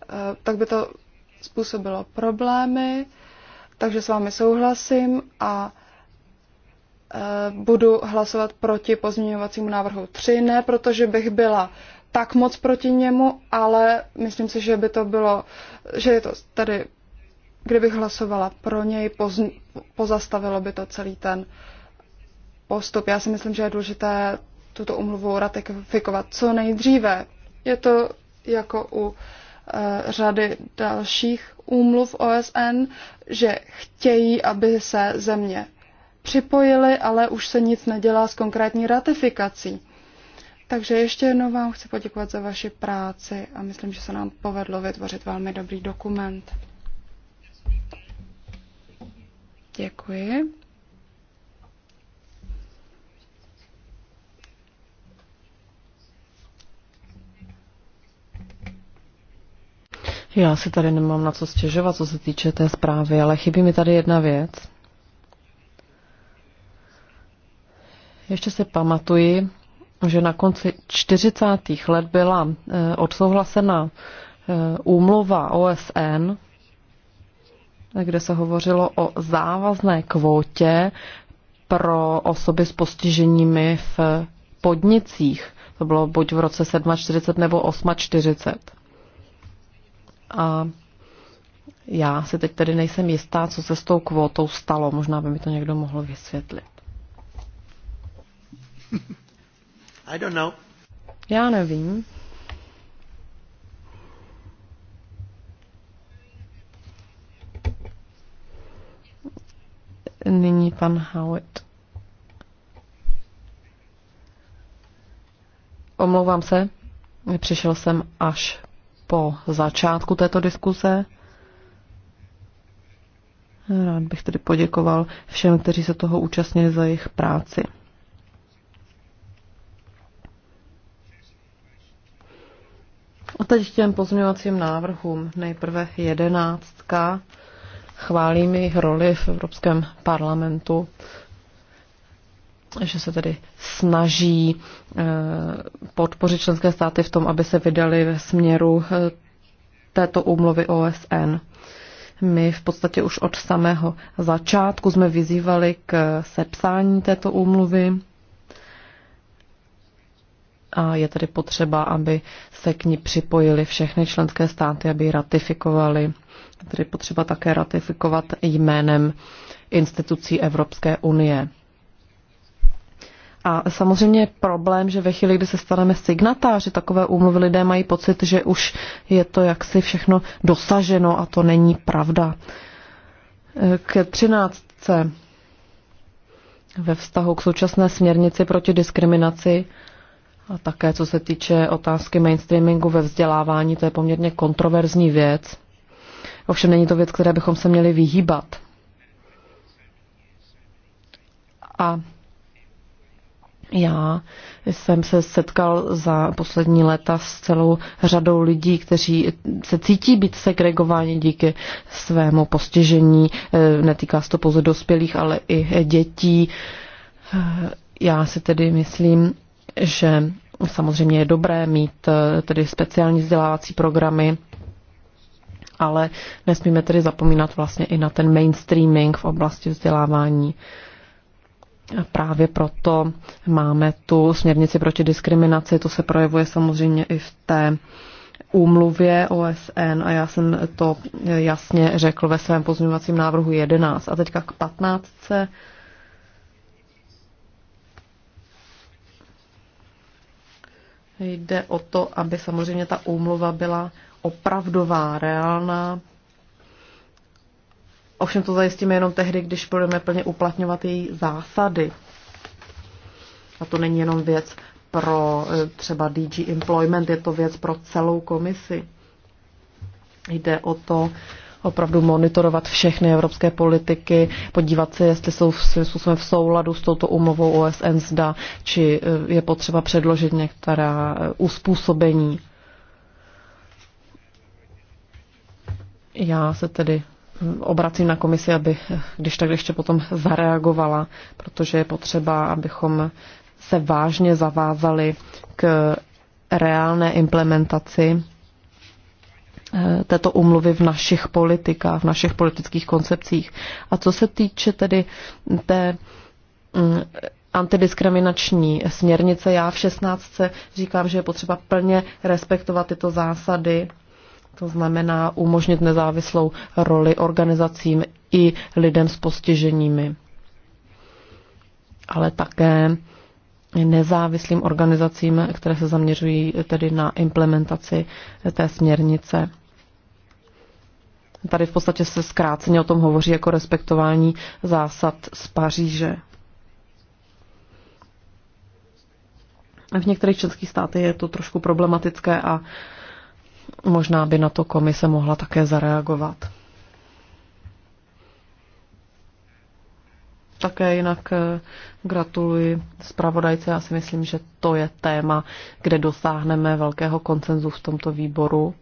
eh, tak by to způsobilo problémy, takže s vámi souhlasím a Eh, budu hlasovat proti pozměňovacímu návrhu 3, ne protože bych byla tak moc proti němu, ale myslím si, že by to bylo, že je to tady, kdybych hlasovala pro něj, poz, pozastavilo by to celý ten postup. Já si myslím, že je důležité tuto umluvu ratifikovat co nejdříve. Je to jako u eh, řady dalších úmluv OSN, že chtějí, aby se země připojili, ale už se nic nedělá s konkrétní ratifikací. Takže ještě jednou vám chci poděkovat za vaši práci a myslím, že se nám povedlo vytvořit velmi dobrý dokument. Děkuji. Já si tady nemám na co stěžovat, co se týče té zprávy, ale chybí mi tady jedna věc. Ještě si pamatuji, že na konci 40. let byla eh, odsouhlasena eh, úmluva OSN, kde se hovořilo o závazné kvótě pro osoby s postiženími v podnicích. To bylo buď v roce 47 nebo 48. A já si teď tedy nejsem jistá, co se s tou kvótou stalo. Možná by mi to někdo mohl vysvětlit. I don't know. Já nevím. Nyní pan Howitt. Omlouvám se, přišel jsem až po začátku této diskuse. Rád bych tedy poděkoval všem, kteří se toho účastnili za jejich práci. A teď k těm pozměňovacím návrhům. Nejprve jedenáctka. Chválím jejich roli v Evropském parlamentu, že se tedy snaží eh, podpořit členské státy v tom, aby se vydali ve směru eh, této úmluvy OSN. My v podstatě už od samého začátku jsme vyzývali k sepsání této úmluvy a je tedy potřeba, aby se k ní připojili všechny členské státy, aby ji ratifikovali. Je tedy potřeba také ratifikovat jménem institucí Evropské unie. A samozřejmě je problém, že ve chvíli, kdy se staneme signatáři takové úmluvy, lidé mají pocit, že už je to jaksi všechno dosaženo a to není pravda. K 13. ve vztahu k současné směrnici proti diskriminaci a také co se týče otázky mainstreamingu ve vzdělávání, to je poměrně kontroverzní věc. Ovšem není to věc, které bychom se měli vyhýbat. A já jsem se setkal za poslední léta s celou řadou lidí, kteří se cítí být segregováni díky svému postižení. E, netýká se to pouze dospělých, ale i dětí. E, já si tedy myslím, že samozřejmě je dobré mít eh, tedy speciální vzdělávací programy, ale nesmíme tedy zapomínat vlastně i na ten mainstreaming v oblasti vzdělávání. A právě proto máme tu směrnici proti diskriminaci, to se projevuje samozřejmě i v té úmluvě OSN a já jsem to jasně řekl ve svém pozměňovacím návrhu 11 a teďka k 15 Jde o to, aby samozřejmě ta úmluva byla opravdová, reálná. Ovšem to zajistíme jenom tehdy, když budeme plně uplatňovat její zásady. A to není jenom věc pro e, třeba DG Employment, je to věc pro celou komisi. Jde o to opravdu monitorovat všechny evropské politiky, podívat se, jestli jsou v, v souladu s touto umovou OSN zda, či eh, je potřeba předložit některá eh, uspůsobení. Já se tedy hm, obracím na komisi, aby eh, když tak ještě potom zareagovala, protože je potřeba, abychom se vážně zavázali k reálné implementaci této umluvy v našich politikách, v našich politických koncepcích. A co se týče tedy té mm, antidiskriminační směrnice, já v 16. říkám, že je potřeba plně respektovat tyto zásady, to znamená umožnit nezávislou roli organizacím i lidem s postiženími, ale také nezávislým organizacím, které se zaměřují tedy na implementaci té směrnice. Tady v podstatě se zkráceně o tom hovoří jako respektování zásad z Paříže. V některých členských státech je to trošku problematické a možná by na to komise mohla také zareagovat. Také jinak eh, gratuluji zpravodajce. Já si myslím, že to je téma, kde dosáhneme velkého koncenzu v tomto výboru.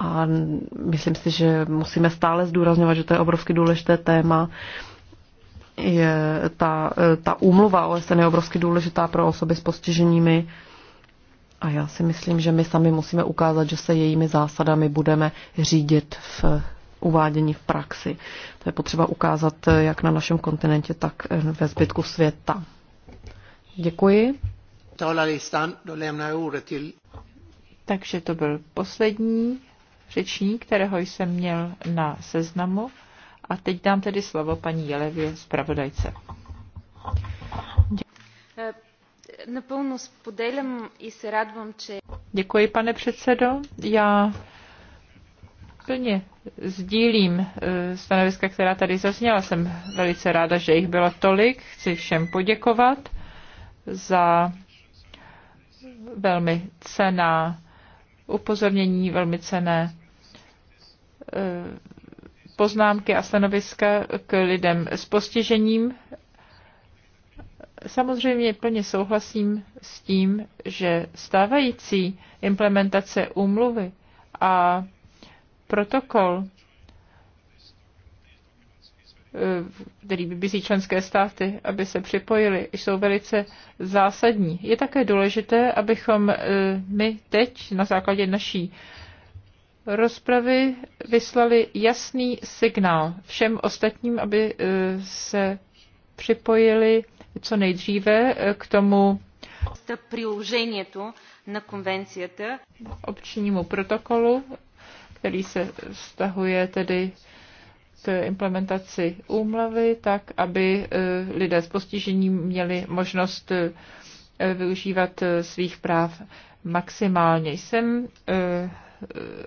A myslím si, že musíme stále zdůrazňovat, že to je obrovsky důležité téma. Je ta, ta úmluva OSN e je obrovsky důležitá pro osoby s postiženími. A já si myslím, že my sami musíme ukázat, že se jejími zásadami budeme řídit v uvádění v praxi. To je potřeba ukázat jak na našem kontinentě, tak ve zbytku světa. Děkuji. Takže to byl poslední řečník, kterého jsem měl na seznamu. A teď dám tedy slovo paní Jelevě, zpravodajce. Naplno i se radvám, Děkuji, pane předsedo. Já plně sdílím eh, stanoviska, která tady zazněla. Jsem velice ráda, že jich bylo tolik. Chci všem poděkovat za velmi cená upozornění, velmi cené Eh, poznámky a stanoviska k lidem s postižením. Samozřejmě plně souhlasím s tím, že stávající implementace úmluvy a protokol, eh, který vybízí členské státy, aby se připojili, jsou velice zásadní. Je také důležité, abychom eh, my teď na základě naší rozpravy vyslali jasný signál všem ostatním, aby e, se připojili co nejdříve e, k tomu na konvenciete. protokolu, který se vztahuje tedy k implementaci úmlavy, tak aby e, lidé s postižením měli možnost využívat svých práv maximálně. Jsem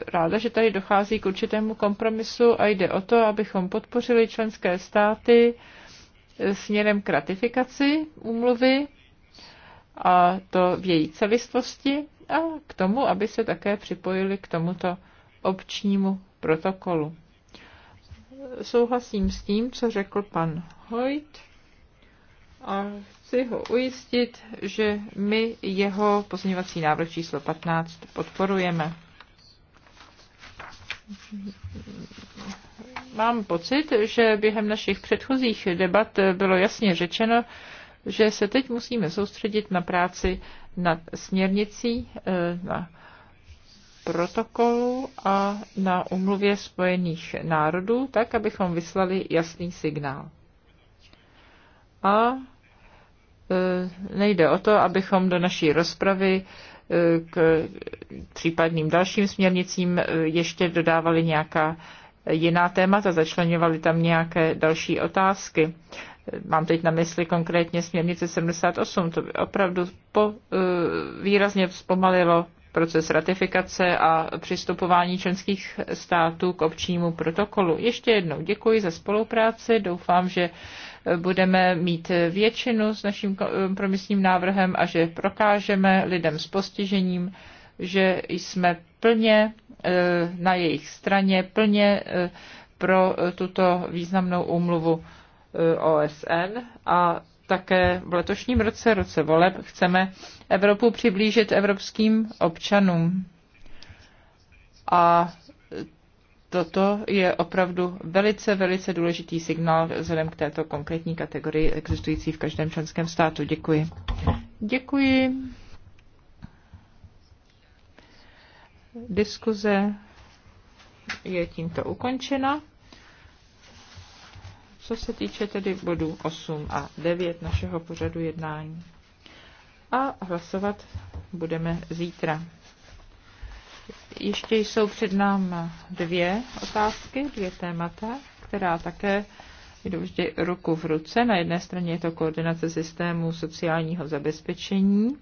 ráda, že tady dochází k určitému kompromisu a jde o to, abychom podpořili členské státy směrem k ratifikaci úmluvy a to v její celistvosti a k tomu, aby se také připojili k tomuto občnímu protokolu. Souhlasím s tím, co řekl pan Hoyt a chci ho ujistit, že my jeho pozměňovací návrh číslo 15 podporujeme mám pocit, že během našich předchozích debat bylo jasně řečeno, že se teď musíme soustředit na práci nad směrnicí, eh, na protokolu a na umluvě Spojených národů, tak abychom vyslali jasný signál. A eh, nejde o to, abychom do naší rozpravy k případným dalším směrnicím e, ještě dodávali nějaká jiná témata, začlenovali tam nějaké další otázky. E, mám teď na mysli konkrétně směrnice 78, to by opravdu po, e, výrazně zpomalilo proces ratifikace a přistupování členských států k občnímu protokolu. Ještě jednou děkuji za spolupráci, doufám, že budeme mít většinu s naším kompromisním návrhem a že prokážeme lidem s postižením, že jsme plně eh, na jejich straně, plně eh, pro tuto významnou úmluvu eh, OSN a také v letošním roce, roce voleb, chceme Evropu přiblížit evropským občanům. A toto je opravdu velice, velice důležitý signál vzhledem k této konkrétní kategorii existující v každém členském státu. Děkuji. Děkuji. Diskuze je tímto ukončena. Co se týče tedy bodů 8 a 9 našeho pořadu jednání. A hlasovat budeme zítra. Ještě jsou před námi dvě otázky, dvě témata, která také jdou vždy ruku v ruce. Na jedné straně je to koordinace systému sociálního zabezpečení.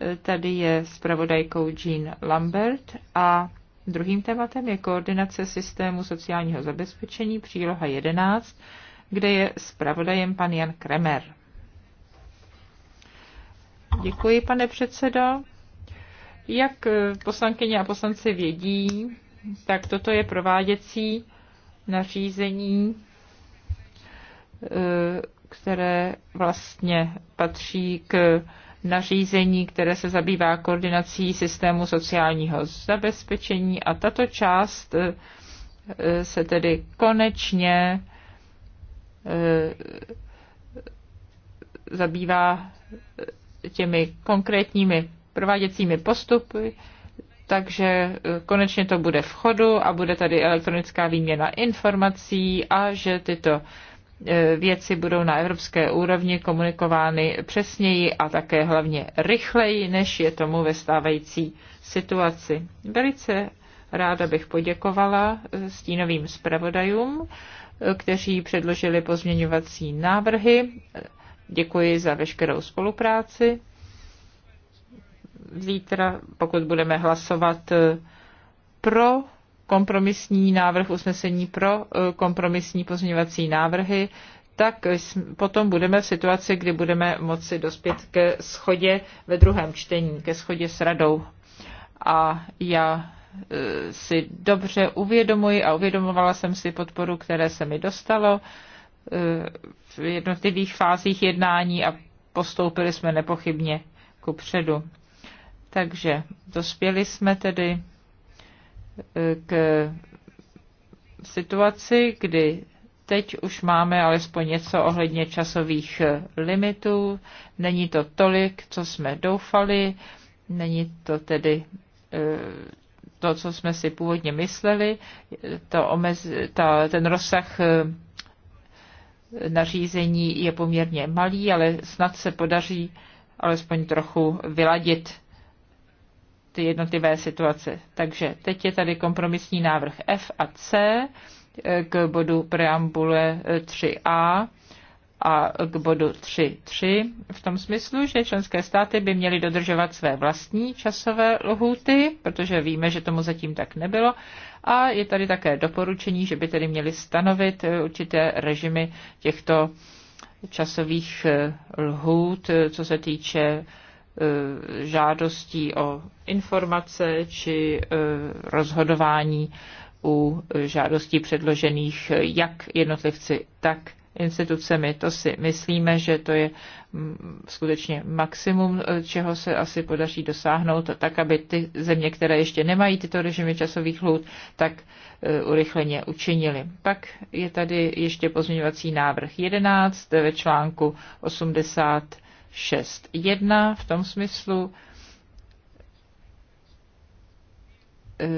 E, Tady je zpravodajkou Jean Lambert a druhým tématem je koordinace systému sociálního zabezpečení, příloha 11, kde je zpravodajem pan Jan Kremer. Děkuji, pane předsedo. Jak eh, poslankyně a poslanci vědí, tak toto je prováděcí nařízení, eh, které vlastně patří k nařízení, které se zabývá koordinací systému sociálního zabezpečení a tato část eh, se tedy konečně zabývá těmi konkrétními prováděcími postupy, takže e, konečně to bude v chodu a bude tady elektronická výměna informací a že tyto e, věci budou na evropské úrovni komunikovány přesněji a také hlavně rychleji, než je tomu ve stávající situaci. Velice ráda bych poděkovala e, stínovým zpravodajům, kteří předložili pozměňovací návrhy. Děkuji za veškerou spolupráci zítra, pokud budeme hlasovat e, pro kompromisní návrh usnesení pro e, kompromisní pozměňovací návrhy, tak potom budeme v situaci, kdy budeme moci dospět ke schodě ve druhém čtení, ke schodě s radou. A já e, si dobře uvědomuji a uvědomovala jsem si podporu, které se mi dostalo v jednotlivých fázích jednání a postoupili jsme nepochybně ku předu. Takže dospěli jsme tedy e, k situaci, kdy teď už máme alespoň něco ohledně časových e, limitů. Není to tolik, co jsme doufali, není to tedy e, to, co jsme si původně mysleli. To omez, ta, ten rozsah nařízení je poměrně malý, ale snad se podaří alespoň trochu vyladit ty jednotlivé situace. Takže teď je tady kompromisní návrh F a C eh, k bodu preambule 3a eh, a k bodu 3.3 v tom smyslu, že členské státy by měly dodržovat své vlastní časové lhuty, protože víme, že tomu zatím tak nebylo. A je tady také doporučení, že by tedy měly stanovit eh, určité režimy těchto časových lhůt, co se týče Eh, žádostí o informace či eh, rozhodování u žádostí předložených jak jednotlivci, tak institucemi. To si myslíme, že to je mm, skutečně maximum, eh, čeho se asi podaří dosáhnout, tak aby ty země, které ještě nemají tyto režimy časových hlůd, tak urychleně učinili. Pak je tady ještě pozměňovací návrh 11 ve článku 80 6.1 v tom smyslu,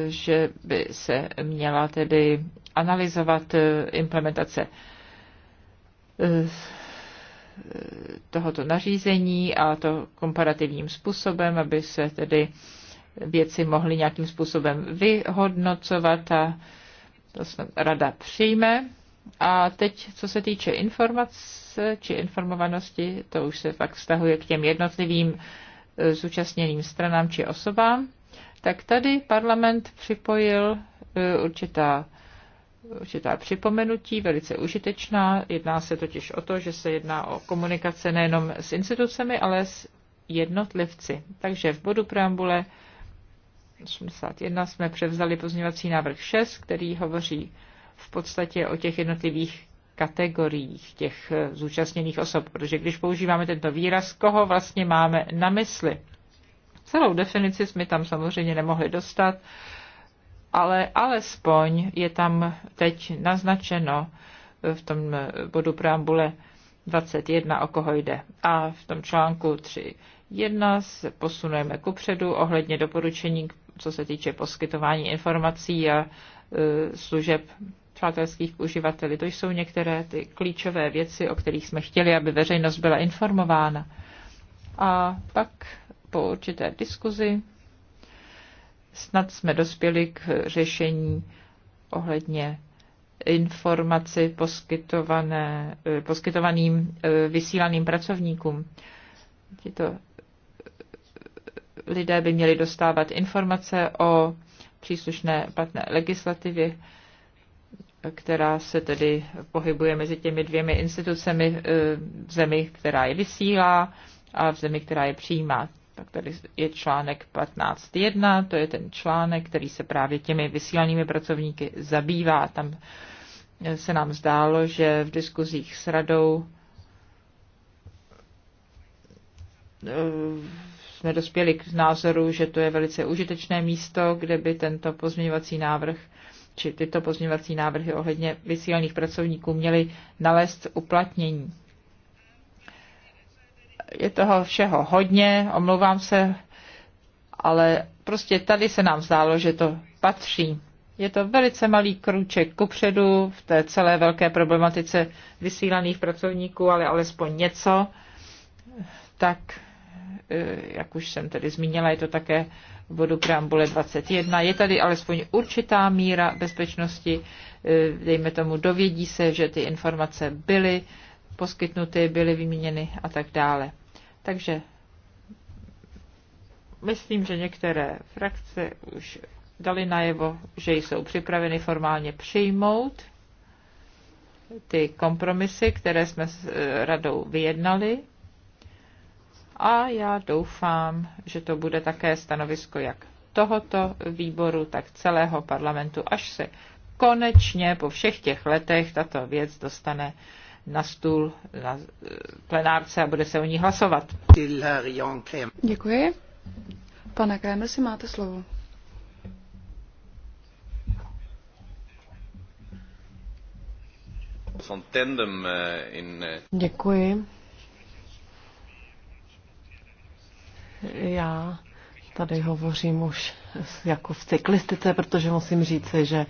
že by se měla tedy analyzovat eh, implementace eh, tohoto nařízení a to komparativním způsobem, aby se tedy věci mohly nějakým způsobem vyhodnocovat a to snad rada přijme. A teď, co se týče informace či informovanosti, to už se pak vztahuje k těm jednotlivým e, zúčastněným stranám či osobám, tak tady parlament připojil e, určitá, určitá připomenutí, velice užitečná. Jedná se totiž o to, že se jedná o komunikace nejenom s institucemi, ale s jednotlivci. Takže v bodu preambule 81 jsme převzali pozměňovací návrh 6, který hovoří v podstatě o těch jednotlivých kategoriích těch eh, zúčastněných osob, protože když používáme tento výraz, koho vlastně máme na mysli. Celou definici jsme tam samozřejmě nemohli dostat, ale alespoň je tam teď naznačeno eh, v tom eh, bodu preambule 21, o koho jde. A v tom článku 3.1 se posunujeme kupředu ohledně doporučení, co se týče poskytování informací a služeb přátelských uživatelů. uživateli. To jsou některé ty klíčové věci, o kterých jsme chtěli, aby veřejnost byla informována. A pak po určité diskuzi snad jsme dospěli k řešení ohledně informaci poskytované, eh, poskytovaným eh, vysílaným pracovníkům. Tito eh, lidé by měli dostávat informace o příslušné platné legislativě která se tedy pohybuje mezi těmi dvěmi institucemi eh, v zemi, která je vysílá a v zemi, která je přijímá. Tak tady je článek 15.1, to je ten článek, který se právě těmi vysílanými pracovníky zabývá. Tam eh, se nám zdálo, že v diskuzích s radou eh, jsme dospěli k názoru, že to je velice užitečné místo, kde by tento pozměňovací návrh či tyto pozměňovací návrhy ohledně vysílaných pracovníků měly nalézt uplatnění. Je toho všeho hodně, omlouvám se, ale prostě tady se nám zdálo, že to patří. Je to velice malý kruček kupředu v té celé velké problematice vysílaných pracovníků, ale alespoň něco. Tak, eh, jak už jsem tedy zmínila, je to také bodu preambule 21. Je tady alespoň určitá míra bezpečnosti, eh, dejme tomu, dovědí se, že ty informace byly poskytnuty, byly vyměněny a tak dále. Takže myslím, že některé frakce už dali najevo, že jsou připraveny formálně přijmout ty kompromisy, které jsme s eh, radou vyjednali a já doufám, že to bude také stanovisko jak tohoto výboru, tak celého parlamentu, až se konečně po všech těch letech tato věc dostane na stůl na eh, plenárce a bude se o ní hlasovat. Děkuji. Pane Kramer, si máte slovo. Eh, eh, Děkuji. Já tady hovořím už jako v cyklistice, protože musím říci, že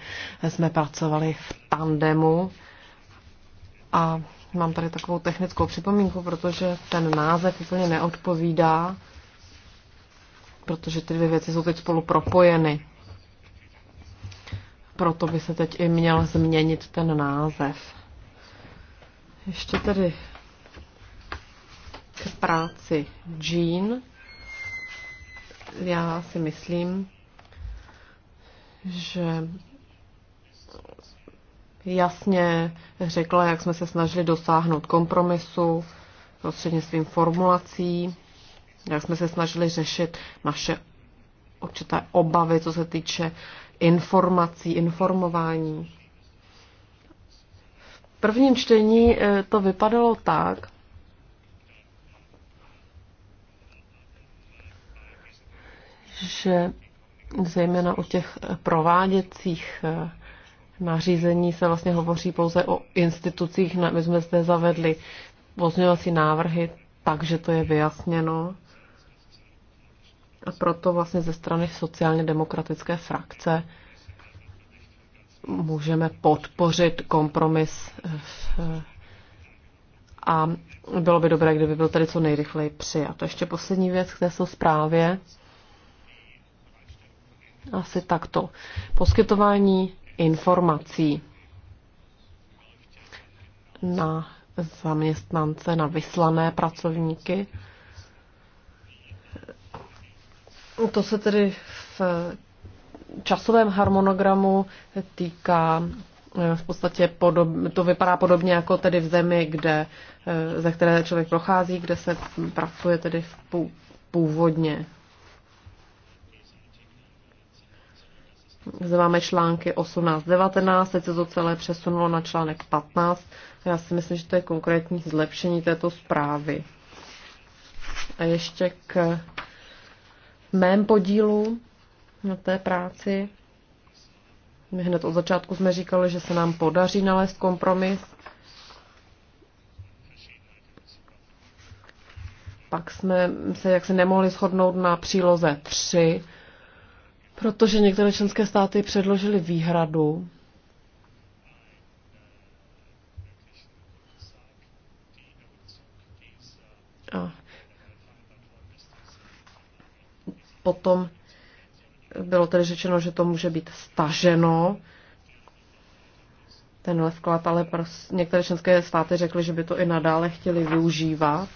jsme pracovali v tandemu a mám tady takovou technickou připomínku, protože ten název úplně neodpovídá, protože ty dvě věci jsou teď spolu propojeny. Proto by se teď i měl změnit ten název. Ještě tedy k práci Jean já si myslím, že jasně řekla, jak jsme se snažili dosáhnout kompromisu prostřednictvím formulací, jak jsme se snažili řešit naše určité obavy, co se týče informací, informování. V prvním čtení eh, to vypadalo tak, že zejména u těch prováděcích eh, nařízení se vlastně hovoří pouze o institucích. My jsme zde zavedli pozměňovací návrhy, takže to je vyjasněno. A proto vlastně ze strany sociálně demokratické frakce můžeme podpořit kompromis v, eh, a bylo by dobré, kdyby byl tady co nejrychleji přijat. A ještě poslední věc k této zprávě asi takto. Poskytování informací na zaměstnance, na vyslané pracovníky. To se tedy v časovém harmonogramu týká eh, v podstatě podob, to vypadá podobně jako tedy v zemi, kde, eh, ze které člověk prochází, kde se pracuje tedy v původně Zde máme články 18, 19, teď se to celé přesunulo na článek 15. Já si myslím, že to je konkrétní zlepšení této zprávy. A ještě k mém podílu na té práci. My hned od začátku jsme říkali, že se nám podaří nalézt kompromis. Pak jsme se jaksi nemohli shodnout na příloze 3, Protože některé členské státy předložily výhradu, a potom bylo tedy řečeno, že to může být staženo, tenhle vklad, ale některé členské státy řekly, že by to i nadále chtěli využívat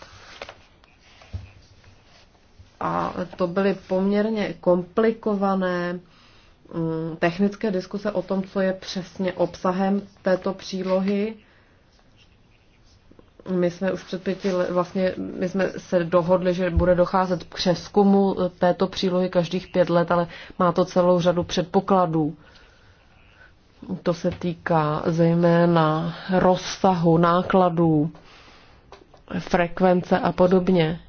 a to byly poměrně komplikované mm, technické diskuse o tom, co je přesně obsahem této přílohy. My jsme už před pěti let, vlastně my jsme se dohodli, že bude docházet k přeskumu této přílohy každých pět let, ale má to celou řadu předpokladů. To se týká zejména rozsahu, nákladů, frekvence a podobně.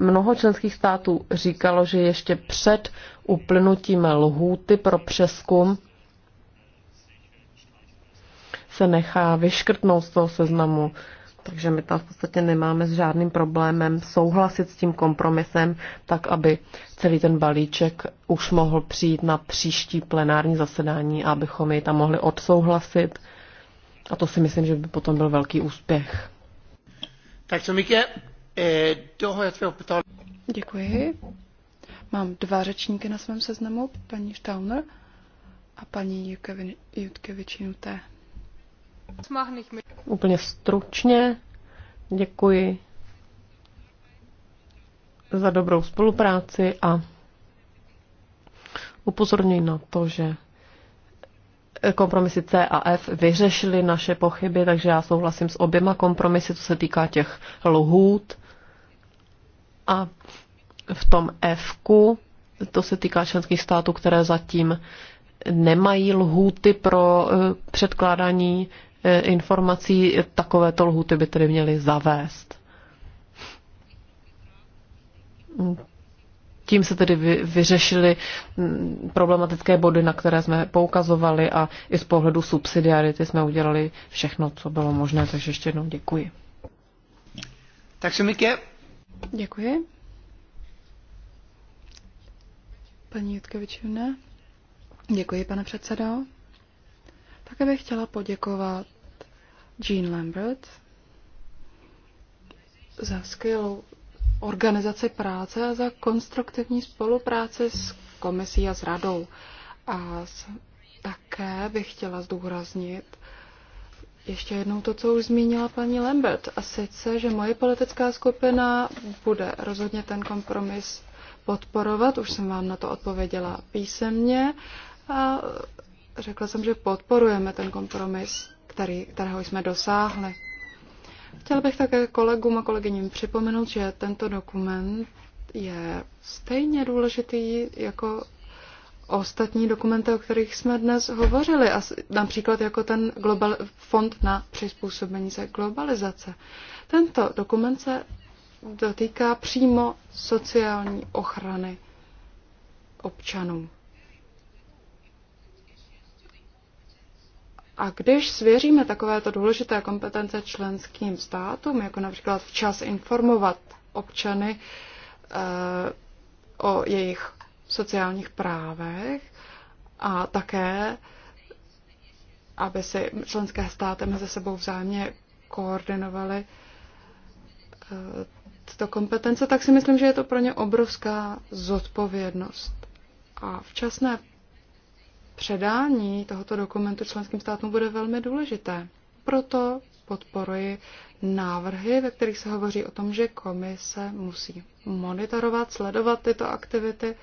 Mnoho členských států říkalo, že ještě před uplynutím lhůty pro přeskum se nechá vyškrtnout z toho seznamu. Takže my tam v podstatě nemáme s žádným problémem souhlasit s tím kompromisem, tak aby celý ten balíček už mohl přijít na příští plenární zasedání a abychom jej tam mohli odsouhlasit. A to si myslím, že by potom byl velký úspěch. Tak co, Mike? Děkuji. Mám dva řečníky na svém seznamu, paní Stauner a paní Jutkevičinuté. Úplně stručně děkuji za dobrou spolupráci a upozorňuji na to, že kompromisy C a F vyřešily naše pochyby, takže já souhlasím s oběma kompromisy, co se týká těch lhůt a v tom F, to se týká členských států, které zatím nemají lhůty pro eh, předkládání eh, informací, takovéto lhůty by tedy měly zavést. Tím se tedy vyřešily mm, problematické body, na které jsme poukazovali a i z pohledu subsidiarity jsme udělali všechno, co bylo možné, takže ještě jednou děkuji. Tak se Děkuji. Paní Jutkovičovna. Děkuji, pane předsedo. Také bych chtěla poděkovat Jean Lambert za skvělou organizaci práce a za konstruktivní spolupráci s komisí a s radou. A také bych chtěla zdůraznit ještě jednou to, co už zmínila paní Lambert, a sice, že moje politická skupina bude rozhodně ten kompromis podporovat, už jsem vám na to odpověděla písemně a řekla jsem, že podporujeme ten kompromis, který, kterého jsme dosáhli. Chtěla bych také kolegům a kolegyním připomenout, že tento dokument je stejně důležitý jako ostatní dokumenty, o kterých jsme dnes hovořili, a například jako ten global, fond na přizpůsobení se globalizace. Tento dokument se dotýká přímo sociální ochrany občanů. A když svěříme takovéto důležité kompetence členským státům, jako například včas informovat občany e, o jejich sociálních právech a také, aby si členské státy mezi sebou vzájemně koordinovaly eh, tyto kompetence, tak si myslím, že je to pro ně obrovská zodpovědnost. A včasné předání tohoto dokumentu členským státům bude velmi důležité. Proto podporuji návrhy, ve kterých se hovoří o tom, že komise musí monitorovat, sledovat tyto aktivity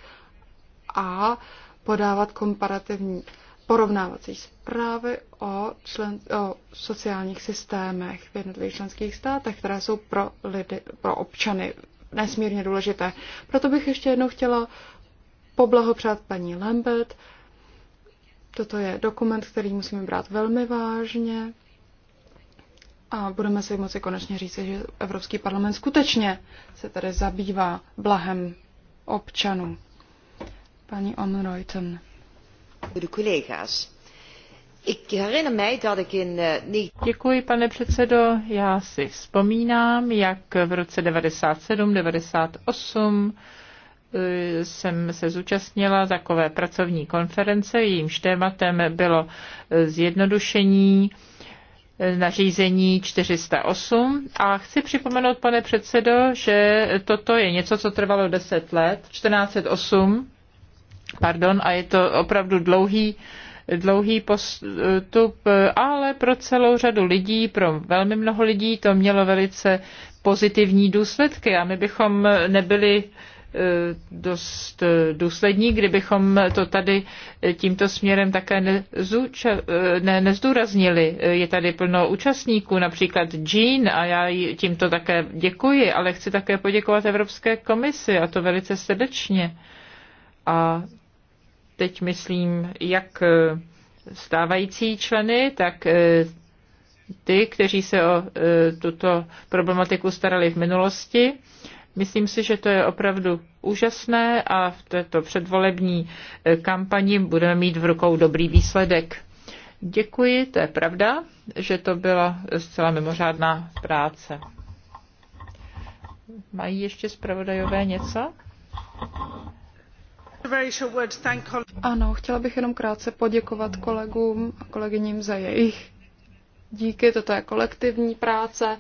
a podávat komparativní porovnávací zprávy o, člen, o sociálních systémech v jednotlivých členských státech, které jsou pro, lidi, pro občany nesmírně důležité. Proto bych ještě jednou chtěla poblahopřát paní Lambert. Toto je dokument, který musíme brát velmi vážně a budeme si moci konečně říct, že Evropský parlament skutečně se tady zabývá blahem občanů. Paní Omrojten. Eh, Děkuji, pane předsedo. Já si vzpomínám, jak v roce 97-98 eh, jsem se zúčastnila takové pracovní konference, jejímž tématem bylo eh, zjednodušení nařízení 408 a chci připomenout, pane předsedo, že toto je něco, co trvalo 10 let, 1408 Pardon, a je to opravdu dlouhý dlouhý postup, ale pro celou řadu lidí, pro velmi mnoho lidí to mělo velice pozitivní důsledky a my bychom nebyli eh, dost eh, důslední, kdybychom to tady eh, tímto směrem také nezúča, ne, nezdůraznili. Je tady plno účastníků, například Jean a já jí tímto také děkuji, ale chci také poděkovat Evropské komisi a to velice srdečně. A teď myslím jak eh, stávající členy, tak eh, ty, kteří se o eh, tuto problematiku starali v minulosti. Myslím si, že to je opravdu úžasné a v této předvolební kampani budeme mít v rukou dobrý výsledek. Děkuji, to je pravda, že to byla zcela mimořádná práce. Mají ještě zpravodajové něco? Ano, chtěla bych jenom krátce poděkovat kolegům a kolegyním za jejich díky, toto je kolektivní práce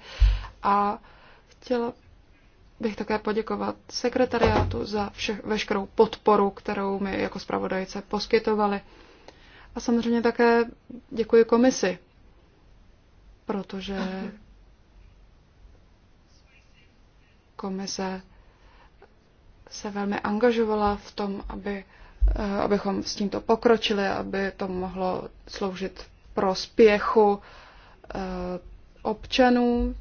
a chtěla bych také poděkovat sekretariátu za vše, veškerou podporu, kterou mi jako zpravodajce poskytovali. A samozřejmě také děkuji komisi, protože komise se velmi angažovala v tom, aby, eh, abychom s tímto pokročili, aby to mohlo sloužit pro spěchu eh, občanů,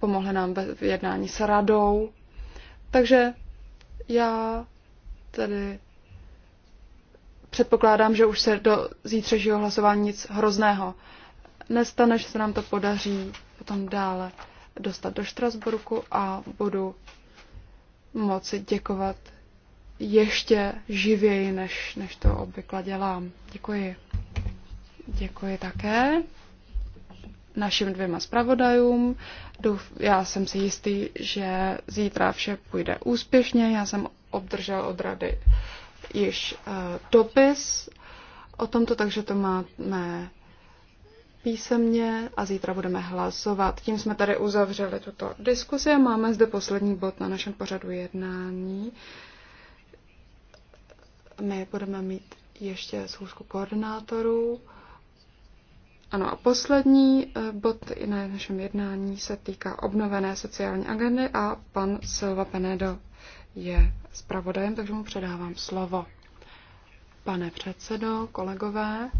pomohli nám v jednání s radou. Takže já tedy předpokládám, že už se do zítřejšího hlasování nic hrozného nestane, že se nám to podaří potom dále dostat do Štrasburku a budu moci děkovat ještě živěji, než, než to obvykle dělám. Děkuji. Děkuji také našim dvěma zpravodajům. Já jsem si jistý, že zítra vše půjde úspěšně. Já jsem obdržel od rady již eh, dopis o tomto, takže to máme písemně a zítra budeme hlasovat. Tím jsme tady uzavřeli tuto diskusi a máme zde poslední bod na našem pořadu jednání. My budeme mít ještě schůzku koordinátorů. Ano a poslední eh, bod i na našem jednání se týká obnovené sociální agendy a pan Silva Penedo je zpravodajem, takže mu předávám slovo. Pane předsedo, kolegové,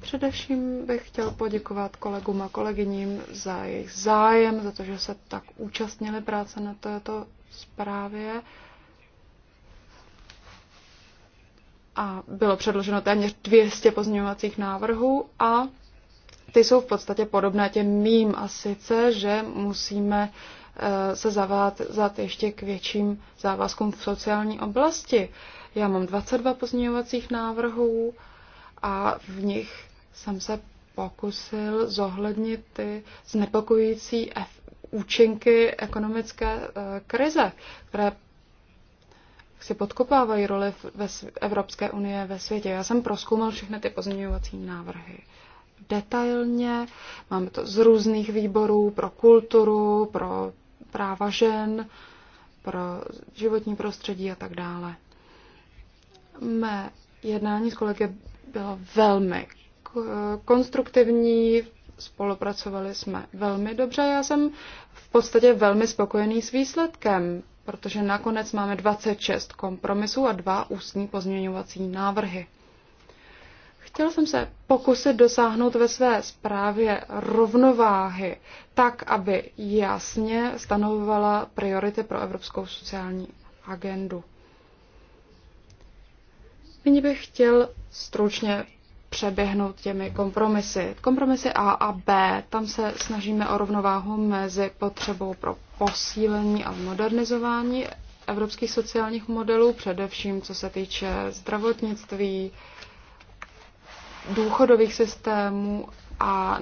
Především bych chtěl poděkovat kolegům a kolegyním za jejich zájem, za to, že se tak účastnili práce na této zprávě. A bylo předloženo téměř 200 pozměňovacích návrhů a ty jsou v podstatě podobné těm mým a sice, že musíme eh, se zavázat ještě k větším závazkům v sociální oblasti. Já mám 22 pozměňovacích návrhů a v nich jsem se pokusil zohlednit ty znepokojící účinky ekonomické eh, krize, které si podkopávají roli ve Evropské unie ve světě. Já jsem proskoumal všechny ty pozměňovací návrhy detailně. Máme to z různých výborů pro kulturu, pro práva žen, pro životní prostředí a tak dále. Mé jednání s kolegy bylo velmi konstruktivní, spolupracovali jsme velmi dobře. Já jsem v podstatě velmi spokojený s výsledkem, protože nakonec máme 26 kompromisů a dva ústní pozměňovací návrhy. Chtěl jsem se pokusit dosáhnout ve své zprávě rovnováhy, tak, aby jasně stanovovala priority pro evropskou sociální agendu. Nyní bych chtěl stručně přeběhnout těmi kompromisy. Kompromisy A a B, tam se snažíme o rovnováhu mezi potřebou pro posílení a modernizování evropských sociálních modelů, především co se týče zdravotnictví, důchodových systémů a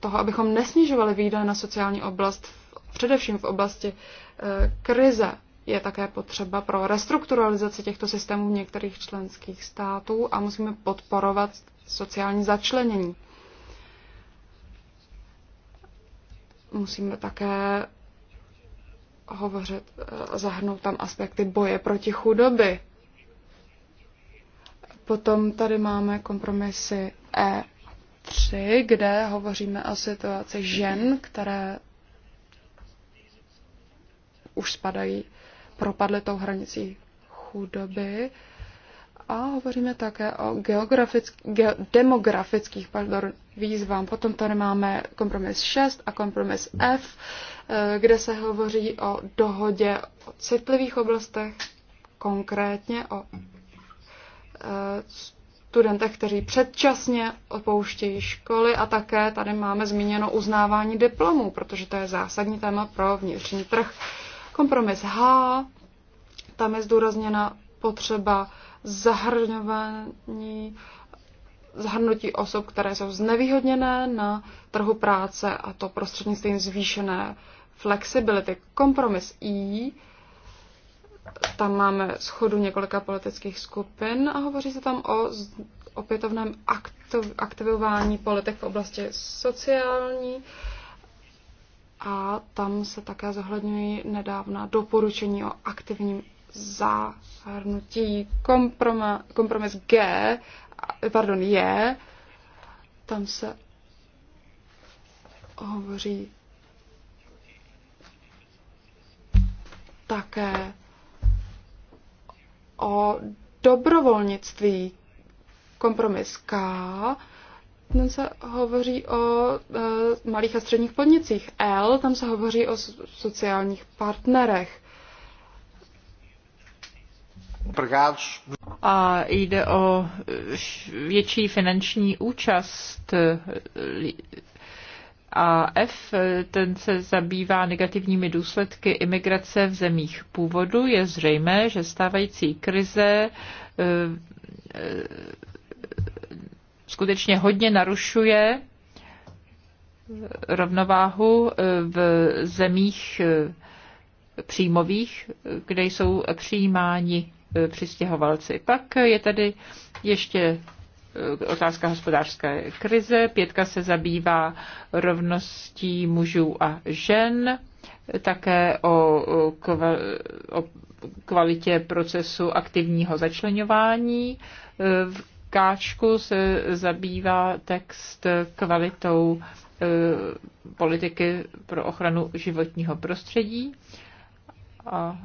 toho, abychom nesnižovali výdaje na sociální oblast, především v oblasti eh, krize je také potřeba pro restrukturalizaci těchto systémů v některých členských států a musíme podporovat sociální začlenění. Musíme také hovořit, eh, zahrnout tam aspekty boje proti chudoby. Potom tady máme kompromisy E3, kde hovoříme o situaci žen, které už spadají propadly tou hranicí chudoby. A hovoříme také o geografických, ge, demografických pardon, výzvám. Potom tady máme kompromis 6 a kompromis F, eh, kde se hovoří o dohodě o citlivých oblastech, konkrétně o eh, studentech, kteří předčasně opouštějí školy a také tady máme zmíněno uznávání diplomů, protože to je zásadní téma pro vnitřní trh. Kompromis H, tam je zdůrazněna potřeba zahrňování zahrnutí osob, které jsou znevýhodněné na trhu práce a to prostřednictvím zvýšené flexibility. Kompromis I, tam máme schodu několika politických skupin a hovoří se tam o opětovném aktivování politik v oblasti sociální, a tam se také zohledňují nedávna doporučení o aktivním zahrnutí kompromis, kompromis G, pardon, je, tam se hovoří také o dobrovolnictví kompromis K, ten se hovoří o e, malých a středních podnicích. L, tam se hovoří o sociálních partnerech. A jde o e, větší finanční účast e, a F, e, ten se zabývá negativními důsledky imigrace v zemích původu. Je zřejmé, že stávající krize skutečně hodně narušuje rovnováhu eh, v zemích eh, příjmových, kde jsou přijímáni eh, přistěhovalci. Pak je tady ještě otázka hospodářské krize. Pětka se zabývá rovností mužů a žen, také o, o kvalitě procesu aktivního začlenování Káčku se zabývá text kvalitou e, politiky pro ochranu životního prostředí a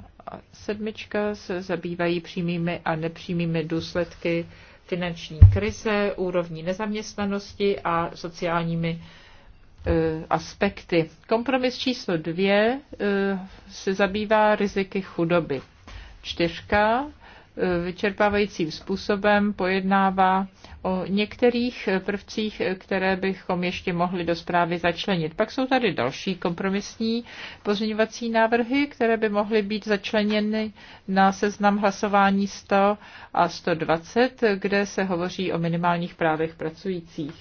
sedmička se zabývají přímými a nepřímými důsledky finanční krize, úrovní nezaměstnanosti a sociálními e, aspekty. Kompromis číslo dvě e, se zabývá riziky chudoby. Čtyřka vyčerpávajícím způsobem pojednává o některých prvcích, které bychom ještě mohli do zprávy začlenit. Pak jsou tady další kompromisní pozměňovací návrhy, které by mohly být začleněny na seznam hlasování 100 a 120, kde se hovoří o minimálních právech pracujících.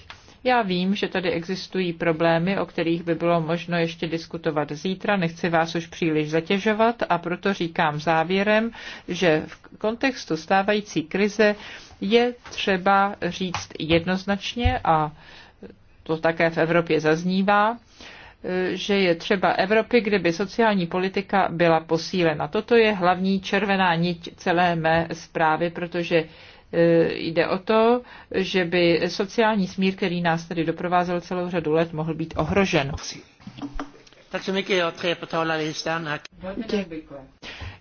Já vím, že tady existují problémy, o kterých by bylo možno ještě diskutovat zítra. Nechci vás už příliš zatěžovat a proto říkám závěrem, že v kontextu stávající krize je třeba říct jednoznačně a to také v Evropě zaznívá, že je třeba Evropy, kde by sociální politika byla posílena. Toto je hlavní červená niť celé mé zprávy, protože Eh, jde o to, že by sociální smír, který nás tady doprovázel celou řadu let, mohl být ohrožen.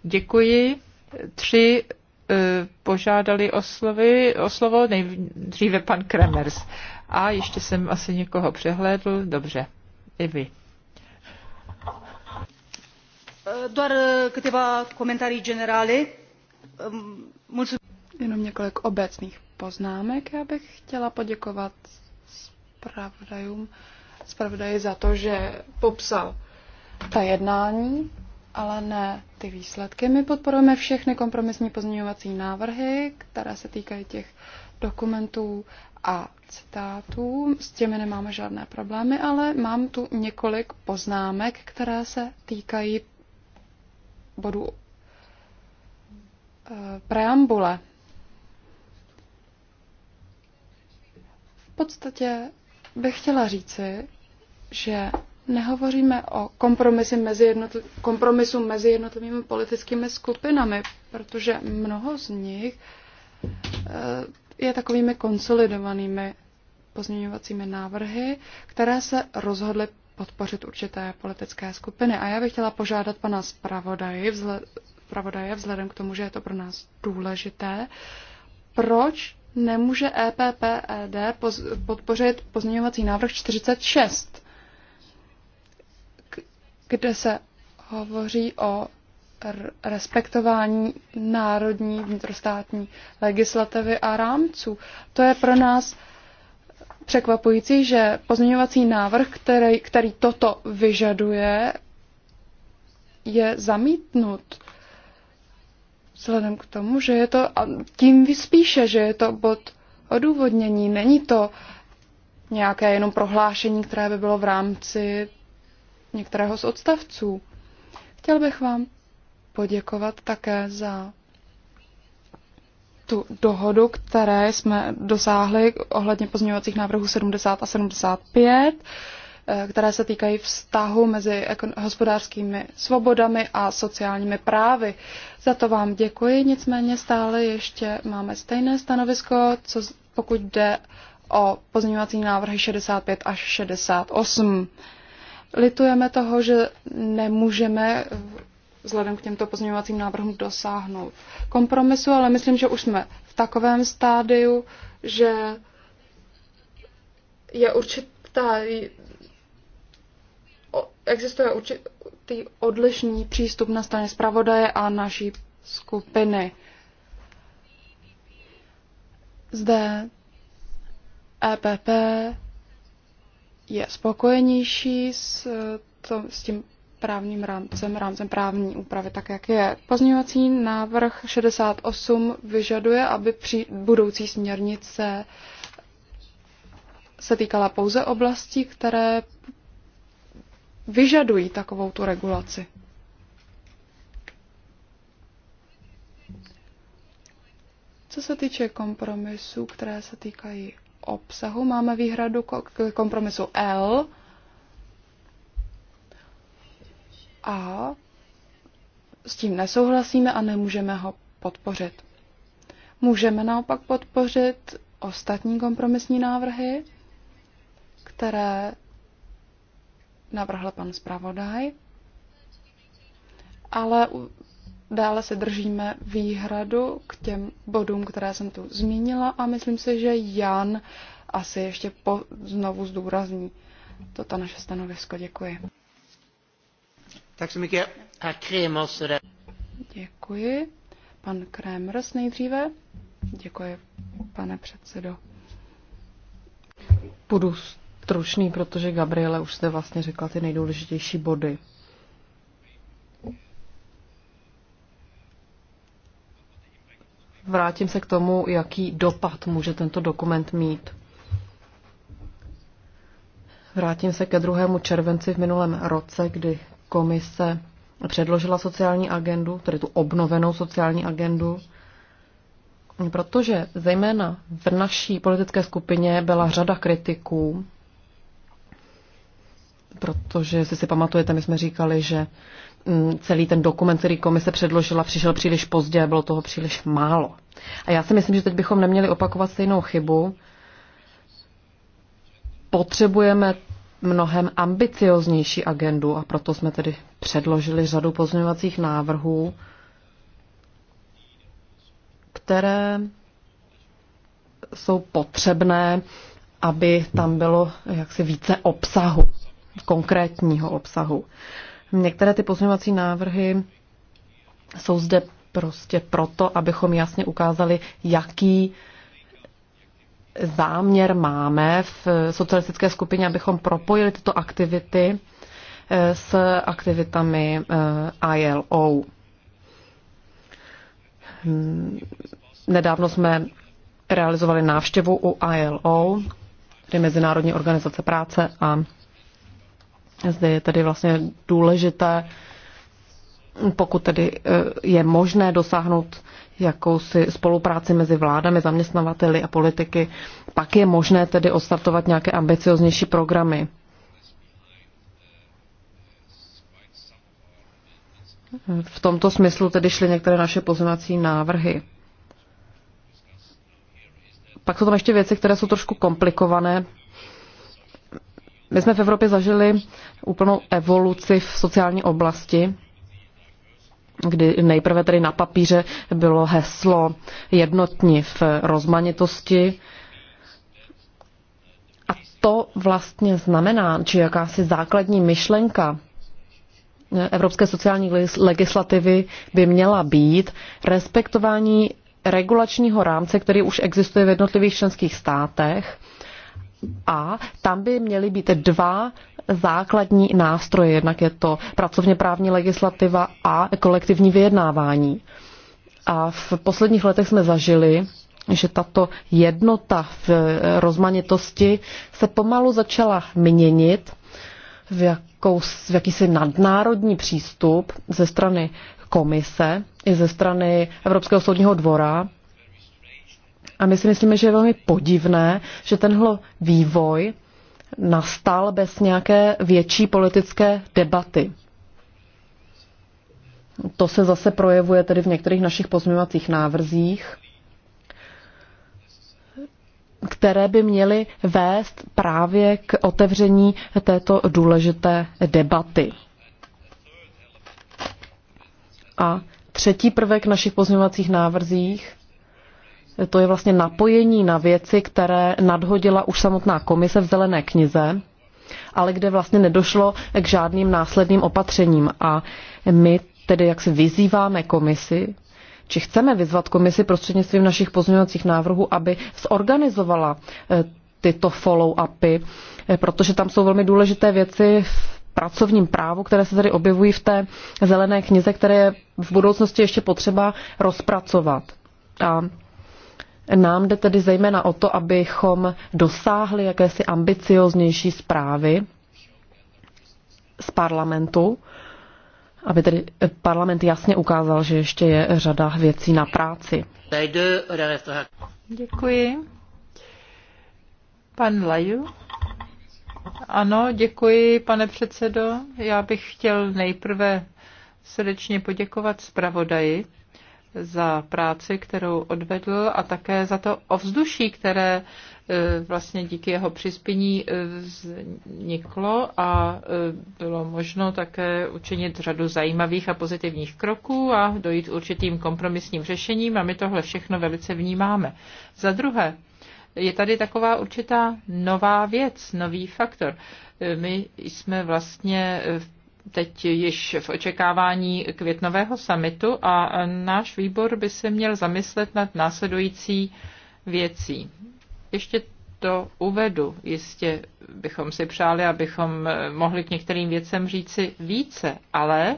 Děkuji. Tři eh, požádali o, slovy, o slovo, nejdříve pan Kremers. A ještě jsem asi někoho přehlédl. Dobře, i vy. Eh, doar câteva comentarii generale. Mulțumim. Jenom několik obecných poznámek. Já bych chtěla poděkovat zpravodajům, zpravodaji za to, že popsal ta jednání, ale ne ty výsledky. My podporujeme všechny kompromisní pozměňovací návrhy, které se týkají těch dokumentů a citátů. S těmi nemáme žádné problémy, ale mám tu několik poznámek, které se týkají bodu eh, preambule podstatě bych chtěla říci, že nehovoříme o kompromisu mezi, jednotl- kompromisu mezi jednotlivými politickými skupinami, protože mnoho z nich eh, je takovými konsolidovanými pozměňovacími návrhy, které se rozhodly podpořit určité politické skupiny. A já bych chtěla požádat pana zpravodaje, vzhled, zpravodaje vzhledem k tomu, že je to pro nás důležité, proč nemůže EPPED podpořit pozměňovací návrh 46, kde se hovoří o respektování národní vnitrostátní legislativy a rámců. To je pro nás překvapující, že pozměňovací návrh, který, který toto vyžaduje, je zamítnut vzhledem k tomu, že je to, a tím vyspíše, že je to bod odůvodnění, není to nějaké jenom prohlášení, které by bylo v rámci některého z odstavců. Chtěl bych vám poděkovat také za tu dohodu, které jsme dosáhli ohledně pozměňovacích návrhů 70 a 75. Eh, které se týkají vztahu mezi hospodářskými svobodami a sociálními právy. Za to vám děkuji, nicméně stále ještě máme stejné stanovisko, co pokud jde o pozměňovací návrhy 65 až 68. Litujeme toho, že nemůžeme vzhledem k těmto pozměňovacím návrhům dosáhnout kompromisu, ale myslím, že už jsme v takovém stádiu, že je určitá existuje určitý odlišný přístup na straně zpravodaje a naší skupiny. Zde EPP je spokojenější s, to, s tím právním rámcem, rámcem právní úpravy, tak jak je. Pozměňovací návrh 68 vyžaduje, aby při budoucí směrnice se týkala pouze oblastí, které vyžadují takovou tu regulaci. Co se týče kompromisů, které se týkají obsahu, máme výhradu k kompromisu L a s tím nesouhlasíme a nemůžeme ho podpořit. Můžeme naopak podpořit ostatní kompromisní návrhy, které navrhl pan zpravodaj, ale dále se držíme výhradu k těm bodům, které jsem tu zmínila a myslím si, že Jan asi ještě po, znovu zdůrazní toto naše stanovisko. Děkuji. Tak se mi a Děkuji. Pan Kremers nejdříve. Děkuji, pane předsedo. Budu stručný, protože Gabriele už jste vlastně řekla ty nejdůležitější body. Vrátím se k tomu, jaký dopad může tento dokument mít. Vrátím se ke 2. červenci v minulém roce, kdy komise předložila sociální agendu, tedy tu obnovenou sociální agendu, protože zejména v naší politické skupině byla řada kritiků protože si si pamatujete, my jsme říkali, že mm, celý ten dokument, který komise předložila, přišel příliš pozdě a bylo toho příliš málo. A já si myslím, že teď bychom neměli opakovat stejnou chybu. Potřebujeme mnohem ambicioznější agendu a proto jsme tedy předložili řadu pozměňovacích návrhů, které jsou potřebné, aby tam bylo jaksi více obsahu konkrétního obsahu. Některé ty pozměňovací návrhy jsou zde prostě proto, abychom jasně ukázali, jaký záměr máme v socialistické skupině, abychom propojili tyto aktivity eh, s aktivitami eh, ILO. Nedávno jsme realizovali návštěvu u ILO, tedy Mezinárodní organizace práce, a zde je tedy vlastně důležité, pokud tedy eh, je možné dosáhnout jakousi spolupráci mezi vládami, zaměstnavateli a politiky, pak je možné tedy odstartovat nějaké ambicioznější programy. V tomto smyslu tedy šly některé naše pozměňovací návrhy. Pak jsou tam ještě věci, které jsou trošku komplikované, my jsme v Evropě zažili úplnou evoluci v sociální oblasti, kdy nejprve tedy na papíře bylo heslo jednotní v rozmanitosti. A to vlastně znamená, že jakási základní myšlenka evropské sociální legislativy by měla být respektování regulačního rámce, který už existuje v jednotlivých členských státech a tam by měly být dva základní nástroje. Jednak je to pracovně právní legislativa a kolektivní vyjednávání. A v posledních letech jsme zažili, že tato jednota v rozmanitosti se pomalu začala měnit v, jakou, v jakýsi nadnárodní přístup ze strany komise i ze strany Evropského soudního dvora a my si myslíme, že je velmi podivné, že tenhle vývoj nastal bez nějaké větší politické debaty. To se zase projevuje tedy v některých našich pozměňovacích návrzích, které by měly vést právě k otevření této důležité debaty. A třetí prvek našich pozměňovacích návrzích to je vlastně napojení na věci, které nadhodila už samotná komise v zelené knize, ale kde vlastně nedošlo k žádným následným opatřením. A my tedy jak si vyzýváme komisi, či chceme vyzvat komisi prostřednictvím našich pozměňovacích návrhů, aby zorganizovala eh, tyto follow-upy, eh, protože tam jsou velmi důležité věci v pracovním právu, které se tady objevují v té zelené knize, které je v budoucnosti ještě potřeba rozpracovat. A nám jde tedy zejména o to, abychom dosáhli jakési ambicioznější zprávy z parlamentu, aby tedy parlament jasně ukázal, že ještě je řada věcí na práci. Děkuji. Pan Laju. Ano, děkuji, pane předsedo. Já bych chtěl nejprve srdečně poděkovat zpravodaji za práci, kterou odvedl a také za to ovzduší, které e, vlastně díky jeho přispění e, vzniklo a e, bylo možno také učinit řadu zajímavých a pozitivních kroků a dojít určitým kompromisním řešením a my tohle všechno velice vnímáme. Za druhé, je tady taková určitá nová věc, nový faktor. My jsme vlastně v teď již v očekávání květnového samitu a náš výbor by se měl zamyslet nad následující věcí. Ještě to uvedu. Jistě bychom si přáli, abychom mohli k některým věcem říci více, ale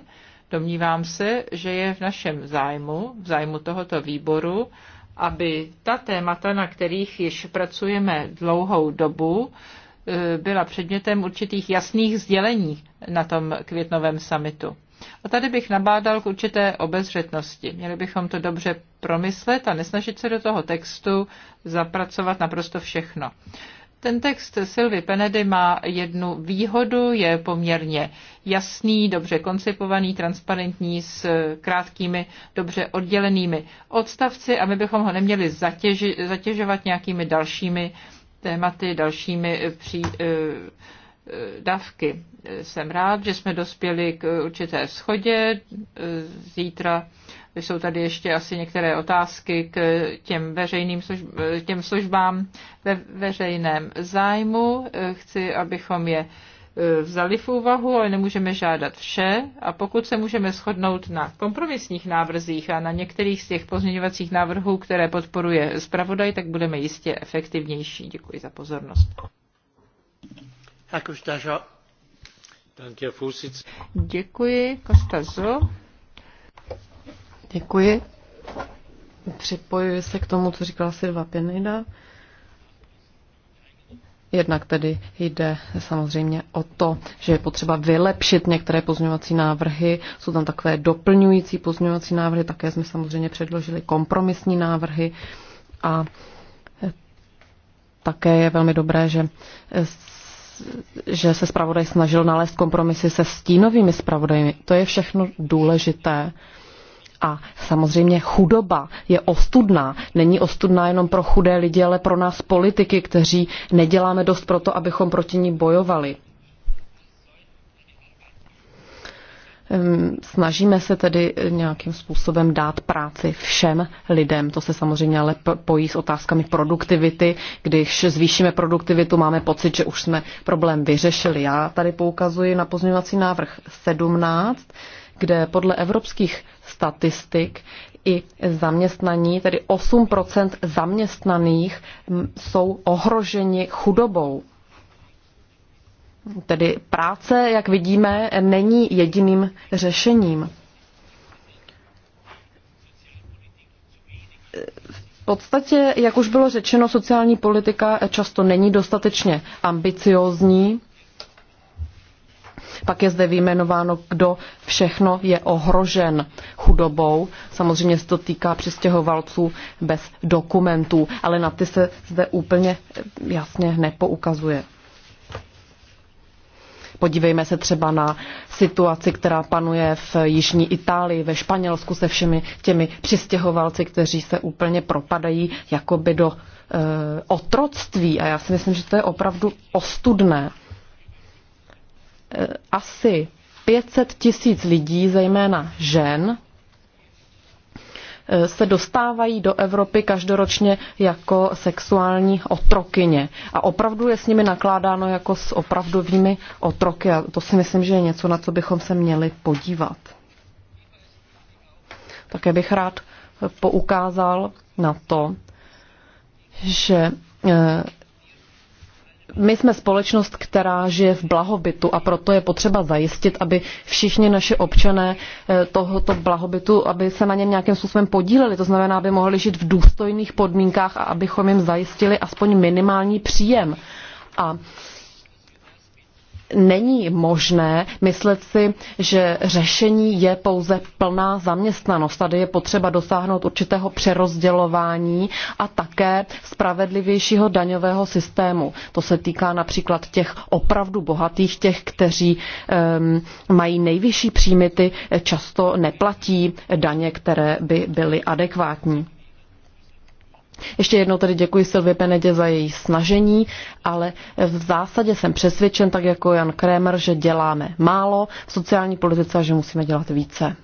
domnívám se, že je v našem zájmu, v zájmu tohoto výboru, aby ta témata, na kterých již pracujeme dlouhou dobu, Eh, byla předmětem určitých jasných sdělení na tom květnovém summitu. A tady bych nabádal k určité obezřetnosti. Měli bychom to dobře promyslet a nesnažit se do toho textu zapracovat naprosto všechno. Ten text Silvy Penedy má jednu výhodu, je poměrně jasný, dobře koncipovaný, transparentní, s krátkými, dobře oddělenými odstavci a my bychom ho neměli zatěži, zatěžovat nějakými dalšími uh, tématy, dalšími eh, pří, eh, eh, dávky. Jsem rád, že jsme dospěli k určité schodě. Zítra jsou tady ještě asi některé otázky k těm, veřejným služb, těm službám ve veřejném zájmu. Chci, abychom je E, vzali v úvahu, ale nemůžeme žádat vše. A pokud se můžeme shodnout na kompromisních návrzích a na některých z těch pozměňovacích návrhů, které podporuje zpravodaj, tak budeme jistě efektivnější. Děkuji za pozornost. Děkuji, Kostazo. Děkuji. Připojuji se k tomu, co říkala Silva Pěnejda. Jednak tedy jde samozřejmě o to, že je potřeba vylepšit některé pozměňovací návrhy. Jsou tam takové doplňující pozměňovací návrhy, také jsme samozřejmě předložili kompromisní návrhy a e, také je velmi dobré, že e, že se zpravodaj snažil nalézt kompromisy se stínovými zpravodajmi. To je všechno důležité. A samozřejmě chudoba je ostudná. Není ostudná jenom pro chudé lidi, ale pro nás politiky, kteří neděláme dost pro to, abychom proti ní bojovali. Snažíme se tedy nějakým způsobem dát práci všem lidem. To se samozřejmě ale pojí s otázkami produktivity. Když zvýšíme produktivitu, máme pocit, že už jsme problém vyřešili. Já tady poukazuji na pozměňovací návrh 17, kde podle evropských statistik i zaměstnaní, tedy 8 zaměstnaných jsou ohroženi chudobou. Tedy práce, jak vidíme, není jediným řešením. V podstatě, jak už bylo řečeno, sociální politika často není dostatečně ambiciózní pak je zde vyjmenováno, kdo všechno je ohrožen chudobou. Samozřejmě se to týká přistěhovalců bez dokumentů, ale na ty se zde úplně eh, jasně nepoukazuje. Podívejme se třeba na situaci, která panuje v jižní Itálii, ve Španělsku se všemi těmi přistěhovalci, kteří se úplně propadají jakoby do e, otroctví. A já si myslím, že to je opravdu ostudné. Eh, asi 500 tisíc lidí, zejména žen, eh, se dostávají do Evropy každoročně jako sexuální otrokyně. A opravdu je s nimi nakládáno jako s opravdovými otroky. A to si myslím, že je něco, na co bychom se měli podívat. Také bych rád eh, poukázal na to, že my jsme společnost, která žije v blahobytu a proto je potřeba zajistit, aby všichni naši občané eh, tohoto blahobytu, aby se na něm nějakým způsobem podíleli. To znamená, aby mohli žít v důstojných podmínkách a abychom jim zajistili aspoň minimální příjem. A není možné myslet si, že řešení je pouze plná zaměstnanost. Tady je potřeba dosáhnout určitého přerozdělování a také spravedlivějšího daňového systému. To se týká například těch opravdu bohatých, těch, kteří um, mají nejvyšší příjmy, ty často neplatí daně, které by byly adekvátní. Ještě jednou tedy děkuji Silvě Penedě za její snažení, ale v zásadě jsem přesvědčen, tak jako Jan Krémer, že děláme málo v sociální politice a že musíme dělat více.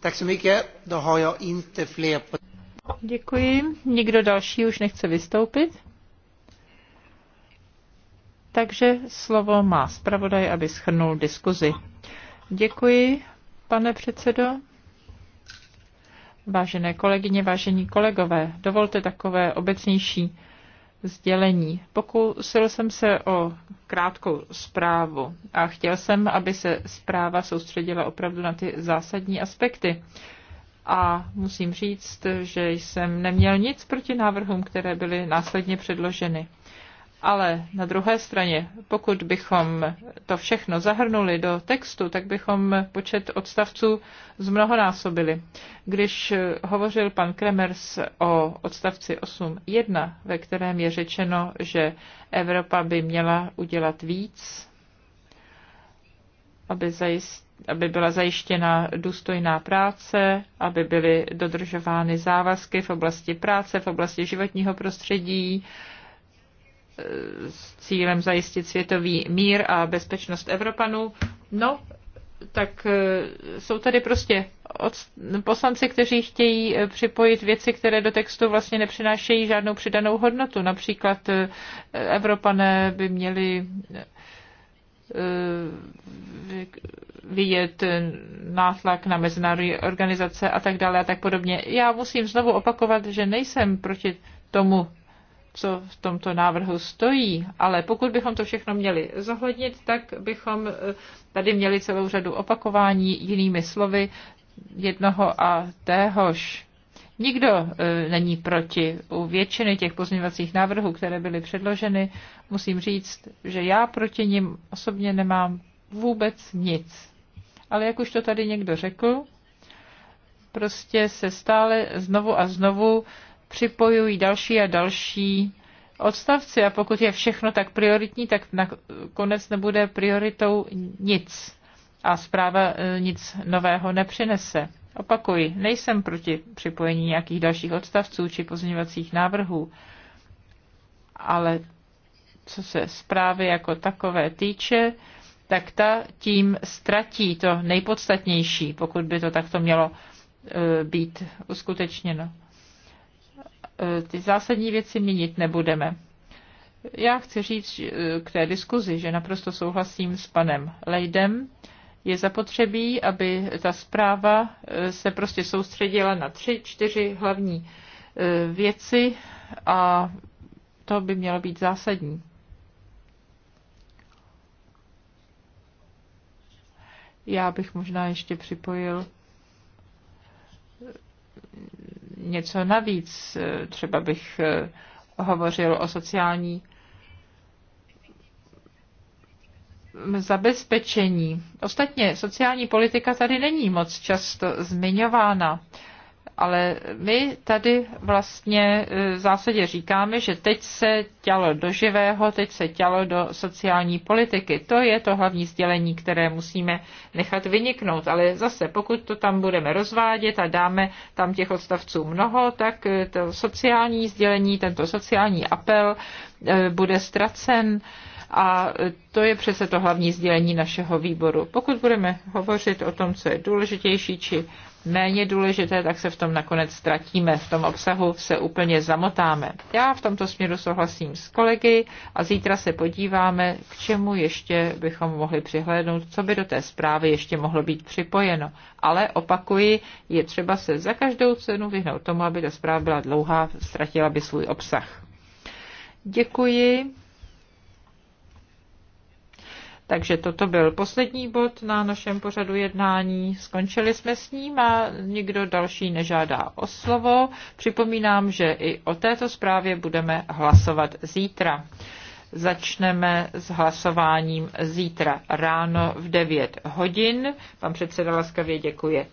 Tak se Děkuji. Nikdo další už nechce vystoupit? Takže slovo má zpravodaj, aby schrnul diskuzi. Děkuji, pane předsedo. Vážené kolegyně, vážení kolegové, dovolte takové obecnější sdělení. Pokusil jsem se o krátkou zprávu a chtěl jsem, aby se zpráva soustředila opravdu na ty zásadní aspekty. A musím říct, že jsem neměl nic proti návrhům, které byly následně předloženy. Ale na druhé straně, pokud bychom to všechno zahrnuli do textu, tak bychom počet odstavců zmnohonásobili. Když hovořil pan Kremers o odstavci 8.1, ve kterém je řečeno, že Evropa by měla udělat víc, aby, zajist, aby byla zajištěna důstojná práce, aby byly dodržovány závazky v oblasti práce, v oblasti životního prostředí, s cílem zajistit světový mír a bezpečnost Evropanů. No, tak e, jsou tady prostě od poslanci, kteří chtějí e, připojit věci, které do textu vlastně nepřinášejí žádnou přidanou hodnotu. Například e, Evropané by měli vidět nátlak na mezinárodní organizace a tak dále a tak podobně. Já musím znovu opakovat, že nejsem proti tomu co v tomto návrhu stojí, ale pokud bychom to všechno měli zohlednit, tak bychom eh, tady měli celou řadu opakování jinými slovy jednoho a téhož. Nikdo eh, není proti. U většiny těch pozměňovacích návrhů, které byly předloženy, musím říct, že já proti nim osobně nemám vůbec nic. Ale jak už to tady někdo řekl, prostě se stále znovu a znovu připojují další a další odstavci a pokud je všechno tak prioritní, tak nakonec nebude prioritou nic a zpráva e, nic nového nepřinese. Opakuji, nejsem proti připojení nějakých dalších odstavců či pozměňovacích návrhů, ale co se zprávy jako takové týče, tak ta tím ztratí to nejpodstatnější, pokud by to takto mělo e, být uskutečněno. E, ty zásadní věci měnit nebudeme. Já chci říct e, k té diskuzi, že naprosto souhlasím s panem Lejdem. Je zapotřebí, aby ta zpráva e, se prostě soustředila na tři, čtyři hlavní věci a to by mělo být zásadní. Já bych možná ještě připojil něco navíc. Eh, Třeba bych eh, hovořil o sociální mm, zabezpečení. Ostatně sociální politika tady není moc často zmiňována. Ale my tady vlastně e, v zásadě říkáme, že teď se tělo do živého, teď se tělo do sociální politiky. To je to hlavní sdělení, které musíme nechat vyniknout. Ale zase, pokud to tam budeme rozvádět a dáme tam těch odstavců mnoho, tak e, to sociální sdělení, tento sociální apel e, bude ztracen. A to je přece to hlavní sdělení našeho výboru. Pokud budeme hovořit o tom, co je důležitější či méně důležité, tak se v tom nakonec ztratíme, v tom obsahu se úplně zamotáme. Já v tomto směru souhlasím s kolegy a zítra se podíváme, k čemu ještě bychom mohli přihlédnout, co by do té zprávy ještě mohlo být připojeno. Ale opakuji, je třeba se za každou cenu vyhnout tomu, aby ta zpráva byla dlouhá, ztratila by svůj obsah. Děkuji. Takže toto byl poslední bod na našem pořadu jednání. Skončili jsme s ním a nikdo další nežádá o slovo. Připomínám, že i o této zprávě budeme hlasovat zítra. Začneme s hlasováním zítra ráno v 9 hodin. Pan předseda laskavě děkuje.